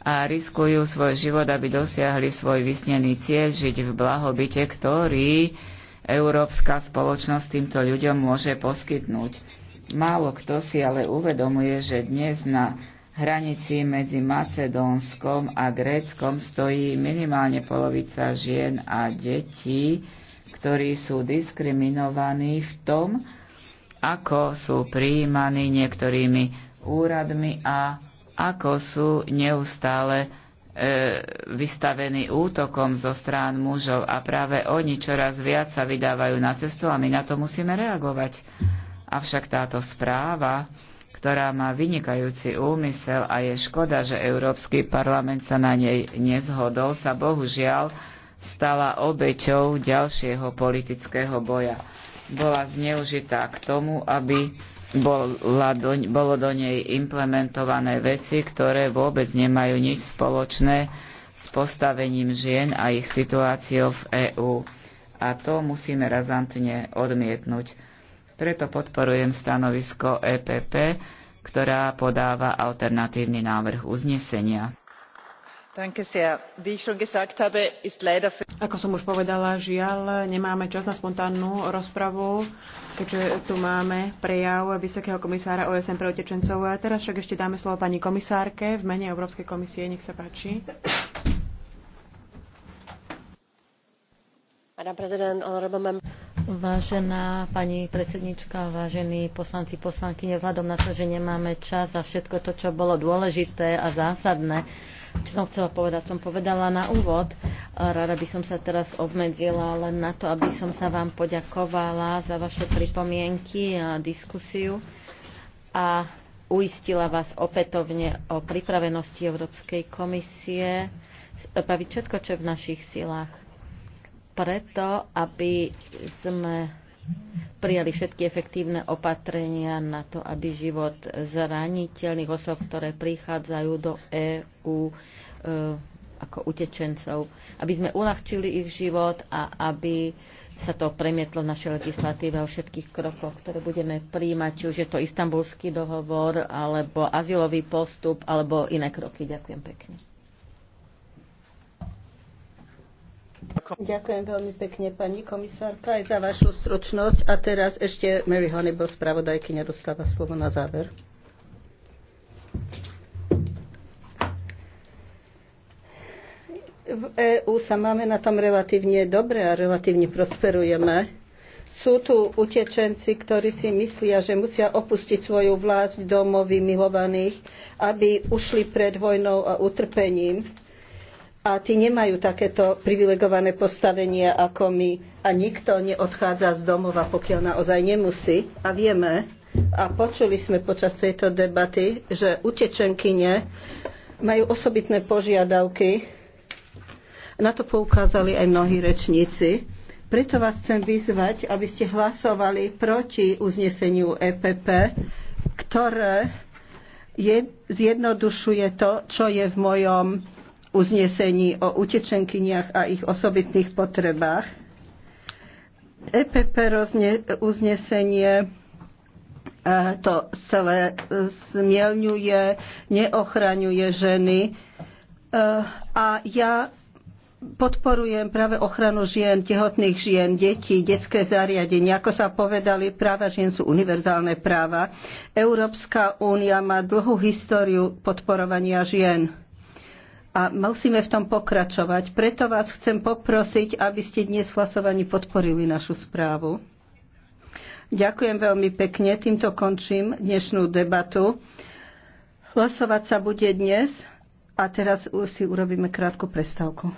a riskujú svoj život, aby dosiahli svoj vysnený cieľ žiť v blahobite, ktorý európska spoločnosť týmto ľuďom môže poskytnúť. Málo kto si ale uvedomuje, že dnes na hranici medzi Macedónskom a Gréckom stojí minimálne polovica žien a detí, ktorí sú diskriminovaní v tom, ako sú prijímaní niektorými úradmi a ako sú neustále e, vystavení útokom zo strán mužov a práve oni čoraz viac sa vydávajú na cestu a my na to musíme reagovať. Avšak táto správa, ktorá má vynikajúci úmysel a je škoda, že Európsky parlament sa na nej nezhodol, sa bohužiaľ stala obeťou ďalšieho politického boja. Bola zneužitá k tomu, aby bola do, bolo do nej implementované veci, ktoré vôbec nemajú nič spoločné s postavením žien a ich situáciou v EÚ. A to musíme razantne odmietnúť. Preto podporujem stanovisko EPP, ktorá podáva alternatívny návrh uznesenia ako som už povedala žiaľ nemáme čas na spontánnu rozpravu keďže tu máme prejav vysokého komisára osn pre utečencov. teraz však ešte dáme slovo pani komisárke v mene európskej komisie nech sa páči. Vážená pani predsedníčka vážení poslanci, poslankyne, vzhľadom na to, že nemáme čas a všetko to, čo bolo dôležité a zásadné, čo som chcela povedať, som povedala na úvod. Rada by som sa teraz obmedzila len na to, aby som sa vám poďakovala za vaše pripomienky a diskusiu a uistila vás opätovne o pripravenosti Európskej komisie spraviť všetko, čo je v našich silách preto, aby sme prijali všetky efektívne opatrenia na to, aby život zraniteľných osob, ktoré prichádzajú do EÚ e, ako utečencov, aby sme uľahčili ich život a aby sa to premietlo v našej legislatíve o všetkých krokoch, ktoré budeme príjmať, či už je to istambulský dohovor, alebo azylový postup, alebo iné kroky. Ďakujem pekne. Ďakujem veľmi pekne, pani komisárka, aj za vašu stručnosť. A teraz ešte Mary Honeyball, spravodajkyňa, dostáva slovo na záver. V EÚ sa máme na tom relatívne dobre a relatívne prosperujeme. Sú tu utečenci, ktorí si myslia, že musia opustiť svoju vlast domov milovaných, aby ušli pred vojnou a utrpením a tí nemajú takéto privilegované postavenie ako my. A nikto neodchádza z domova, pokiaľ naozaj nemusí. A vieme, a počuli sme počas tejto debaty, že utečenkyne majú osobitné požiadavky. Na to poukázali aj mnohí rečníci. Preto vás chcem vyzvať, aby ste hlasovali proti uzneseniu EPP, ktoré je, zjednodušuje to, čo je v mojom uznesení o utečenkyniach a ich osobitných potrebách. EPP uznesenie e, to celé zmielňuje, neochraňuje ženy. E, a ja podporujem práve ochranu žien, tehotných žien, detí, detské zariadenia. Ako sa povedali, práva žien sú univerzálne práva. Európska únia má dlhú históriu podporovania žien a musíme v tom pokračovať. Preto vás chcem poprosiť, aby ste dnes v hlasovaní podporili našu správu. Ďakujem veľmi pekne. Týmto končím dnešnú debatu. Hlasovať sa bude dnes a teraz si urobíme krátku prestávku.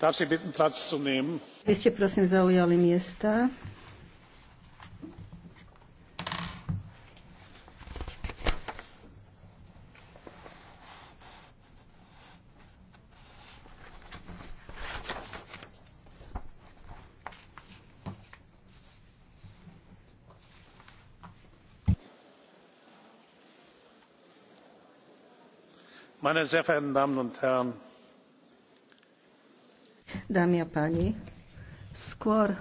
Darf Sie bitten, Platz zu nehmen? Vy ste prosím zaujali miesta. meine sehr verehrten damen und herren! Dámy a páni, skôr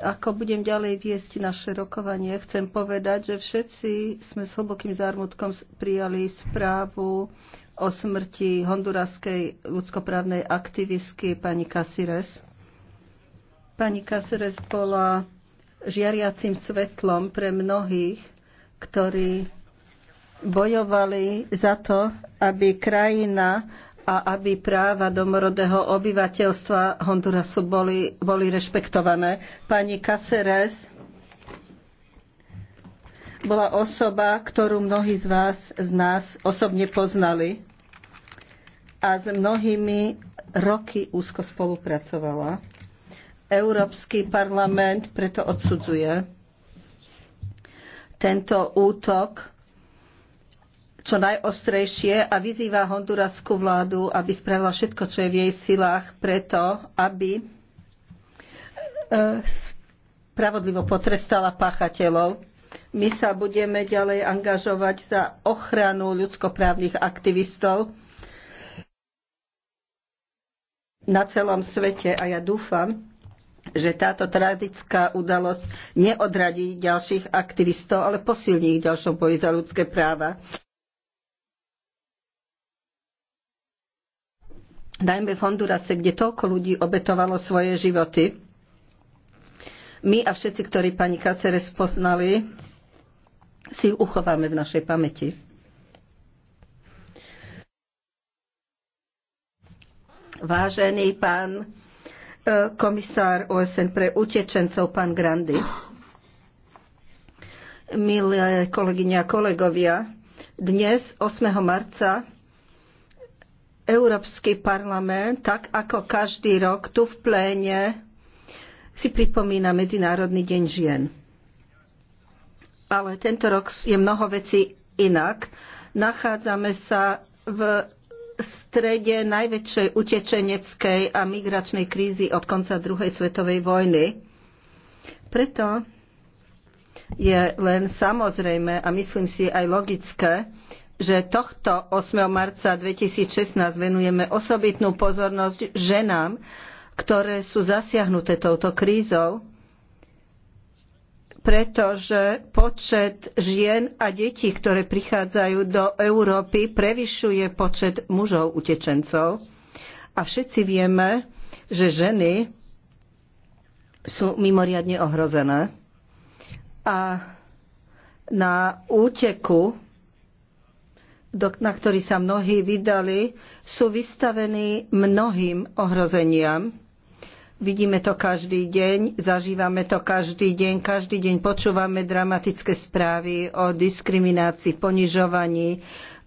ako budem ďalej viesť naše rokovanie, chcem povedať, že všetci sme s hlbokým zármutkom prijali správu o smrti honduraskej ľudskoprávnej aktivistky pani Casires. Pani Casires bola žiariacim svetlom pre mnohých, ktorí bojovali za to, aby krajina a aby práva domorodého obyvateľstva Hondurasu boli, boli rešpektované. Pani Caceres bola osoba, ktorú mnohí z vás, z nás osobne poznali a s mnohými roky úzko spolupracovala. Európsky parlament preto odsudzuje tento útok čo najostrejšie a vyzýva hondurasku vládu, aby spravila všetko, čo je v jej silách, preto, aby e, spravodlivo potrestala páchateľov. My sa budeme ďalej angažovať za ochranu ľudskoprávnych aktivistov na celom svete a ja dúfam, že táto tragická udalosť neodradí ďalších aktivistov, ale posilní ich v ďalšom boji za ľudské práva. najmä v Hondurase, kde toľko ľudí obetovalo svoje životy. My a všetci, ktorí pani Caceres poznali, si ju uchováme v našej pamäti. Vážený pán e, komisár OSN pre utečencov, pán Grandy, milé kolegyne a kolegovia, dnes, 8. marca Európsky parlament, tak ako každý rok tu v pléne, si pripomína Medzinárodný deň žien. Ale tento rok je mnoho vecí inak. Nachádzame sa v strede najväčšej utečeneckej a migračnej krízy od konca druhej svetovej vojny. Preto je len samozrejme a myslím si aj logické, že tohto 8. marca 2016 venujeme osobitnú pozornosť ženám, ktoré sú zasiahnuté touto krízou, pretože počet žien a detí, ktoré prichádzajú do Európy, prevyšuje počet mužov utečencov. A všetci vieme, že ženy sú mimoriadne ohrozené. A na úteku na ktorý sa mnohí vydali, sú vystavení mnohým ohrozeniam. Vidíme to každý deň, zažívame to každý deň, každý deň počúvame dramatické správy o diskriminácii, ponižovaní,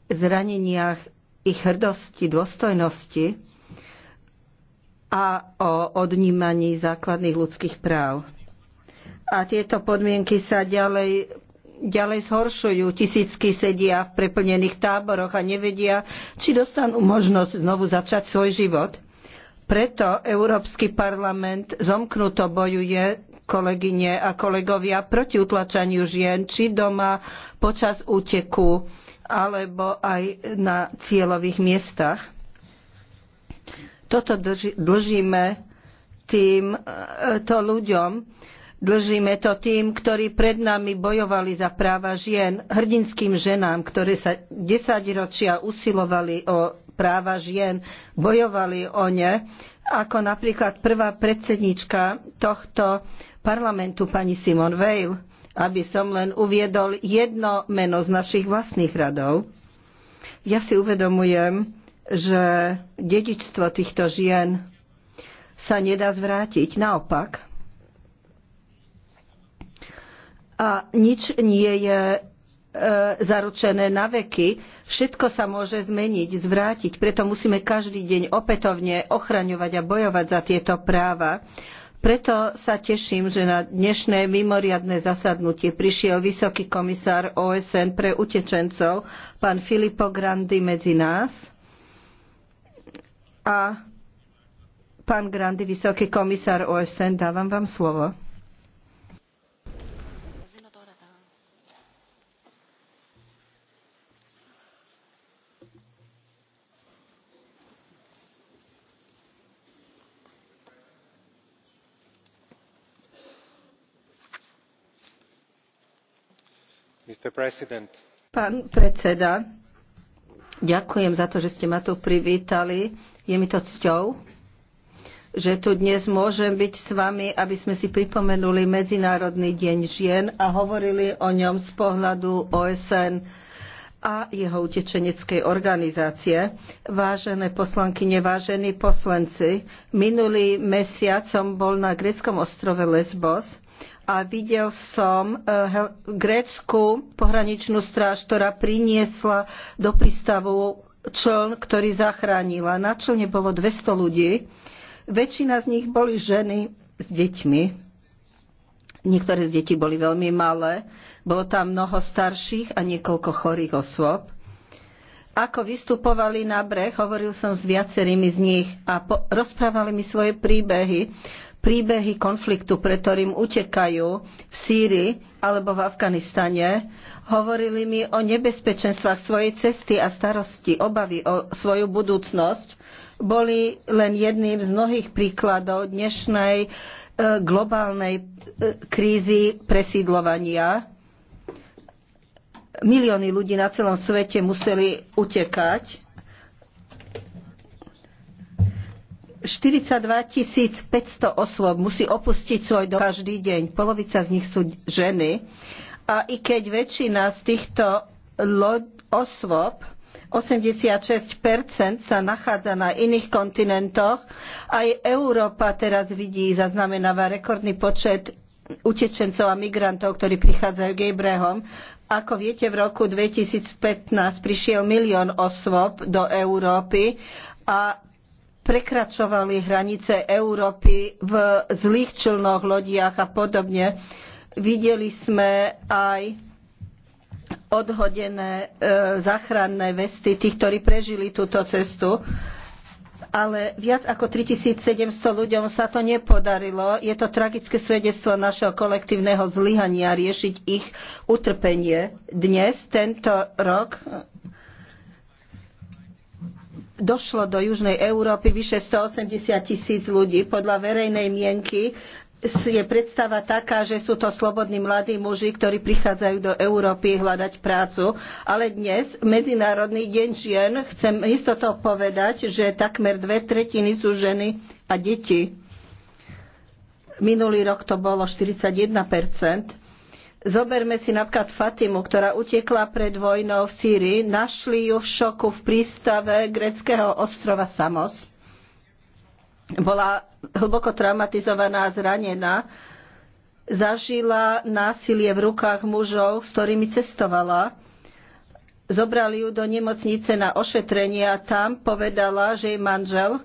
zraneniach ich hrdosti, dôstojnosti a o odnímaní základných ľudských práv. A tieto podmienky sa ďalej ďalej zhoršujú. Tisícky sedia v preplnených táboroch a nevedia, či dostanú možnosť znovu začať svoj život. Preto Európsky parlament zomknuto bojuje kolegyne a kolegovia proti utlačaniu žien, či doma počas úteku, alebo aj na cieľových miestach. Toto dlžíme týmto e, ľuďom, Dlžíme to tým, ktorí pred nami bojovali za práva žien, hrdinským ženám, ktoré sa desaťročia usilovali o práva žien, bojovali o ne, ako napríklad prvá predsednička tohto parlamentu pani Simon Weil, aby som len uviedol jedno meno z našich vlastných radov. Ja si uvedomujem, že dedičstvo týchto žien sa nedá zvrátiť. Naopak, a nič nie je e, zaručené na veky. Všetko sa môže zmeniť, zvrátiť, preto musíme každý deň opätovne ochraňovať a bojovať za tieto práva. Preto sa teším, že na dnešné mimoriadne zasadnutie prišiel vysoký komisár OSN pre utečencov, pán Filippo Grandi medzi nás. A pán Grandi, vysoký komisár OSN, dávam vám slovo. Pán predseda, ďakujem za to, že ste ma tu privítali. Je mi to cťou, že tu dnes môžem byť s vami, aby sme si pripomenuli Medzinárodný deň žien a hovorili o ňom z pohľadu OSN a jeho utečeneckej organizácie. Vážené poslankyne, vážení poslanci, minulý mesiac som bol na greckom ostrove Lesbos a videl som e, grécku pohraničnú stráž, ktorá priniesla do prístavu čln, ktorý zachránila. Na člne bolo 200 ľudí. Väčšina z nich boli ženy s deťmi. Niektoré z detí boli veľmi malé. Bolo tam mnoho starších a niekoľko chorých osôb. Ako vystupovali na breh, hovoril som s viacerými z nich a po- rozprávali mi svoje príbehy príbehy konfliktu, pre ktorým utekajú v Sýrii alebo v Afganistane, hovorili mi o nebezpečenstvách svojej cesty a starosti, obavy o svoju budúcnosť, boli len jedným z mnohých príkladov dnešnej e, globálnej e, krízy presídlovania. Milióny ľudí na celom svete museli utekať 42 500 osôb musí opustiť svoj dom každý deň. Polovica z nich sú ženy. A i keď väčšina z týchto osôb 86 sa nachádza na iných kontinentoch. Aj Európa teraz vidí, zaznamenáva rekordný počet utečencov a migrantov, ktorí prichádzajú k jej Ako viete, v roku 2015 prišiel milión osôb do Európy a prekračovali hranice Európy v zlých člnoch, lodiach a podobne. Videli sme aj odhodené e, záchranné vesty tých, ktorí prežili túto cestu. Ale viac ako 3700 ľuďom sa to nepodarilo. Je to tragické svedectvo našeho kolektívneho zlyhania riešiť ich utrpenie. Dnes, tento rok, došlo do Južnej Európy vyše 180 tisíc ľudí. Podľa verejnej mienky je predstava taká, že sú to slobodní mladí muži, ktorí prichádzajú do Európy hľadať prácu. Ale dnes, Medzinárodný deň žien, chcem to povedať, že takmer dve tretiny sú ženy a deti. Minulý rok to bolo 41 Zoberme si napríklad Fatimu, ktorá utekla pred vojnou v Sýrii. Našli ju v šoku v prístave greckého ostrova Samos. Bola hlboko traumatizovaná a zranená. Zažila násilie v rukách mužov, s ktorými cestovala. Zobrali ju do nemocnice na ošetrenie a tam povedala, že jej manžel,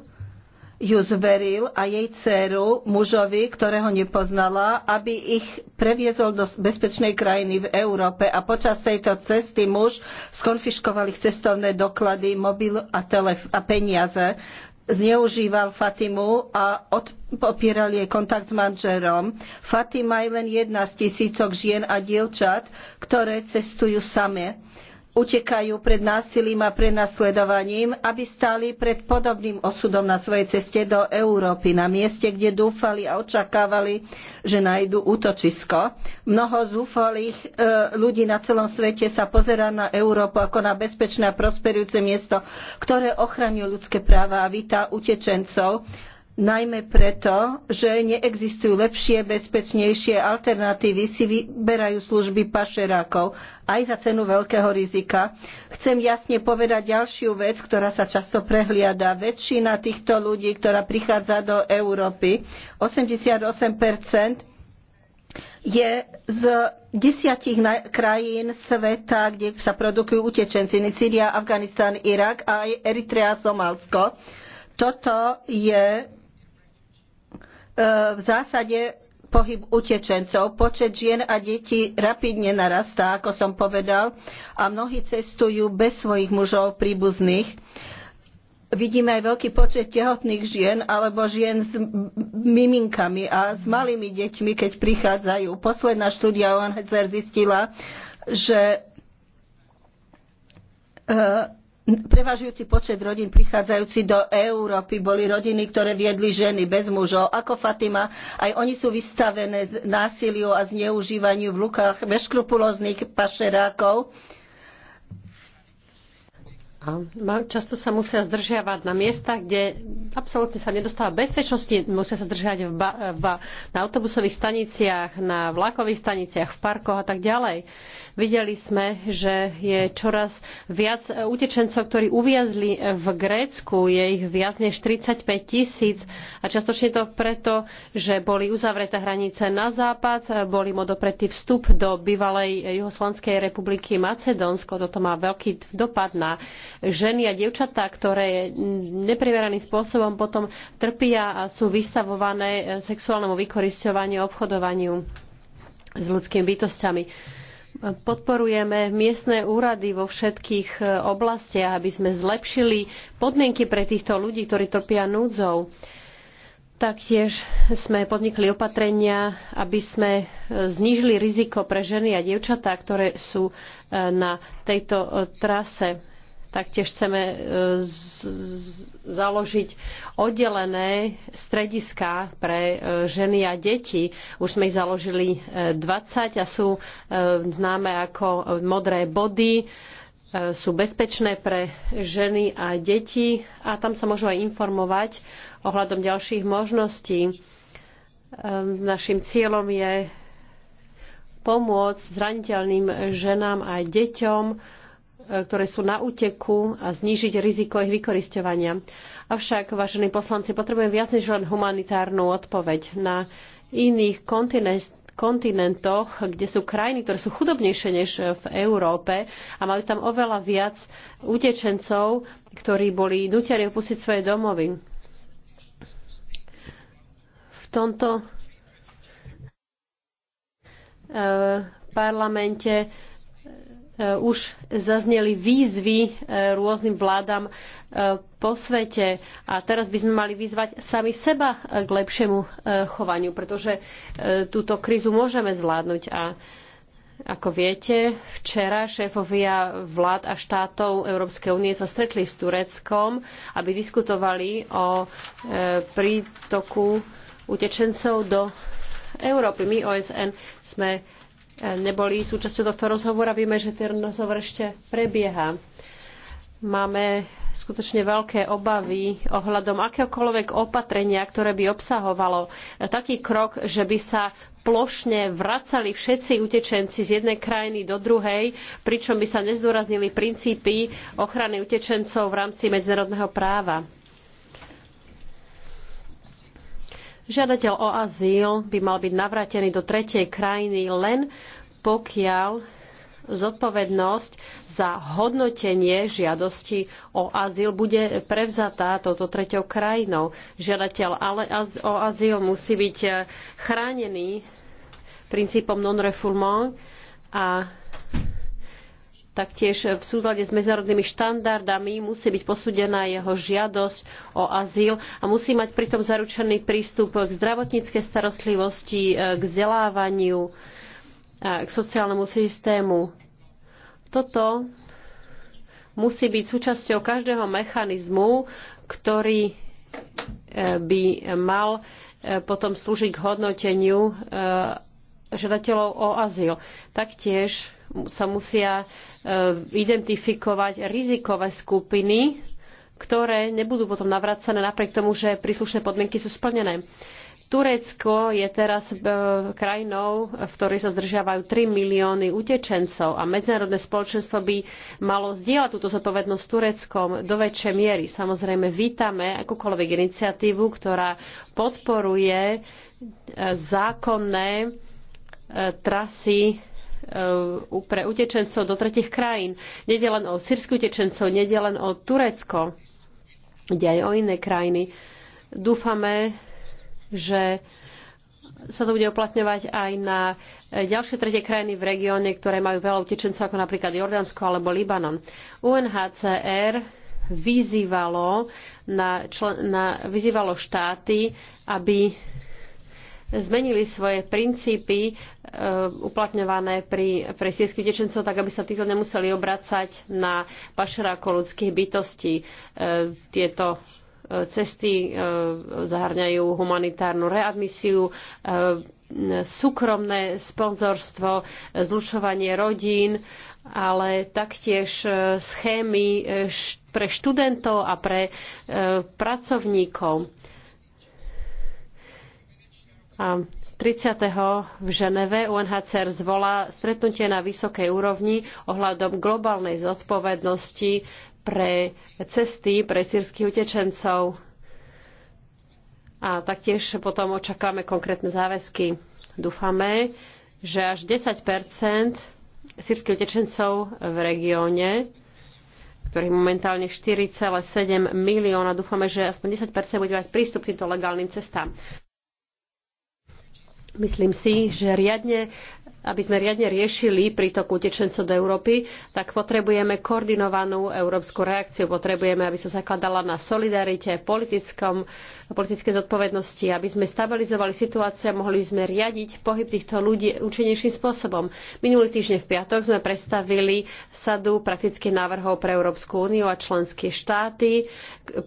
ju zveril a jej dceru mužovi, ktorého nepoznala, aby ich previezol do bezpečnej krajiny v Európe a počas tejto cesty muž skonfiškoval ich cestovné doklady, mobil a, telef- a peniaze. Zneužíval Fatimu a popieral jej kontakt s manžerom. Fatima je len jedna z tisícok žien a dievčat, ktoré cestujú same utekajú pred násilím a prenasledovaním, aby stáli pred podobným osudom na svojej ceste do Európy, na mieste, kde dúfali a očakávali, že nájdu útočisko. Mnoho zúfalých e, ľudí na celom svete sa pozerá na Európu ako na bezpečné a prosperujúce miesto, ktoré ochraňuje ľudské práva a víta utečencov najmä preto, že neexistujú lepšie, bezpečnejšie alternatívy, si vyberajú služby pašerákov aj za cenu veľkého rizika. Chcem jasne povedať ďalšiu vec, ktorá sa často prehliada. Väčšina týchto ľudí, ktorá prichádza do Európy, 88 je z desiatich krajín sveta, kde sa produkujú utečenci. Syria, Afganistan, Irak a aj Eritrea, Somálsko. Toto je E, v zásade pohyb utečencov. Počet žien a detí rapidne narastá, ako som povedal, a mnohí cestujú bez svojich mužov príbuzných. Vidíme aj veľký počet tehotných žien alebo žien s miminkami a s malými deťmi, keď prichádzajú. Posledná štúdia UNHCR zistila, že e, Prevažujúci počet rodín prichádzajúci do Európy boli rodiny, ktoré viedli ženy bez mužov, ako Fatima. Aj oni sú vystavené násiliu a zneužívaniu v lukách veškrupulóznych pašerákov. A často sa musia zdržiavať na miestach, kde absolútne sa nedostáva bezpečnosti. Musia sa zdržiavať v v na autobusových staniciach, na vlakových staniciach, v parkoch a tak ďalej. Videli sme, že je čoraz viac utečencov, ktorí uviazli v Grécku. Je ich viac než 35 tisíc a častočne to preto, že boli uzavreté hranice na západ, boli mu dopretý vstup do bývalej juhoslovanskej republiky Macedónsko. Toto má veľký dopad na ženy a dievčatá, ktoré neprimeraným spôsobom potom trpia a sú vystavované sexuálnemu vykoristovaniu obchodovaniu s ľudskými bytosťami podporujeme miestne úrady vo všetkých e, oblastiach, aby sme zlepšili podmienky pre týchto ľudí, ktorí trpia núdzou. Taktiež sme podnikli opatrenia, aby sme e, znížili riziko pre ženy a dievčatá, ktoré sú e, na tejto trase. Taktiež chceme e, založiť oddelené strediska pre e, ženy a deti. Už sme ich založili 20 e, a sú známe ako modré body sú bezpečné pre ženy a deti a tam sa môžu aj informovať ohľadom ďalších možností. Našim cieľom je pomôcť zraniteľným ženám a deťom E, ktoré sú na úteku a znížiť riziko ich vykoristovania. Avšak, vážení poslanci, potrebujem viac než len humanitárnu odpoveď. Na iných kontinentoch kontinentoch, kde sú krajiny, ktoré sú chudobnejšie než v Európe a majú tam oveľa viac utečencov, ktorí boli nutiari opustiť svoje domovy. V tomto e, parlamente Eh, už zazneli výzvy eh, rôznym vládam eh, po svete a teraz by sme mali vyzvať sami seba k lepšiemu chovaniu, pretože túto krízu môžeme zvládnuť a ako viete, včera šéfovia vlád a štátov Európskej únie sa stretli s Tureckom, aby diskutovali o prítoku utečencov do Európy. My OSN sme neboli súčasťou tohto rozhovora. Vieme, že ten rozhovor ešte prebieha. Máme skutočne veľké obavy ohľadom akéhokoľvek opatrenia, ktoré by obsahovalo taký krok, že by sa plošne vracali všetci utečenci z jednej krajiny do druhej, pričom by sa nezdôraznili princípy ochrany utečencov v rámci medzinárodného práva Žiadateľ o azyl by mal byť navrátený do tretej krajiny len pokiaľ zodpovednosť za hodnotenie žiadosti o azyl bude prevzatá touto treťou krajinou. Žiadateľ ale o azyl musí byť chránený princípom non-refoulement a Taktiež v súlade s medzinárodnými štandardami musí byť posúdená jeho žiadosť o azyl a musí mať pritom zaručený prístup k zdravotníckej starostlivosti, e, k vzdelávaniu, k sociálnemu systému. Toto musí byť súčasťou každého mechanizmu, ktorý e, by mal e, potom slúžiť k hodnoteniu žiadateľov o azyl. Taktiež sa musia e, identifikovať rizikové skupiny, ktoré nebudú potom navracané napriek tomu, že príslušné podmienky sú splnené. Turecko je teraz e, krajinou, v ktorej sa zdržiavajú 3 milióny utečencov a medzinárodné spoločenstvo by malo zdieľať túto zodpovednosť s Tureckom do väčšej miery. Samozrejme, vítame akúkoľvek iniciatívu, ktorá podporuje e, zákonné trasy e, pre utečencov do tretich krajín. Nede len o sírskych utečencov, nede len o Turecko, ide aj o iné krajiny. Dúfame, že sa to bude uplatňovať aj na e, ďalšie tretie krajiny v regióne, ktoré majú veľa utečencov, ako napríklad Jordánsko alebo Libanon. UNHCR vyzývalo, na, člen, na, vyzývalo štáty, aby zmenili svoje princípy e, uplatňované pri, pre sírskych utečencov, tak aby sa títo nemuseli obracať na pašeráko ľudských bytostí. E, tieto e, cesty zahrňajú humanitárnu readmisiu, súkromné sponzorstvo, zlučovanie rodín, ale taktiež schémy pre študentov a pre pracovníkov. A 30. v Ženeve UNHCR zvolá stretnutie na vysokej úrovni ohľadom globálnej zodpovednosti pre cesty pre sírskych utečencov. A taktiež potom očakávame konkrétne záväzky. Dúfame, že až 10 sírskych utečencov v regióne, ktorých momentálne 4,7 milióna, dúfame, že aspoň 10 bude mať prístup k týmto legálnym cestám. Myslím si, že riadne, aby sme riadne riešili prítok utečencov do Európy, tak potrebujeme koordinovanú európsku reakciu. Potrebujeme, aby sa zakladala na solidarite, politickom, politické zodpovednosti, aby sme stabilizovali situáciu a mohli sme riadiť pohyb týchto ľudí účinnejším spôsobom. Minulý týždeň v piatok sme predstavili sadu praktických návrhov pre Európsku úniu a členské štáty,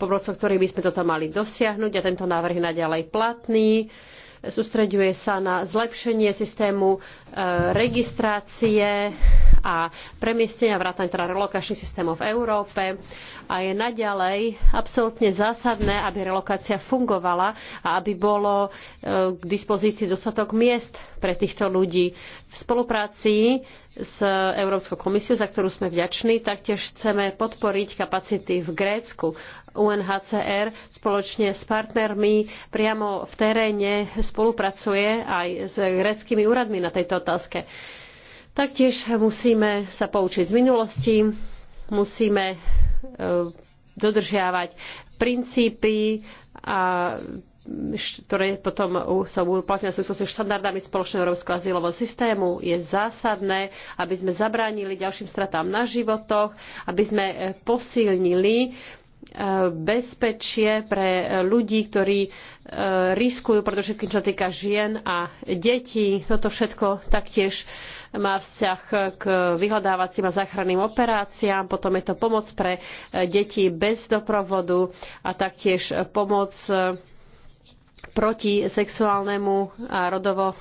pomocou ktorých by sme toto mali dosiahnuť a tento návrh je naďalej platný sústreďuje sa na zlepšenie systému e, registrácie a premiestnenia vrátane teda relokačných systémov v Európe a je naďalej absolútne zásadné, aby relokácia fungovala a aby bolo e, k dispozícii dostatok miest pre týchto ľudí. V spolupráci s Európskou komisiou, za ktorú sme vďační. Taktiež chceme podporiť kapacity v Grécku. UNHCR spoločne s partnermi priamo v teréne spolupracuje aj s gréckými úradmi na tejto otázke. Taktiež musíme sa poučiť z minulosti, musíme e, dodržiavať princípy, a, ktoré potom sú uplatnené v súvislosti štandardami spoločného európskeho azylového systému. Je zásadné, aby sme zabránili ďalším stratám na životoch, aby sme e, posilnili bezpečie pre ľudí, ktorí e, riskujú, predovšetkým čo týka žien a detí. Toto všetko taktiež má vzťah k vyhľadávacím a záchranným operáciám. Potom je to pomoc pre e, deti bez doprovodu a taktiež pomoc e, proti sexuálnemu a rodovo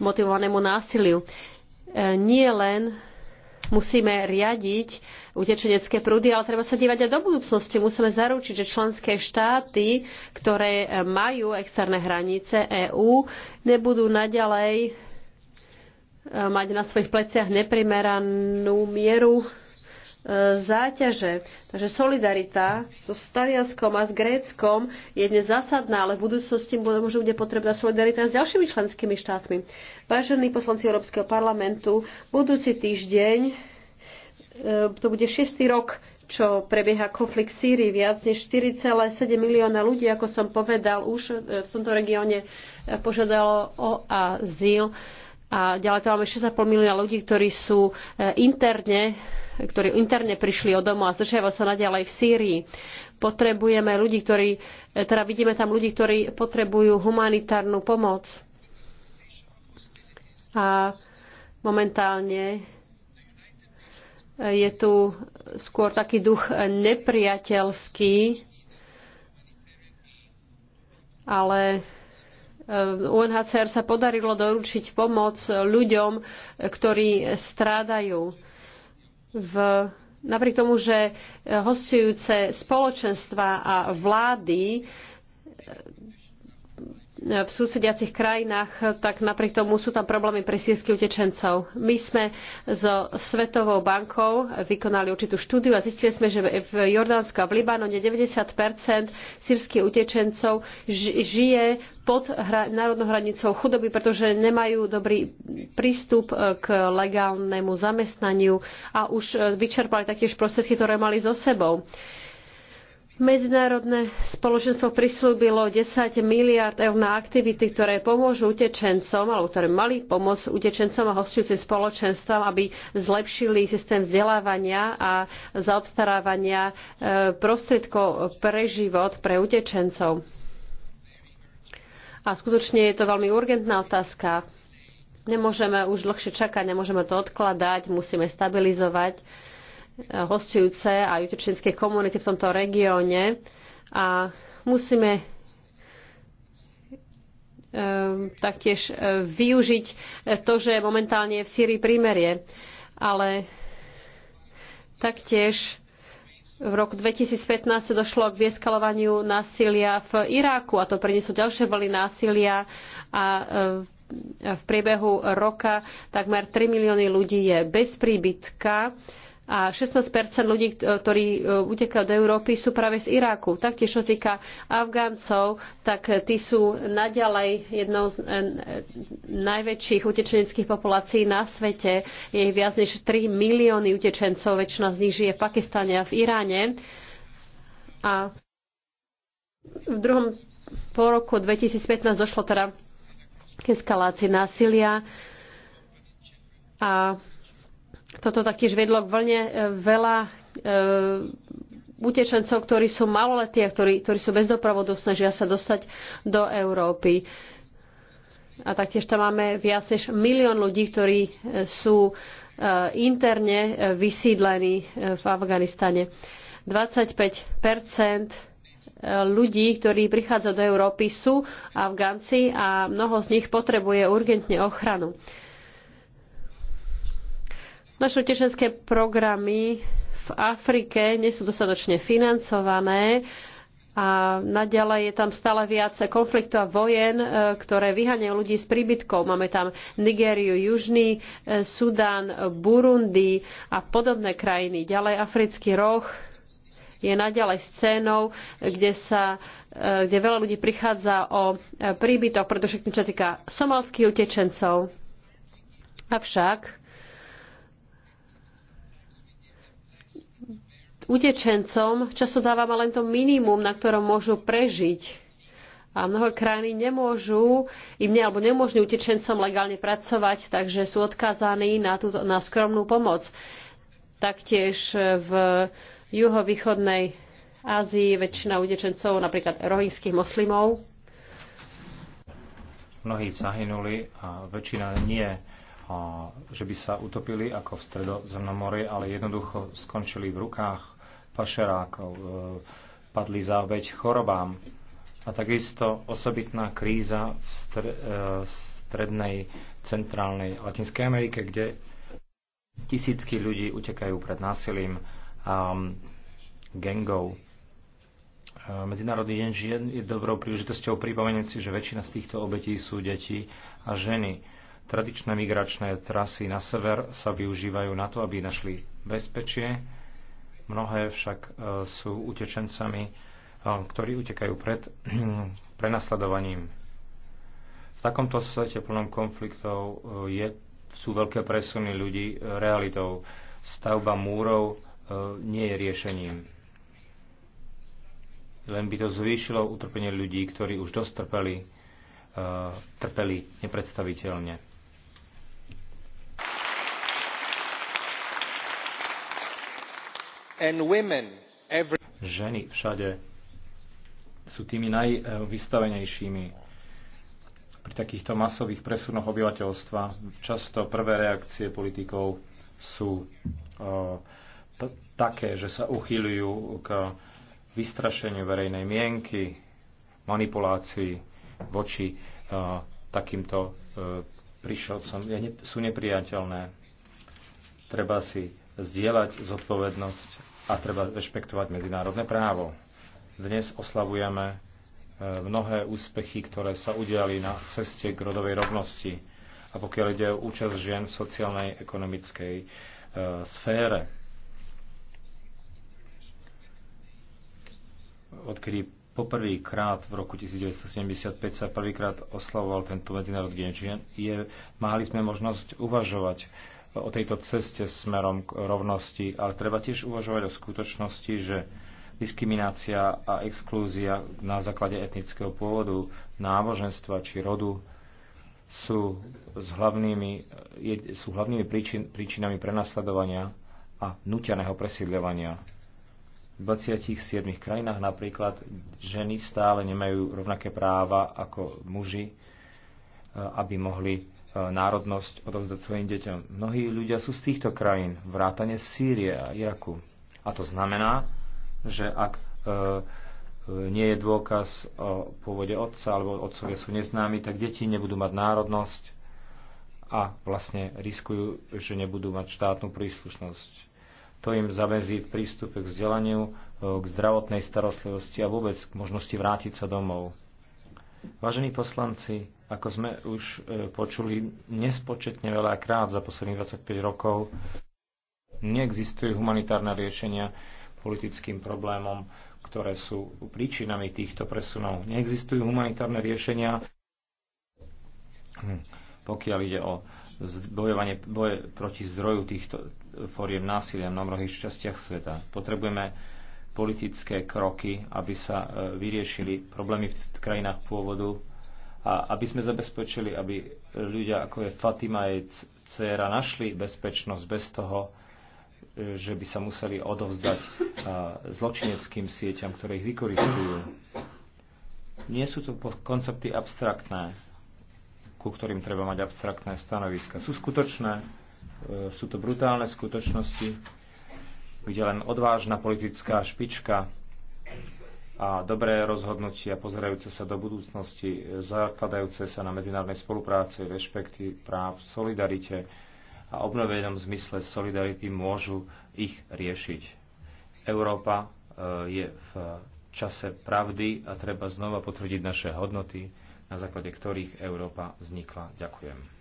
motivovanému násiliu. Nie len Musíme riadiť utečenecké prúdy, ale treba sa dívať aj do budúcnosti. Musíme zaručiť, že členské štáty, ktoré majú externé hranice EÚ, nebudú naďalej eh, mať na svojich pleciach neprimeranú mieru záťaže. Takže solidarita so Stalianskom a s Gréckom je dnes zásadná, ale v budúcnosti môže bude potrebná solidarita s ďalšími členskými štátmi. Vážení poslanci Európskeho parlamentu, budúci týždeň, e, to bude šiestý rok, čo prebieha konflikt v Sýrii. Viac než 4,7 milióna ľudí, ako som povedal, už e, v tomto regióne e, požiadalo o azyl. A ďalej tam máme 6,5 milióna ľudí, ktorí sú interne ktorí interne prišli od domov a zdržiavajú sa naďalej v Sýrii. Potrebujeme ľudí, ktorí, teda vidíme tam ľudí, ktorí potrebujú humanitárnu pomoc. A momentálne je tu skôr taký duch nepriateľský, ale eh, UNHCR sa podarilo doručiť pomoc ľuďom, ktorí strádajú v, napriek tomu, že eh, hostujúce spoločenstva a vlády eh, v susediacich krajinách, tak napriek tomu sú tam problémy pre sírskych utečencov. My sme so Svetovou bankou vykonali určitú štúdiu a zistili sme, že v Jordánsku a v Libanone 90 sírskych utečencov žije pod hra- národnou hranicou chudoby, pretože nemajú dobrý prístup e, k legálnemu zamestnaniu a už e, vyčerpali taktiež prostriedky, ktoré mali so sebou. Medzinárodné spoločenstvo prislúbilo 10 miliard eur na aktivity, ktoré pomôžu utečencom, alebo ktoré mali pomôcť utečencom a hostujúcim spoločenstvom, aby zlepšili systém vzdelávania a zaobstarávania e, prostriedkov pre život pre utečencov. A skutočne je to veľmi urgentná otázka. Nemôžeme už dlhšie čakať, nemôžeme to odkladať, musíme stabilizovať hostujúce a utečenské komunity v tomto regióne a musíme ehm, taktiež e, využiť to, že momentálne je v Sýrii prímerie. Ale taktiež v roku 2015 došlo k vieskalovaniu násilia v Iráku a to prinieslo ďalšie vlny násilia a e, v priebehu roka takmer 3 milióny ľudí je bez príbytka a 16 ľudí, ktorí e, utekajú do Európy, sú práve z Iráku. Taktiež, čo týka Afgáncov, tak e, tí sú naďalej jednou z e, najväčších utečeneckých populácií na svete. Je ich viac než 3 milióny utečencov, väčšina z nich žije v Pakistane a v Iráne. A v druhom pol roku 2015 došlo teda k eskalácii násilia a toto taktiež vedlo k vlne e, veľa e, utečencov, ktorí sú maloletí a ktorí, ktorí sú bez doprovodu, snažia sa dostať do Európy. A taktiež tam máme viac než milión ľudí, ktorí e, sú e, interne vysídlení v Afganistane. 25 ľudí, ktorí prichádzajú do Európy, sú Afgánci a mnoho z nich potrebuje urgentne ochranu. Naše utečenské programy v Afrike nie sú dostatočne financované a naďalej je tam stále viac konfliktov a vojen, e, ktoré vyháňajú ľudí z príbytkov. Máme tam Nigériu, Južný e, Sudán, Burundi a podobné krajiny. Ďalej Africký roh je naďalej scénou, kde, sa, e, kde veľa ľudí prichádza o príbytok, pretože čo sa týka somalských utečencov. Avšak utečencom často dávame len to minimum, na ktorom môžu prežiť. A mnohé krajiny nemôžu, im ne, alebo nemôžu utečencom legálne pracovať, takže sú odkázaní na, túto, na skromnú pomoc. Taktiež v juhovýchodnej Ázii väčšina utečencov, napríklad rohinských moslimov. Mnohí zahynuli a väčšina nie, že by sa utopili ako v stredozemnom mori, ale jednoducho skončili v rukách pašerákov, e, padli za obeď chorobám a takisto osobitná kríza e, v strednej, centrálnej Latinskej Amerike, kde tisícky ľudí utekajú pred násilím a gangov. E, Medzinárodný deň žien je dobrou príležitosťou pripomenúť si, že väčšina z týchto obetí sú deti a ženy. Tradičné migračné trasy na sever sa využívajú na to, aby našli bezpečie, Mnohé však e, sú utečencami, e, ktorí utekajú pred prenasledovaním. V takomto svete plnom konfliktov e, je, sú veľké presuny ľudí realitou. Stavba múrov nie je riešením. Len by to zvýšilo utrpenie ľudí, ktorí už dostrpeli, trpeli nepredstaviteľne. Ženy všade sú tými najvystavenejšími. Pri takýchto masových presunoch obyvateľstva často prvé reakcie politikov sú eh, také, že sa uchýľujú k vystrašeniu verejnej mienky, manipulácii voči uh, takýmto uh, eh, prišielcom sú nepriateľné. Treba si zdieľať zodpovednosť a treba rešpektovať medzinárodné právo. Dnes oslavujeme e, mnohé úspechy, ktoré sa udiali na ceste k rodovej rovnosti a pokiaľ ide o účasť žien v sociálnej ekonomickej e, sfére. Odkedy poprvýkrát v roku 1975 sa prvýkrát oslavoval tento medzinárodný deň žien, je, mali sme možnosť uvažovať o tejto ceste smerom k rovnosti, ale treba tiež uvažovať o skutočnosti, že diskriminácia a exklúzia na základe etnického pôvodu, náboženstva či rodu sú, s hlavnými, sú hlavnými príčin, príčinami prenasledovania a nutianého presídľovania. V 27 krajinách napríklad ženy stále nemajú rovnaké práva ako muži, eh, aby mohli E, národnosť odovzdať svojim deťom. Mnohí ľudia sú z týchto krajín, vrátane Sýrie a Iraku. A to znamená, že ak e, e, nie je dôkaz o pôvode otca alebo otcovia sú neznámi, tak deti nebudú mať národnosť a vlastne riskujú, že nebudú mať štátnu príslušnosť. To im zabezí v prístupe k vzdelaniu, e, k zdravotnej starostlivosti a vôbec k možnosti vrátiť sa domov. Vážení poslanci, ako sme už e, počuli nespočetne veľa krát za posledných 25 rokov, neexistujú humanitárne riešenia politickým problémom, ktoré sú príčinami týchto presunov. Neexistujú humanitárne riešenia, hm, pokiaľ ide o bojovanie boje proti zdroju týchto foriem násilia na mnohých častiach sveta. Potrebujeme politické kroky, aby sa e, vyriešili problémy v krajinách pôvodu a aby sme zabezpečili, aby ľudia ako je Fatima jej dcéra našli bezpečnosť bez toho, e, že by sa museli odovzdať e, zločineckým sieťam, ktoré ich vykoristujú. Nie sú to koncepty abstraktné, ku ktorým treba mať abstraktné stanoviska. Sú skutočné, sú to brutálne skutočnosti, kde len odvážna politická špička a dobré rozhodnutia pozerajúce sa do budúcnosti, zakladajúce sa na medzinárodnej spolupráci, rešpekty práv, solidarite a obnovenom zmysle solidarity môžu ich riešiť. Európa e, je v čase pravdy a treba znova potvrdiť naše hodnoty, na základe ktorých Európa vznikla. Ďakujem.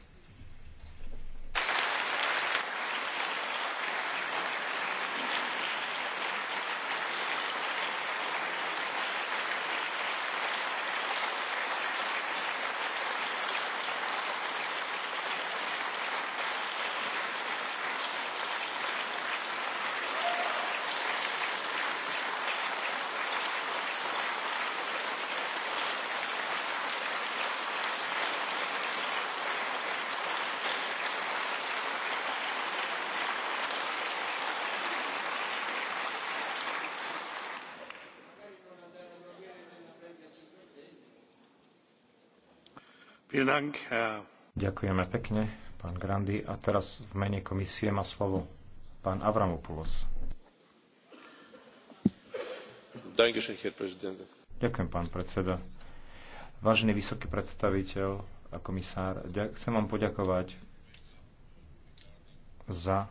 Ďakujeme pekne, pán Grandy. A teraz v mene komisie má slovo pán Avramopoulos. Ďakujem, pán predseda. Vážený vysoký predstaviteľ a komisár, chcem vám poďakovať za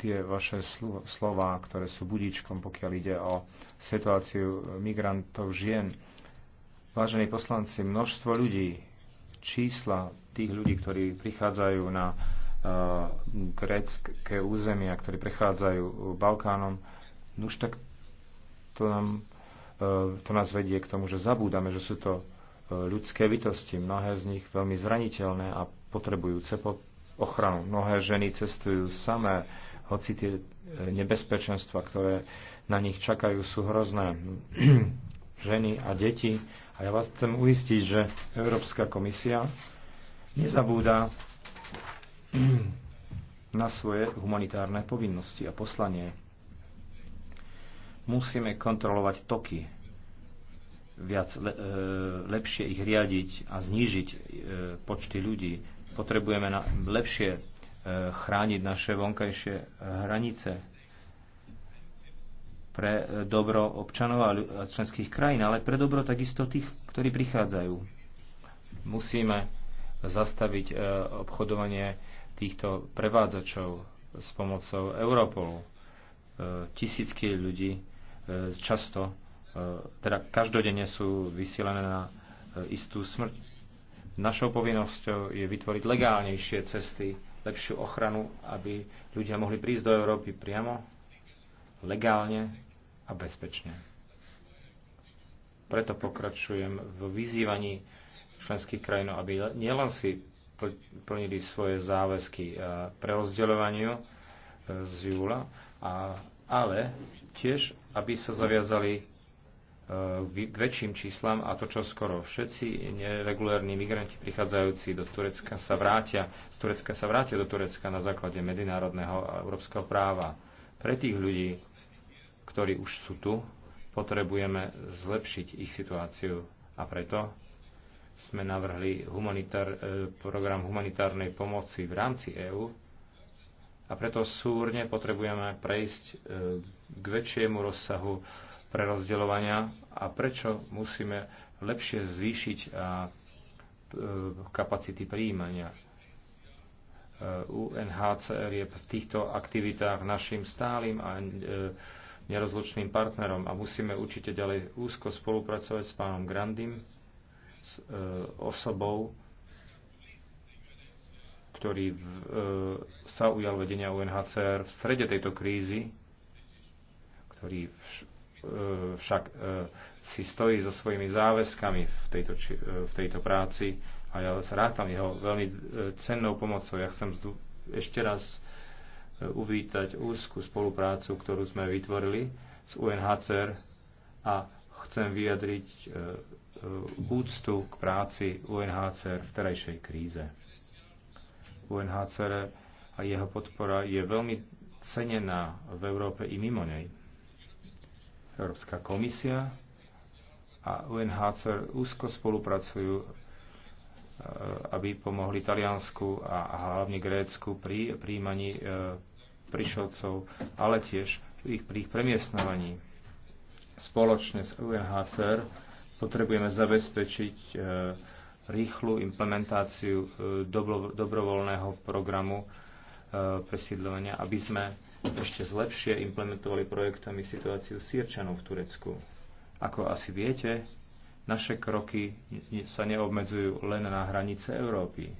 tie vaše slova, ktoré sú budičkom, pokiaľ ide o situáciu migrantov žien Vážení poslanci, množstvo ľudí, čísla tých ľudí, ktorí prichádzajú na eh, grécké územia, ktorí prechádzajú eh, Balkánom, už tak to, nám, eh, to nás vedie k tomu, že zabúdame, že sú to ľudské bytosti, mnohé z nich veľmi zraniteľné a potrebujúce po ochranu. Mnohé ženy cestujú samé, hoci tie nebezpečenstva, ktoré na nich čakajú, sú hrozné. ženy a deti. A ja vás chcem uistiť, že Európska komisia nezabúda na svoje humanitárne povinnosti a poslanie. Musíme kontrolovať toky, viac le, e, lepšie ich riadiť a znížiť e, počty ľudí. Potrebujeme na, lepšie e, chrániť naše vonkajšie hranice, pre e, dobro občanov a členských krajín, ale pre dobro takisto tých, ktorí prichádzajú. Musíme zastaviť e, obchodovanie týchto prevádzačov s pomocou Europolu. E, tisícky ľudí často, teda každodenne sú vysielané na istú smrť. Našou povinnosťou je vytvoriť legálnejšie cesty, lepšiu ochranu, aby ľudia mohli prísť do Európy priamo, legálne, a bezpečne. Preto pokračujem v vyzývaní členských krajín, aby nielen si plnili svoje záväzky e, rozdeľovaniu e, z júla, ale tiež, aby sa zaviazali k e, väčším číslam a to čo skoro. Všetci neregulárni migranti prichádzajúci do Turecka sa vrátia, z Turecka sa vrátia do Turecka na základe medzinárodného a európskeho práva. Pre tých ľudí, ktorí už sú tu, potrebujeme zlepšiť ich situáciu a preto sme navrhli humanitár, e, program humanitárnej pomoci v rámci EÚ a preto súrne potrebujeme prejsť e, k väčšiemu rozsahu prerozdeľovania a prečo musíme lepšie zvýšiť e, kapacity príjmania. UNHCR je v týchto aktivitách našim stálym a nerozlučným partnerom a musíme určite ďalej úzko spolupracovať s pánom Grandim, s e, osobou, ktorý v, e, sa ujal vedenia UNHCR v strede tejto krízy, ktorý vš, e, však e, si stojí so svojimi záväzkami v tejto, či, e, v tejto práci a ja sa rátam jeho veľmi e, cennou pomocou. Ja chcem zdu, ešte raz uvítať úzkú spoluprácu, ktorú sme vytvorili s UNHCR a chcem vyjadriť e, e, úctu k práci UNHCR v terajšej kríze. UNHCR a jeho podpora je veľmi cenená v Európe i mimo nej. Európska komisia a UNHCR úzko spolupracujú Eh, aby pomohli Taliansku a hlavne Grécku pri príjmaní eh, prišovcov, ale tiež ich, pri ich premiestnovaní. Spoločne s UNHCR potrebujeme zabezpečiť eh, rýchlu implementáciu dobrovoľného programu presídľovania, aby sme ešte zlepšie implementovali projektami situáciu Sýrčanov v Turecku. Ako asi viete, naše kroky sa neobmedzujú len na hranice Európy.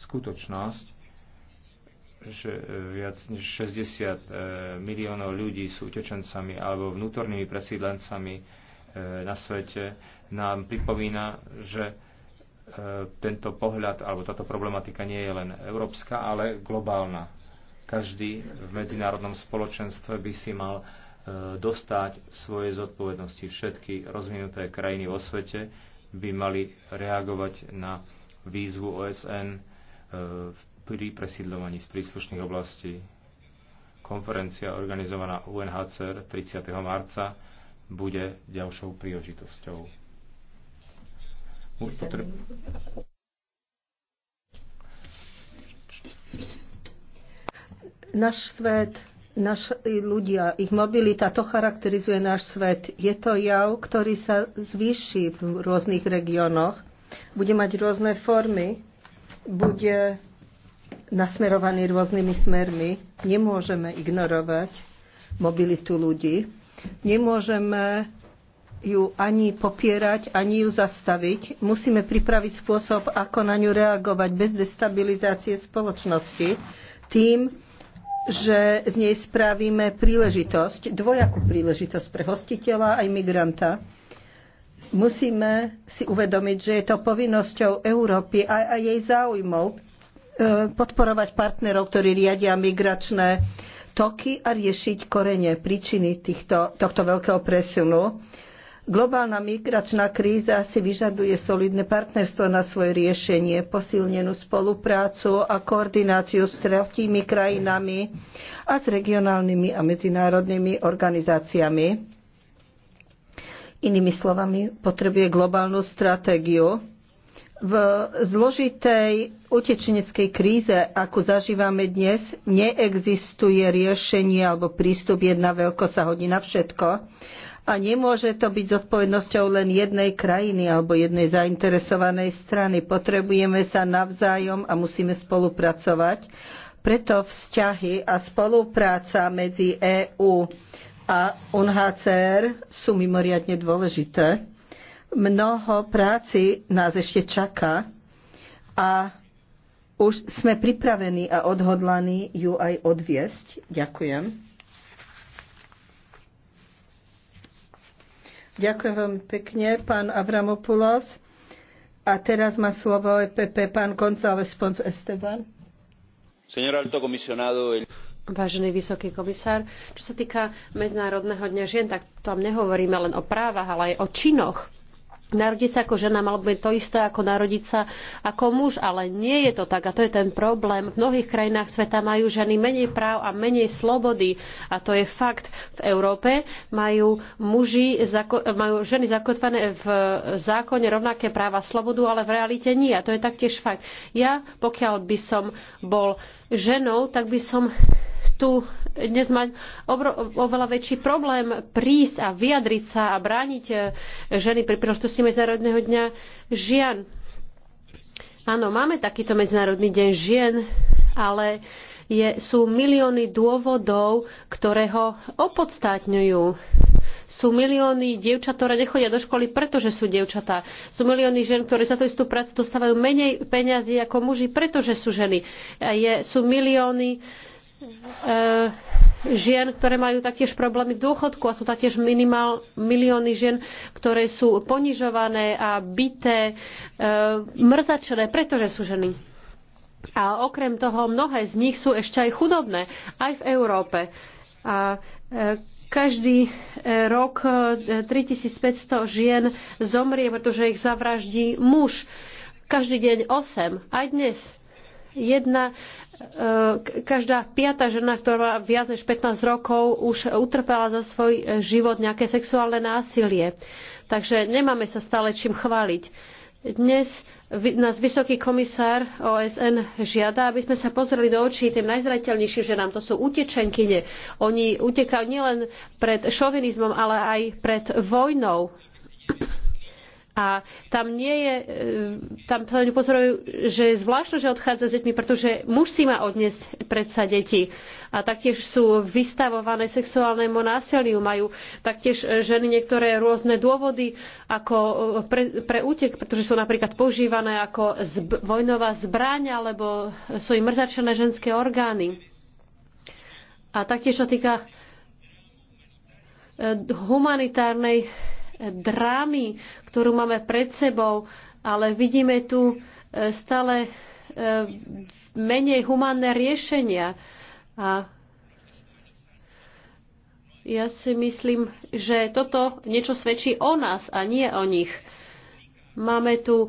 Skutočnosť, že e, viac než 60 e, miliónov ľudí sú utečencami alebo vnútornými presídlencami e, na svete, nám pripomína, že tento pohľad alebo táto problematika nie je len európska, ale globálna. Každý v medzinárodnom spoločenstve by si mal E, dostať svojej zodpovednosti. Všetky rozvinuté krajiny vo svete by mali reagovať na výzvu OSN e, pri presídľovaní z príslušných oblastí. Konferencia organizovaná UNHCR 30. marca bude ďalšou príležitosťou. Náš svet naši ľudia, ich mobilita, to charakterizuje náš svet. Je to jav, ktorý sa zvýši v rôznych regiónoch, bude mať rôzne formy, bude nasmerovaný rôznymi smermi. Nemôžeme ignorovať mobilitu ľudí. Nemôžeme ju ani popierať, ani ju zastaviť. Musíme pripraviť spôsob, ako na ňu reagovať bez destabilizácie spoločnosti tým, že z nej spravíme príležitosť, dvojakú príležitosť pre hostiteľa aj migranta. Musíme si uvedomiť, že je to povinnosťou Európy a, a jej záujmov e, podporovať partnerov, ktorí riadia migračné toky a riešiť korene príčiny týchto, tohto veľkého presunu. Globálna migračná kríza si vyžaduje solidné partnerstvo na svoje riešenie, posilnenú spoluprácu a koordináciu s tretími krajinami a s regionálnymi a medzinárodnými organizáciami. Inými slovami, potrebuje globálnu stratégiu. V zložitej utečeneckej kríze, akú zažívame dnes, neexistuje riešenie alebo prístup jedna veľkosť a hodina všetko a nemôže to byť zodpovednosťou len jednej krajiny alebo jednej zainteresovanej strany. Potrebujeme sa navzájom a musíme spolupracovať. Preto vzťahy a spolupráca medzi EÚ a UNHCR sú mimoriadne dôležité. Mnoho práci nás ešte čaká a už sme pripravení a odhodlaní ju aj odviesť. Ďakujem. Ďakujem veľmi pekne, pán Avramopoulos. A teraz má slovo EPP pán González Pons Esteban. Señor alto comisionado, el... Vážený vysoký komisár, čo sa týka Medzinárodného dňa žien, tak tam nehovoríme len o právach, ale aj o činoch narodiť sa ako žena malo byť to isté ako narodiť sa ako muž, ale nie je to tak a to je ten problém. V mnohých krajinách sveta majú ženy menej práv a menej slobody a to je fakt. V Európe majú, muži, majú ženy zakotvené v zákone rovnaké práva slobodu, ale v realite nie a to je taktiež fakt. Ja, pokiaľ by som bol ženou, tak by som tu dnes mať oveľa väčší problém prísť a vyjadriť sa a brániť eh, ženy pri príležitosti Medzinárodného dňa žien. Áno, máme takýto Medzinárodný deň žien, ale je, sú milióny dôvodov, ktoré ho opodstatňujú. Sú milióny dievčat, ktoré nechodia do školy, pretože sú dievčatá. Sú milióny žien, ktoré za tú istú prácu dostávajú menej peňazí ako muži, pretože sú ženy. Je, sú milióny E, žien, ktoré majú taktiež problémy v dôchodku a sú taktiež minimál, milióny žien, ktoré sú ponižované a bité, e, mrzačené, pretože sú ženy. A okrem toho mnohé z nich sú ešte aj chudobné, aj v Európe. A e, každý rok 3500 žien zomrie, pretože ich zavraždí muž. Každý deň 8, aj dnes jedna, e, každá piata žena, ktorá má viac než 15 rokov už utrpela za svoj život nejaké sexuálne násilie. Takže nemáme sa stále čím chváliť. Dnes nás vysoký komisár OSN žiada, aby sme sa pozreli do očí tým najzrateľnejším ženám. To sú utečenkyne. Oni utekajú nielen pred šovinizmom, ale aj pred vojnou. A tam nie je, e, tam sa upozorujú, že je zvláštne, že odchádza s deťmi, pretože muž si má odniesť predsa deti. A taktiež sú vystavované sexuálnemu násiliu, majú taktiež e, ženy niektoré rôzne dôvody ako e, pre, pre útek, pretože sú napríklad používané ako zb, vojnová zbraň alebo sú im mrzačené ženské orgány. A taktiež sa týka humanitárnej drámy, ktorú máme pred sebou, ale vidíme tu e, stále e, menej humánne riešenia. A ja si myslím, že toto niečo svedčí o nás a nie o nich. Máme tu e,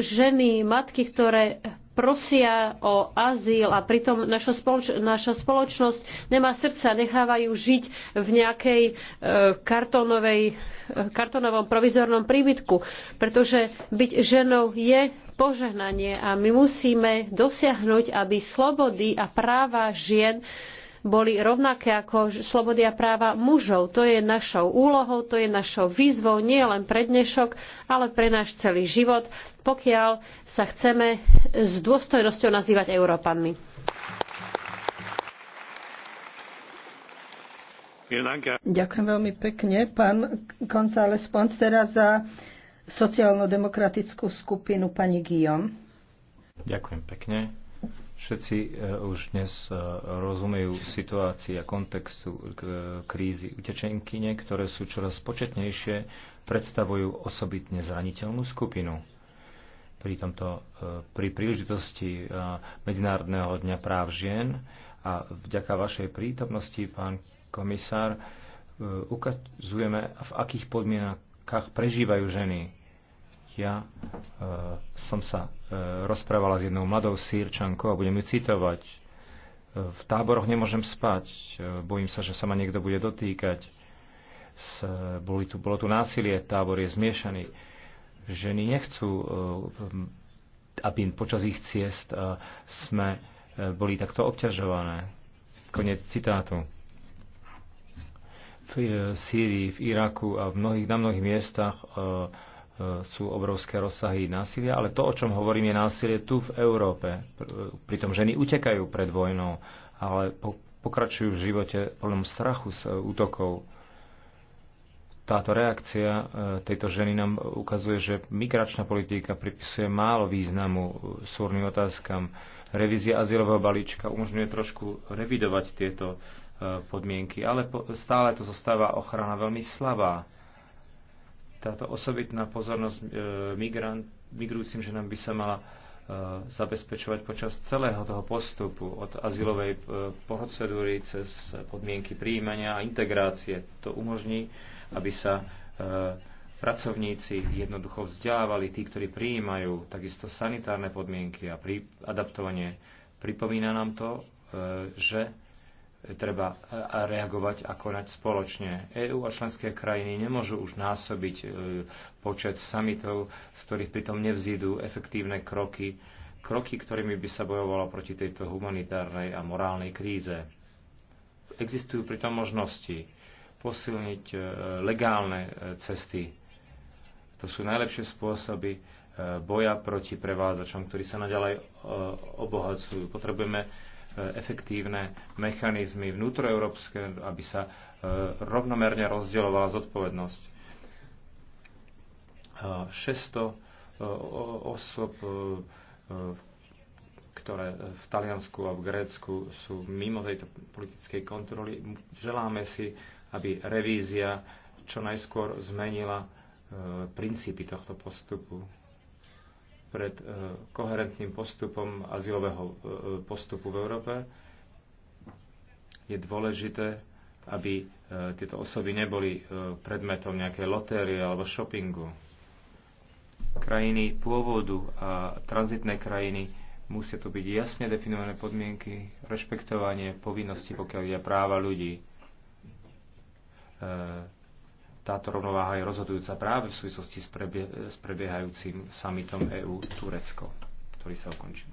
ženy, matky, ktoré prosia o azyl a pritom naša, spoloč- naša spoločnosť nemá srdca, nechávajú žiť v nejakej e, kartónovej, e, kartónovom provizornom príbytku, pretože byť ženou je požehnanie a my musíme dosiahnuť, aby slobody a práva žien e, boli rovnaké ako slobody a práva mužov. To je našou úlohou, to je našou výzvou nie len pre dnešok, ale pre náš celý život, pokiaľ sa chceme s dôstojnosťou nazývať Európanmi. Ďakujem veľmi pekne, pán González Pons. Teraz za sociálno-demokratickú skupinu pani Guillaume. Ďakujem pekne. Všetci e, už dnes e, rozumejú situácii a kontextu e, krízy. Utečenkyne, ktoré sú čoraz početnejšie, predstavujú osobitne zraniteľnú skupinu. Pri, tomto, pri príležitosti Medzinárodného dňa práv žien a vďaka vašej prítomnosti, pán komisár, ukazujeme, v akých podmienkach prežívajú ženy ja e, som sa e, rozprávala s jednou mladou sírčankou a budem ju citovať. E, v táboroch nemôžem spať, e, bojím sa, že sa ma niekto bude dotýkať. S, e, boli tu, bolo tu násilie, tábor je zmiešaný. Ženy nechcú, e, aby počas ich ciest e, sme e, boli takto obťažované. Konec citátu. V e, Sýrii, v Iraku a v mnohých, na mnohých miestach e, E, sú obrovské rozsahy násilia, ale to, o čom hovorím, je násilie tu v Európe. E, pritom ženy utekajú pred vojnou, ale pokračujú v živote plnom strachu z e, útokov. Táto reakcia tejto ženy nám ukazuje, že migračná politika pripisuje málo významu súrnym otázkam. Revízia azylového balíčka umožňuje trošku revidovať tieto podmienky, ale stále to zostáva ochrana veľmi slabá táto osobitná pozornosť e, migrant, migrujúcim ženám by sa mala e, zabezpečovať počas celého toho postupu od azylovej e, procedúry cez podmienky príjmania a integrácie. To umožní, aby sa pracovníci jednoducho vzdelávali, tí, ktorí prijímajú, takisto sanitárne podmienky a pri, adaptovanie. Pripomína nám to, že treba e, reagovať a konať spoločne. EÚ a členské krajiny nemôžu už násobiť e, počet samitov, z ktorých pritom nevzídu efektívne kroky, kroky, ktorými by sa bojovalo proti tejto humanitárnej a morálnej kríze. Existujú pritom možnosti posilniť e, legálne cesty. To sú najlepšie spôsoby boja proti prevádzačom, ktorí sa naďalej obohacujú. Potrebujeme E, efektívne mechanizmy vnútroeurópske, aby sa e, rovnomerne rozdielovala zodpovednosť. 600 e, osob, ktoré v Taliansku a v Grécku sú mimo tejto politickej kontroly. Želáme si, aby revízia čo najskôr zmenila princípy tohto postupu pred e, koherentným postupom azylového e, postupu v Európe. Je dôležité, aby e, tieto osoby neboli predmetom nejakej lotérie alebo shoppingu. Krajiny pôvodu a tranzitné krajiny musia tu byť jasne definované podmienky, rešpektovanie povinností, pokiaľ je práva ľudí táto rovnováha je rozhodujúca práve v súvislosti s, prebie- s prebiehajúcim samitom EU-Turecko, ktorý sa ukončí.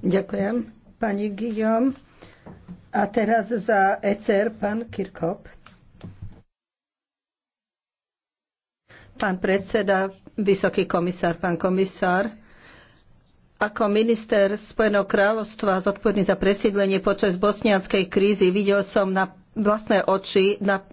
Ďakujem, pani Gijom. A teraz za ECR pán Kirkop. Pán predseda, vysoký komisár, pán komisár, ako minister Spojeného kráľovstva zodpovedný za presídlenie počas bosnianskej krízy videl som na vlastné oči na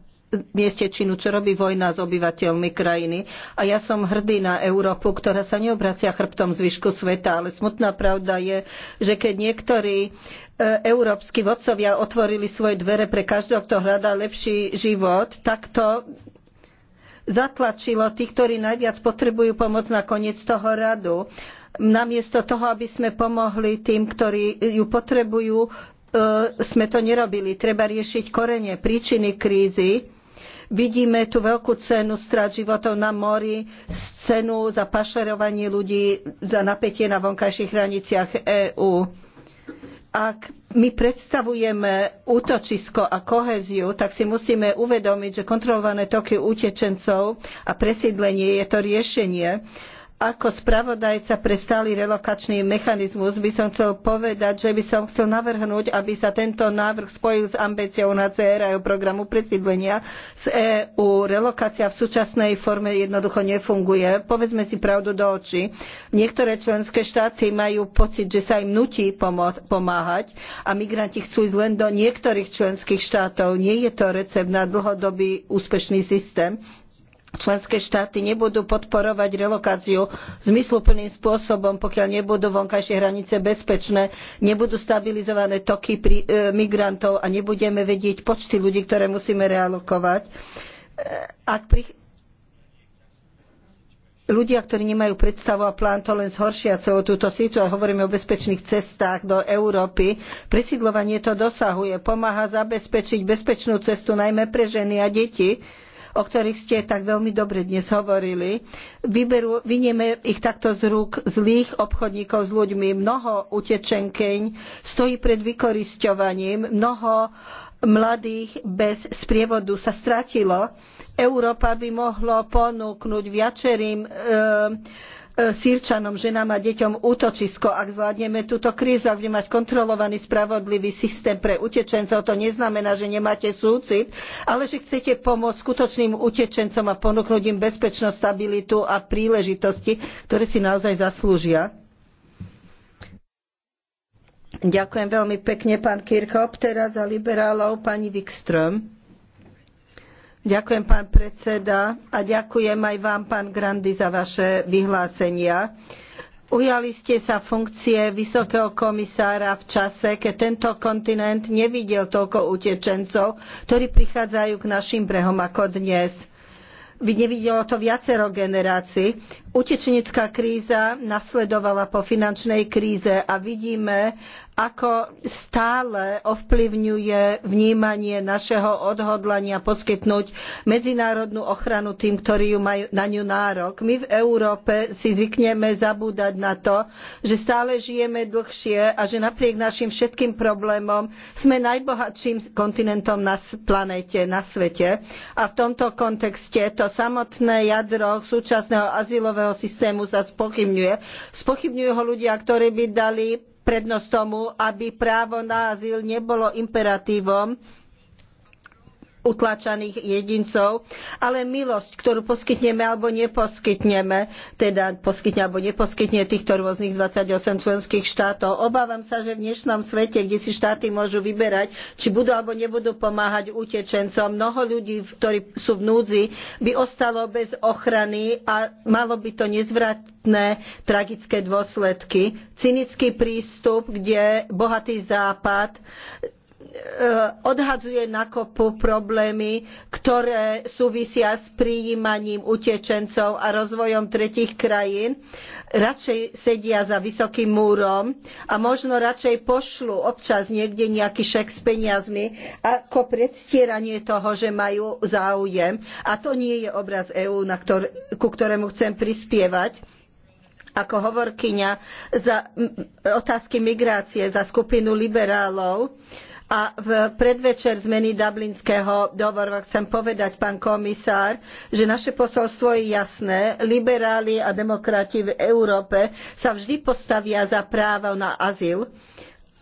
mieste činu, čo robí vojna s obyvateľmi krajiny. A ja som hrdý na Európu, ktorá sa neobracia chrbtom zvyšku sveta, ale smutná pravda je, že keď niektorí e, európsky vodcovia otvorili svoje dvere pre každého, kto hľadá lepší život, tak to zatlačilo tých, ktorí najviac potrebujú pomoc na koniec toho radu. Namiesto toho, aby sme pomohli tým, ktorí ju potrebujú, e, sme to nerobili. Treba riešiť korene, príčiny krízy Vidíme tú veľkú cenu strát životov na mori, cenu za pašerovanie ľudí, za napätie na vonkajších hraniciach EÚ. Ak my predstavujeme útočisko a kohéziu, tak si musíme uvedomiť, že kontrolované toky utečencov a presídlenie je to riešenie ako spravodajca pre stály relokačný mechanizmus by som chcel povedať, že by som chcel navrhnúť, aby sa tento návrh spojil s ambíciou HCR a jeho programu presídlenia z EÚ. Relokácia v súčasnej forme jednoducho nefunguje. Povedzme si pravdu do očí. Niektoré členské štáty majú pocit, že sa im nutí pomáhať a migranti chcú ísť len do niektorých členských štátov. Nie je to recept na dlhodobý úspešný systém členské štáty nebudú podporovať relokáciu zmysluplným spôsobom, pokiaľ nebudú vonkajšie hranice bezpečné, nebudú stabilizované toky e, migrantov a nebudeme vedieť počty ľudí, ktoré musíme realokovať. E, ak pri... Ľudia, ktorí nemajú predstavu a plán, to len zhoršia celú túto situáciu. Hovoríme o bezpečných cestách do Európy. Presídľovanie to dosahuje. Pomáha zabezpečiť bezpečnú cestu najmä pre ženy a deti o ktorých ste tak veľmi dobre dnes hovorili. Vyberú, vynieme ich takto z rúk zlých obchodníkov s ľuďmi. Mnoho utečenkeň stojí pred vykorisťovaním, mnoho mladých bez sprievodu sa stratilo. Európa by mohlo ponúknuť viacerým e, E, sýrčanom ženám a deťom útočisko. Ak zvládneme túto krízu, ak budeme mať kontrolovaný spravodlivý systém pre utečencov, to neznamená, že nemáte súcit, ale že chcete pomôcť skutočným utečencom a ponúknuť im bezpečnosť, stabilitu a príležitosti, ktoré si naozaj zaslúžia. Ďakujem veľmi pekne, pán Kirchhoff. Teraz za liberálov pani Wikström. Ďakujem, pán predseda, a ďakujem aj vám, pán Grandi, za vaše vyhlásenia. Ujali ste sa funkcie vysokého komisára v čase, keď tento kontinent nevidel toľko utečencov, ktorí prichádzajú k našim brehom ako dnes. Nevidelo to viacero generácií. Utečenecká kríza nasledovala po finančnej kríze a vidíme, ako stále ovplyvňuje vnímanie našeho odhodlania poskytnúť medzinárodnú ochranu tým, ktorí ju majú na ňu nárok. My v Európe si zvykneme zabúdať na to, že stále žijeme dlhšie a že napriek našim všetkým problémom sme najbohatším kontinentom na planete, na svete. A v tomto kontexte to samotné jadro súčasného azylového daňového systému sa spochybňuje. Spochybňujú ho ľudia, ktorí by dali prednosť tomu, aby právo na azyl nebolo imperatívom utlačaných jedincov, ale milosť, ktorú poskytneme alebo neposkytneme, teda poskytne alebo neposkytne týchto rôznych 28 členských štátov. Obávam sa, že v dnešnom svete, kde si štáty môžu vyberať, či budú alebo nebudú pomáhať utečencom, mnoho ľudí, ktorí sú v núdzi, by ostalo bez ochrany a malo by to nezvratné tragické dôsledky. Cynický prístup, kde bohatý západ Eh, odhadzuje na kopu problémy, ktoré súvisia s prijímaním utečencov a rozvojom tretich krajín. Radšej sedia za vysokým múrom a možno radšej pošlu občas niekde nejaký šek s peniazmi ako predstieranie toho, že majú záujem. A to nie je obraz EÚ, ku ktorému chcem prispievať ako hovorkyňa za otázky migrácie za skupinu liberálov a v predvečer zmeny Dublinského dohovoru chcem povedať, pán komisár, že naše posolstvo je jasné. Liberáli a demokrati v Európe sa vždy postavia za právo na azyl.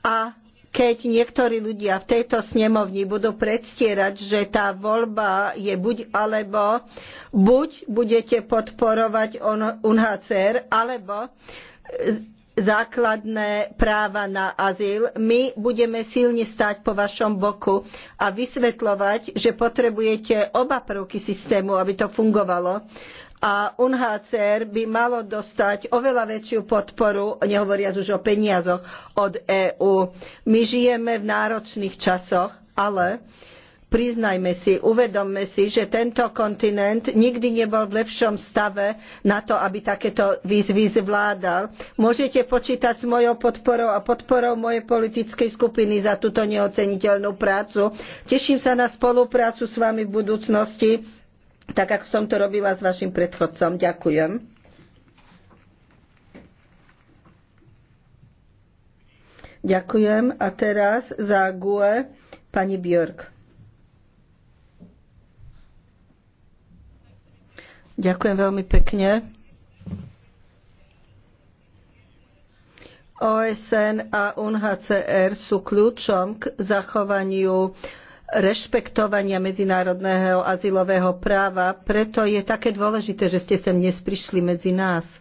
A keď niektorí ľudia v tejto snemovni budú predstierať, že tá voľba je buď alebo, buď budete podporovať UNHCR, alebo základné práva na azyl, my budeme silne stáť po vašom boku a vysvetľovať, že potrebujete oba prvky systému, aby to fungovalo. A UNHCR by malo dostať oveľa väčšiu podporu, nehovoriac už o peniazoch, od EÚ. My žijeme v náročných časoch, ale Priznajme si, uvedomme si, že tento kontinent nikdy nebol v lepšom stave na to, aby takéto výzvy zvládal. Môžete počítať s mojou podporou a podporou mojej politickej skupiny za túto neoceniteľnú prácu. Teším sa na spoluprácu s vami v budúcnosti, tak ako som to robila s vašim predchodcom. Ďakujem. Ďakujem. A teraz za GUE pani Björk. Ďakujem veľmi pekne. OSN a UNHCR sú kľúčom k zachovaniu rešpektovania medzinárodného azylového práva, preto je také dôležité, že ste sem dnes prišli medzi nás.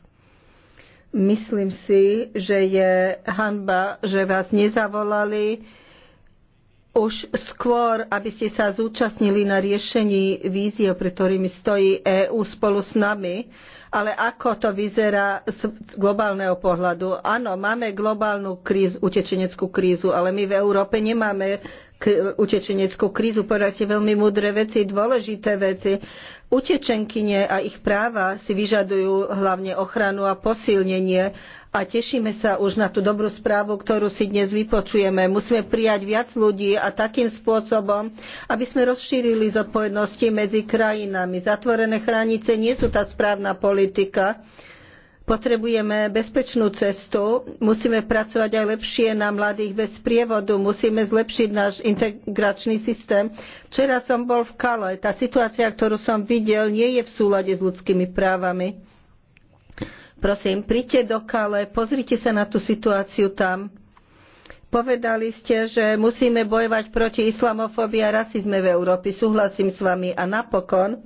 Myslím si, že je hanba, že vás nezavolali už skôr, aby ste sa zúčastnili na riešení vízie, pre ktorými stojí EÚ spolu s nami. Ale ako to vyzerá z globálneho pohľadu? Áno, máme globálnu krízu, utečeneckú krízu, ale my v Európe nemáme utečeneckú krízu. Povedali ste veľmi múdre veci, dôležité veci. Utečenkyne a ich práva si vyžadujú hlavne ochranu a posilnenie a tešíme sa už na tú dobrú správu, ktorú si dnes vypočujeme. Musíme prijať viac ľudí a takým spôsobom, aby sme rozšírili zodpovednosti medzi krajinami. Zatvorené hranice nie sú tá správna politika. Potrebujeme bezpečnú cestu, musíme pracovať aj lepšie na mladých bez prievodu, musíme zlepšiť náš integračný systém. Včera som bol v Kale. Tá situácia, ktorú som videl, nie je v súlade s ľudskými právami. Prosím, príďte do Kale, pozrite sa na tú situáciu tam. Povedali ste, že musíme bojovať proti islamofóbii a rasizme v Európe. Súhlasím s vami. A napokon,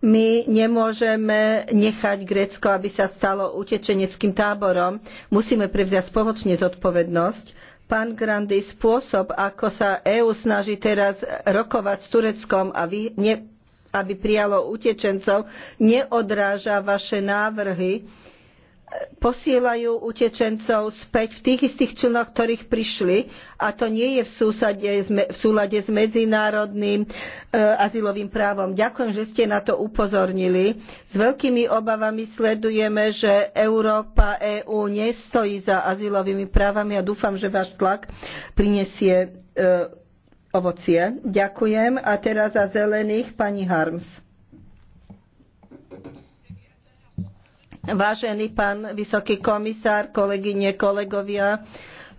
my nemôžeme nechať Grécko, aby sa stalo utečeneckým táborom. Musíme prevziať spoločne zodpovednosť. Pán Grandy, spôsob, ako sa EÚ snaží teraz rokovať s Tureckom a vy, ne, aby prijalo utečencov, neodráža vaše návrhy posielajú utečencov späť v tých istých člnoch, ktorých prišli a to nie je v, súsade, v súlade s medzinárodným e, azylovým právom. Ďakujem, že ste na to upozornili. S veľkými obavami sledujeme, že Európa EÚ EU nestojí za azylovými právami a dúfam, že váš tlak prinesie e, ovocie. Ďakujem. A teraz za zelených pani Harms. Vážený pán vysoký komisár, kolegyne, kolegovia,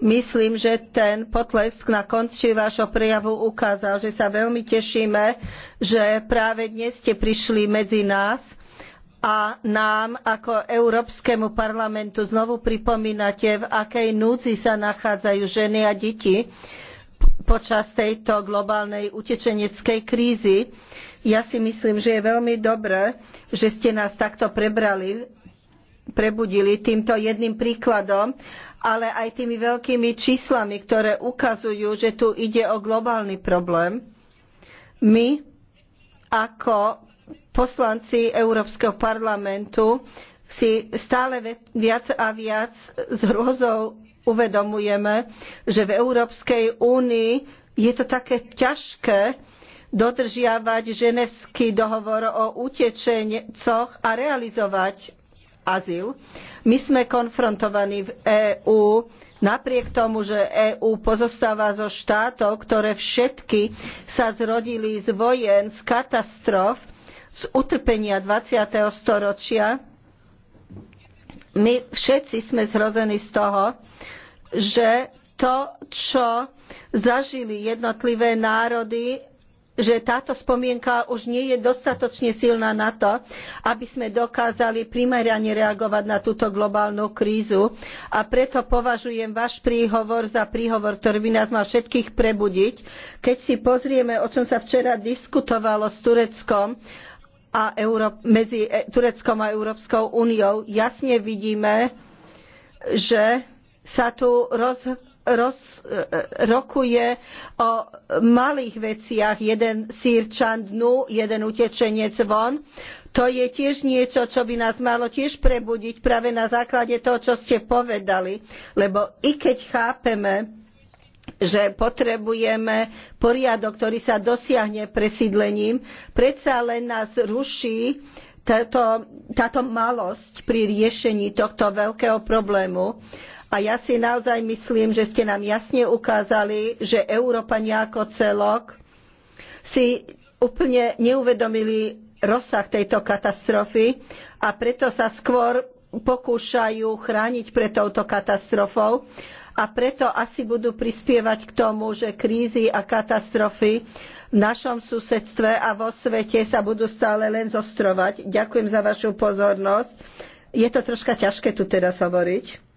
myslím, že ten potlesk na konci vášho prejavu ukázal, že sa veľmi tešíme, že práve dnes ste prišli medzi nás a nám ako Európskemu parlamentu znovu pripomínate, v akej núdzi sa nachádzajú ženy a deti počas tejto globálnej utečeneckej krízy. Ja si myslím, že je veľmi dobré, že ste nás takto prebrali prebudili týmto jedným príkladom, ale aj tými veľkými číslami, ktoré ukazujú, že tu ide o globálny problém. My ako poslanci Európskeho parlamentu si stále viac a viac s hrôzou uvedomujeme, že v Európskej únii je to také ťažké dodržiavať ženevský dohovor o utečencoch a realizovať azyl. My sme konfrontovaní v EÚ napriek tomu, že EÚ pozostáva zo štátov, ktoré všetky sa zrodili z vojen, z katastrof, z utrpenia 20. storočia. My všetci sme zrození z toho, že to, čo zažili jednotlivé národy že táto spomienka už nie je dostatočne silná na to, aby sme dokázali primerane reagovať na túto globálnu krízu a preto považujem váš príhovor za príhovor, ktorý by nás mal všetkých prebudiť. Keď si pozrieme, o čom sa včera diskutovalo s Tureckom, a Euró- medzi e- Tureckom a Európskou úniou jasne vidíme, že sa tu roz, roz, e, rokuje o malých veciach. Jeden sírčan dnu, jeden utečenec von. To je tiež niečo, čo by nás malo tiež prebudiť práve na základe toho, čo ste povedali. Lebo i keď chápeme, že potrebujeme poriadok, ktorý sa dosiahne presídlením, predsa len nás ruší táto, táto malosť pri riešení tohto veľkého problému. A ja si naozaj myslím, že ste nám jasne ukázali, že Európa nejako celok si úplne neuvedomili rozsah tejto katastrofy a preto sa skôr pokúšajú chrániť pred touto katastrofou a preto asi budú prispievať k tomu, že krízy a katastrofy v našom susedstve a vo svete sa budú stále len zostrovať. Ďakujem za vašu pozornosť. Je to troška ťažké tu teraz hovoriť.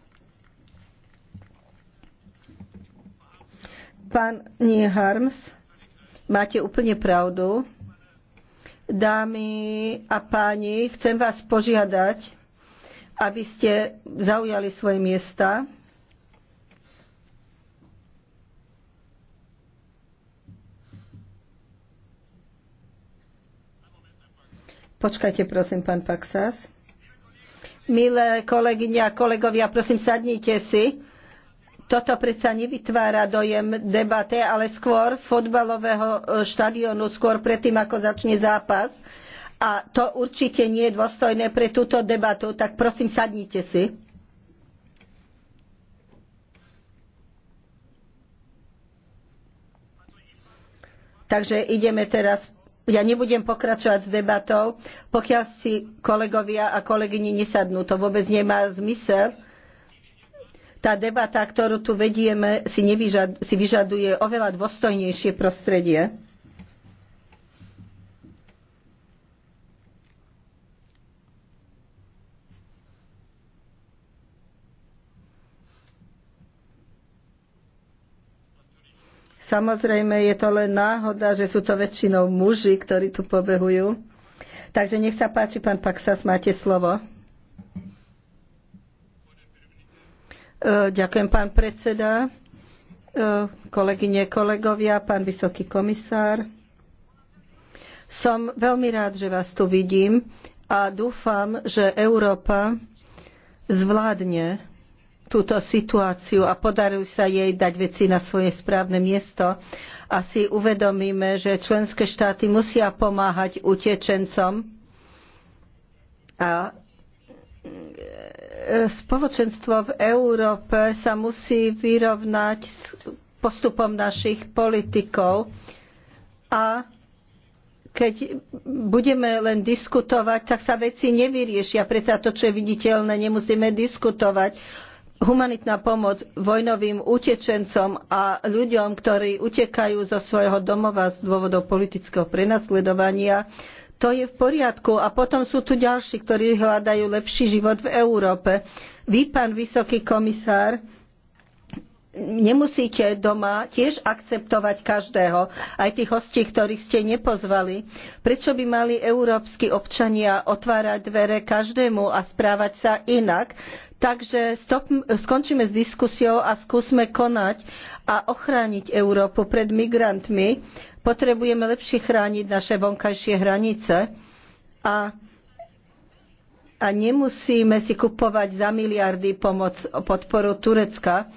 Pani Harms, máte úplne pravdu. Dámy a páni, chcem vás požiadať, aby ste zaujali svoje miesta. Počkajte, prosím, pán Paksas. Milé kolegyne a kolegovia, prosím, sadnite si toto predsa nevytvára dojem debate, ale skôr fotbalového e, štadionu, skôr predtým, ako začne zápas. A to určite nie je dôstojné pre túto debatu, tak prosím, sadnite si. Takže ideme teraz ja nebudem pokračovať s debatou, pokiaľ si kolegovia a kolegyni nesadnú. To vôbec nemá zmysel. Tá debata, ktorú tu vedieme, si, nevyžad, si vyžaduje oveľa dôstojnejšie prostredie. Samozrejme, je to len náhoda, že sú to väčšinou muži, ktorí tu pobehujú. Takže nech sa páči, pán Paksas, máte slovo. E, ďakujem, pán predseda, e, kolegyne, kolegovia, pán vysoký komisár. Som veľmi rád, že vás tu vidím a dúfam, že Európa zvládne túto situáciu a podarí sa jej dať veci na svoje správne miesto a si uvedomíme, že členské štáty musia pomáhať utečencom a spoločenstvo v Európe sa musí vyrovnať s postupom našich politikov a keď budeme len diskutovať, tak sa veci nevyriešia. Predsa to, čo je viditeľné, nemusíme diskutovať. Humanitná pomoc vojnovým utečencom a ľuďom, ktorí utekajú zo svojho domova z dôvodov politického prenasledovania, to je v poriadku. A potom sú tu ďalší, ktorí hľadajú lepší život v Európe. Vy, pán vysoký komisár, nemusíte doma tiež akceptovať každého, aj tých hostí, ktorých ste nepozvali. Prečo by mali európski občania otvárať dvere každému a správať sa inak? Takže stop, skončíme s diskusiou a skúsme konať a ochrániť Európu pred migrantmi. Potrebujeme lepšie chrániť naše vonkajšie hranice a, a nemusíme si kupovať za miliardy pomoc podporu Turecka.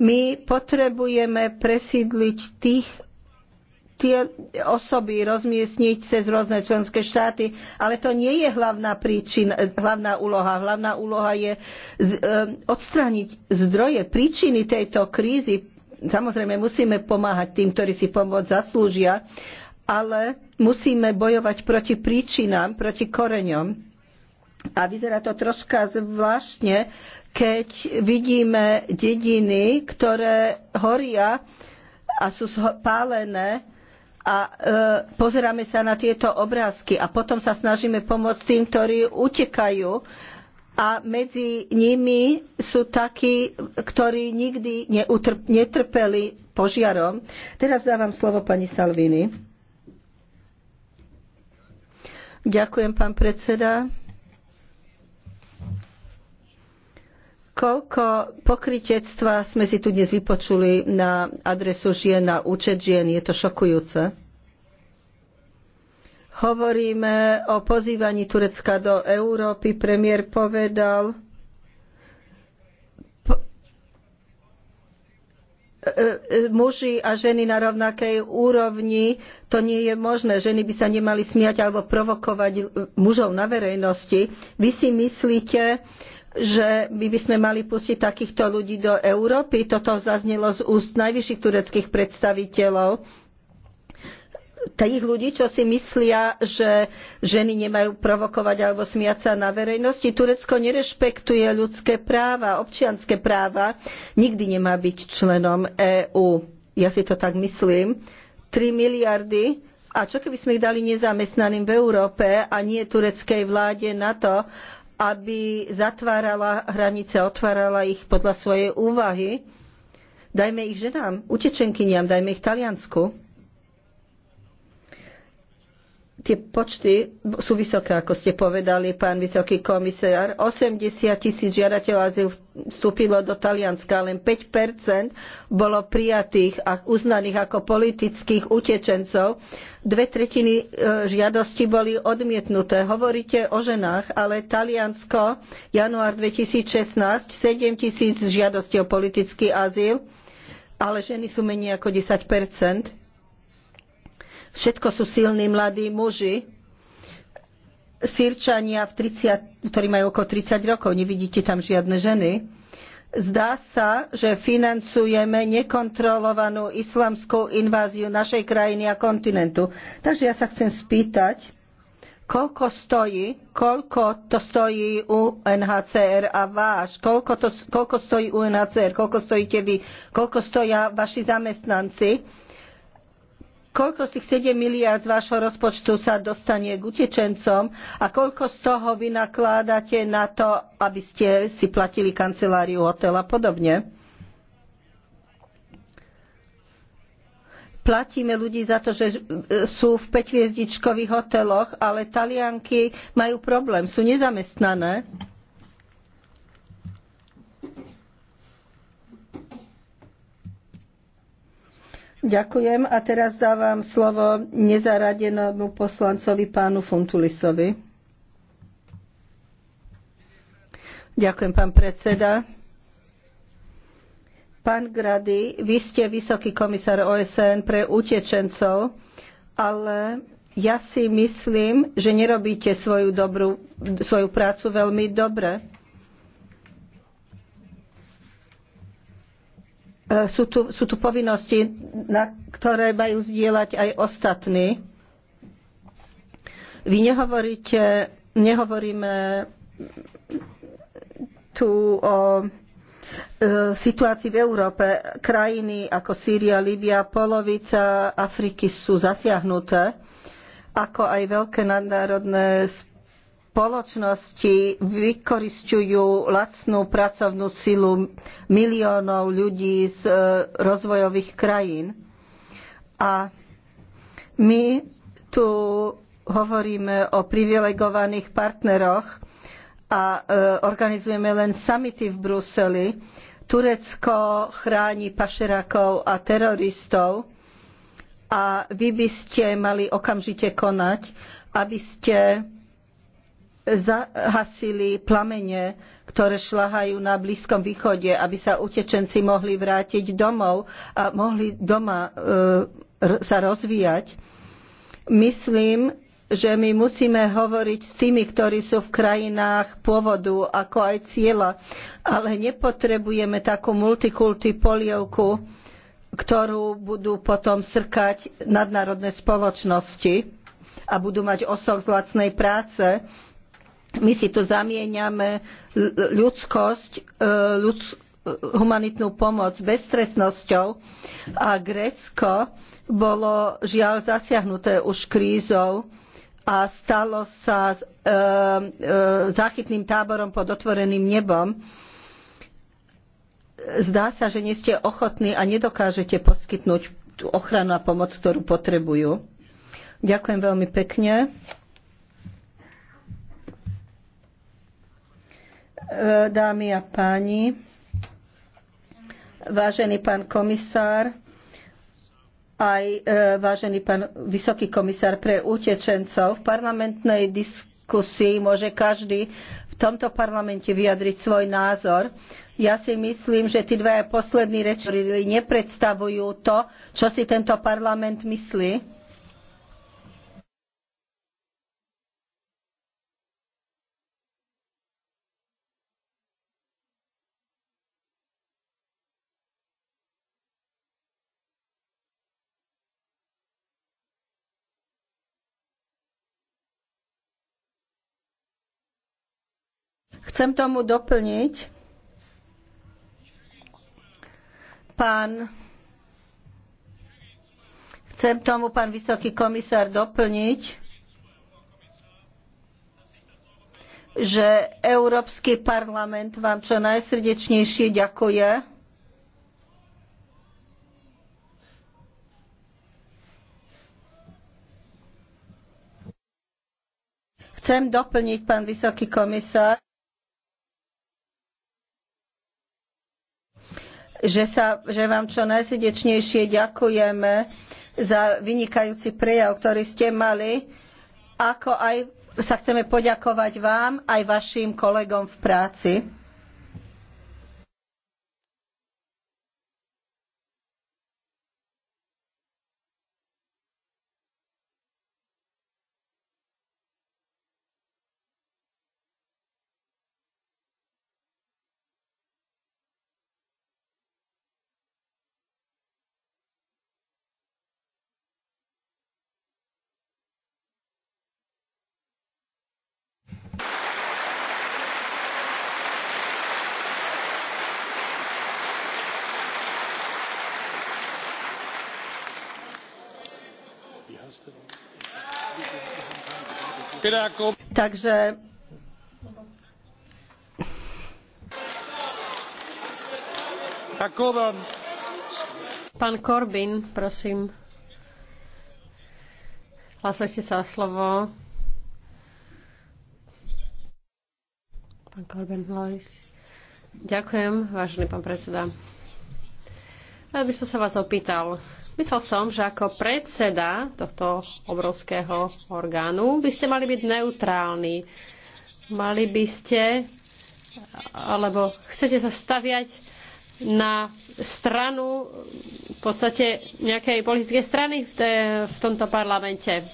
My potrebujeme presídliť tých tie osoby rozmiestniť cez rôzne členské štáty, ale to nie je hlavná príčina, hlavná úloha. Hlavná úloha je e, odstrániť zdroje, príčiny tejto krízy. Samozrejme, musíme pomáhať tým, ktorí si pomoc zaslúžia, ale musíme bojovať proti príčinám, proti koreňom. A vyzerá to troška zvláštne, keď vidíme dediny, ktoré horia a sú spálené a e, pozeráme sa na tieto obrázky a potom sa snažíme pomôcť tým, ktorí utekajú a medzi nimi sú takí, ktorí nikdy neutrp, netrpeli požiarom. Teraz dávam slovo pani Salvini. Ďakujem, pán predseda. Koľko pokritectva sme si tu dnes vypočuli na adresu žien, na účet žien, je to šokujúce. Hovoríme o pozývaní Turecka do Európy. Premiér povedal, e, e, muži a ženy na rovnakej úrovni, to nie je možné. Ženy by sa nemali smiať alebo provokovať mužov na verejnosti. Vy si myslíte, že my by sme mali pustiť takýchto ľudí do Európy. Toto zaznelo z úst najvyšších tureckých predstaviteľov tých ľudí, čo si myslia, že ženy nemajú provokovať alebo smiať sa na verejnosti. Turecko nerešpektuje ľudské práva, občianske práva. Nikdy nemá byť členom EÚ. Ja si to tak myslím. 3 miliardy. A čo keby sme ich dali nezamestnaným v Európe a nie tureckej vláde na to, aby zatvárala hranice, otvárala ich podľa svojej úvahy. Dajme ich ženám, utečenkyniam, dajme ich Taliansku tie počty sú vysoké, ako ste povedali, pán vysoký komisár. 80 tisíc žiadateľov azyl vstúpilo do Talianska, len 5 bolo prijatých a uznaných ako politických utečencov. Dve tretiny e, žiadosti boli odmietnuté. Hovoríte o ženách, ale Taliansko, január 2016, 7 tisíc žiadostí o politický azyl, ale ženy sú menej ako 10 Všetko sú silní mladí muži. sírčania, v 30, ktorí majú okolo 30 rokov, nevidíte tam žiadne ženy. Zdá sa, že financujeme nekontrolovanú islamskú inváziu našej krajiny a kontinentu. Takže ja sa chcem spýtať, koľko stojí, koľko to stojí UNHCR a váš, koľko, to, koľko stojí UNHCR, koľko stojíte vy, koľko stoja vaši zamestnanci, koľko z tých 7 miliard z vášho rozpočtu sa dostane k utečencom a koľko z toho vy nakládate na to, aby ste si platili kanceláriu, hotel a podobne? Platíme ľudí za to, že sú v 5 hoteloch, ale Talianky majú problém, sú nezamestnané. Ďakujem a teraz dávam slovo nezaradenému poslancovi pánu Funtulisovi. Ďakujem, pán predseda. Pán Grady, vy ste vysoký komisár OSN pre utečencov, ale ja si myslím, že nerobíte svoju, dobrú, svoju prácu veľmi dobre Eh, sú tu, sú tu povinnosti, na ktoré majú zdieľať aj ostatní. Vy nehovoríte, nehovoríme tu o eh, situácii v Európe. Krajiny ako Sýria, Líbia, polovica Afriky sú zasiahnuté, ako aj veľké nadnárodné spoločnosti spoločnosti vykoristujú lacnú pracovnú silu miliónov ľudí z e, rozvojových krajín. A my tu hovoríme o privilegovaných partneroch a e, organizujeme len samity v Bruseli. Turecko chráni pašerakov a teroristov a vy by ste mali okamžite konať, aby ste zahasili plamene, ktoré šlahajú na Blízkom východe, aby sa utečenci mohli vrátiť domov a mohli doma e, sa rozvíjať. Myslím, že my musíme hovoriť s tými, ktorí sú v krajinách pôvodu, ako aj cieľa, ale nepotrebujeme takú multikulty polievku, ktorú budú potom srkať nadnárodné spoločnosti a budú mať osoch z lacnej práce, my si tu zamieňame ľudskosť, e, humanitnú pomoc bezstresnosťou a Grécko bolo žiaľ zasiahnuté už krízou a stalo sa e, e, záchytným táborom pod otvoreným nebom. Zdá sa, že nie ste ochotní a nedokážete poskytnúť tú ochranu a pomoc, ktorú potrebujú. Ďakujem veľmi pekne. Eh, dámy a páni, vážený pán komisár, aj eh, vážený pán vysoký komisár pre utečencov. V parlamentnej diskusii môže každý v tomto parlamente vyjadriť svoj názor. Ja si myslím, že tí dvaja poslední rečníci nepredstavujú to, čo si tento parlament myslí Chcem tomu doplniť, pán chcem tomu pán vysoký komisár doplniť, že Európsky parlament vám čo najsrdečnejšie ďakuje. Chcem doplniť, pán vysoký komisár, že, sa, že vám čo najsrdečnejšie ďakujeme za vynikajúci prejav, ktorý ste mali, ako aj sa chceme poďakovať vám aj vašim kolegom v práci. Takže Pán Corbyn, prosím. Hlasili ste sa o slovo. Pán Corbyn, Lois. Ďakujem, vážený pán predseda. Rád by som sa vás opýtal, Myslel som, že ako predseda tohto obrovského orgánu by ste mali byť neutrálni. Mali by ste, alebo chcete sa staviať na stranu v podstate nejakej politickej strany v, te, v tomto parlamente.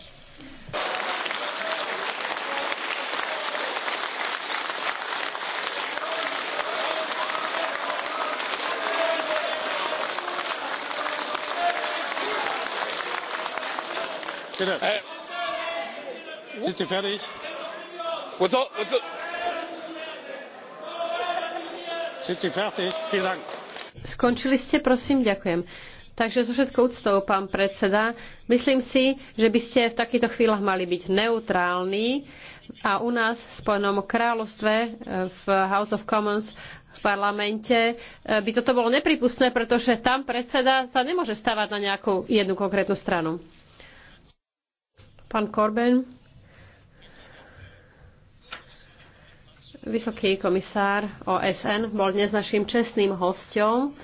Äh. sind sie fertig? sind sie fertig? vielen dank. skončili ste prosím ďakujem. Takže so všetkou úctou, pán predseda, myslím si, že by ste v takýchto chvíľach mali byť neutrálni a u nás v Spojenom kráľovstve e, v House of Commons v parlamente e, by toto bolo nepripustné, pretože tam predseda sa nemôže stavať na nejakú jednu konkrétnu stranu. Pán Korben, vysoký komisár OSN, bol dnes našim čestným hostom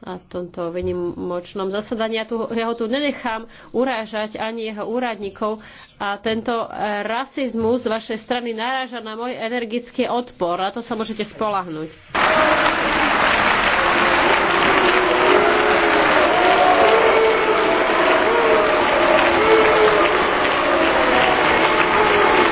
na tomto vynimočnom zasadaní. Ja, tu, ja ho tu nenechám urážať ani jeho úradníkov a tento e, rasizmus z vašej strany naráža na môj energický odpor. Na to sa môžete spolahnuť.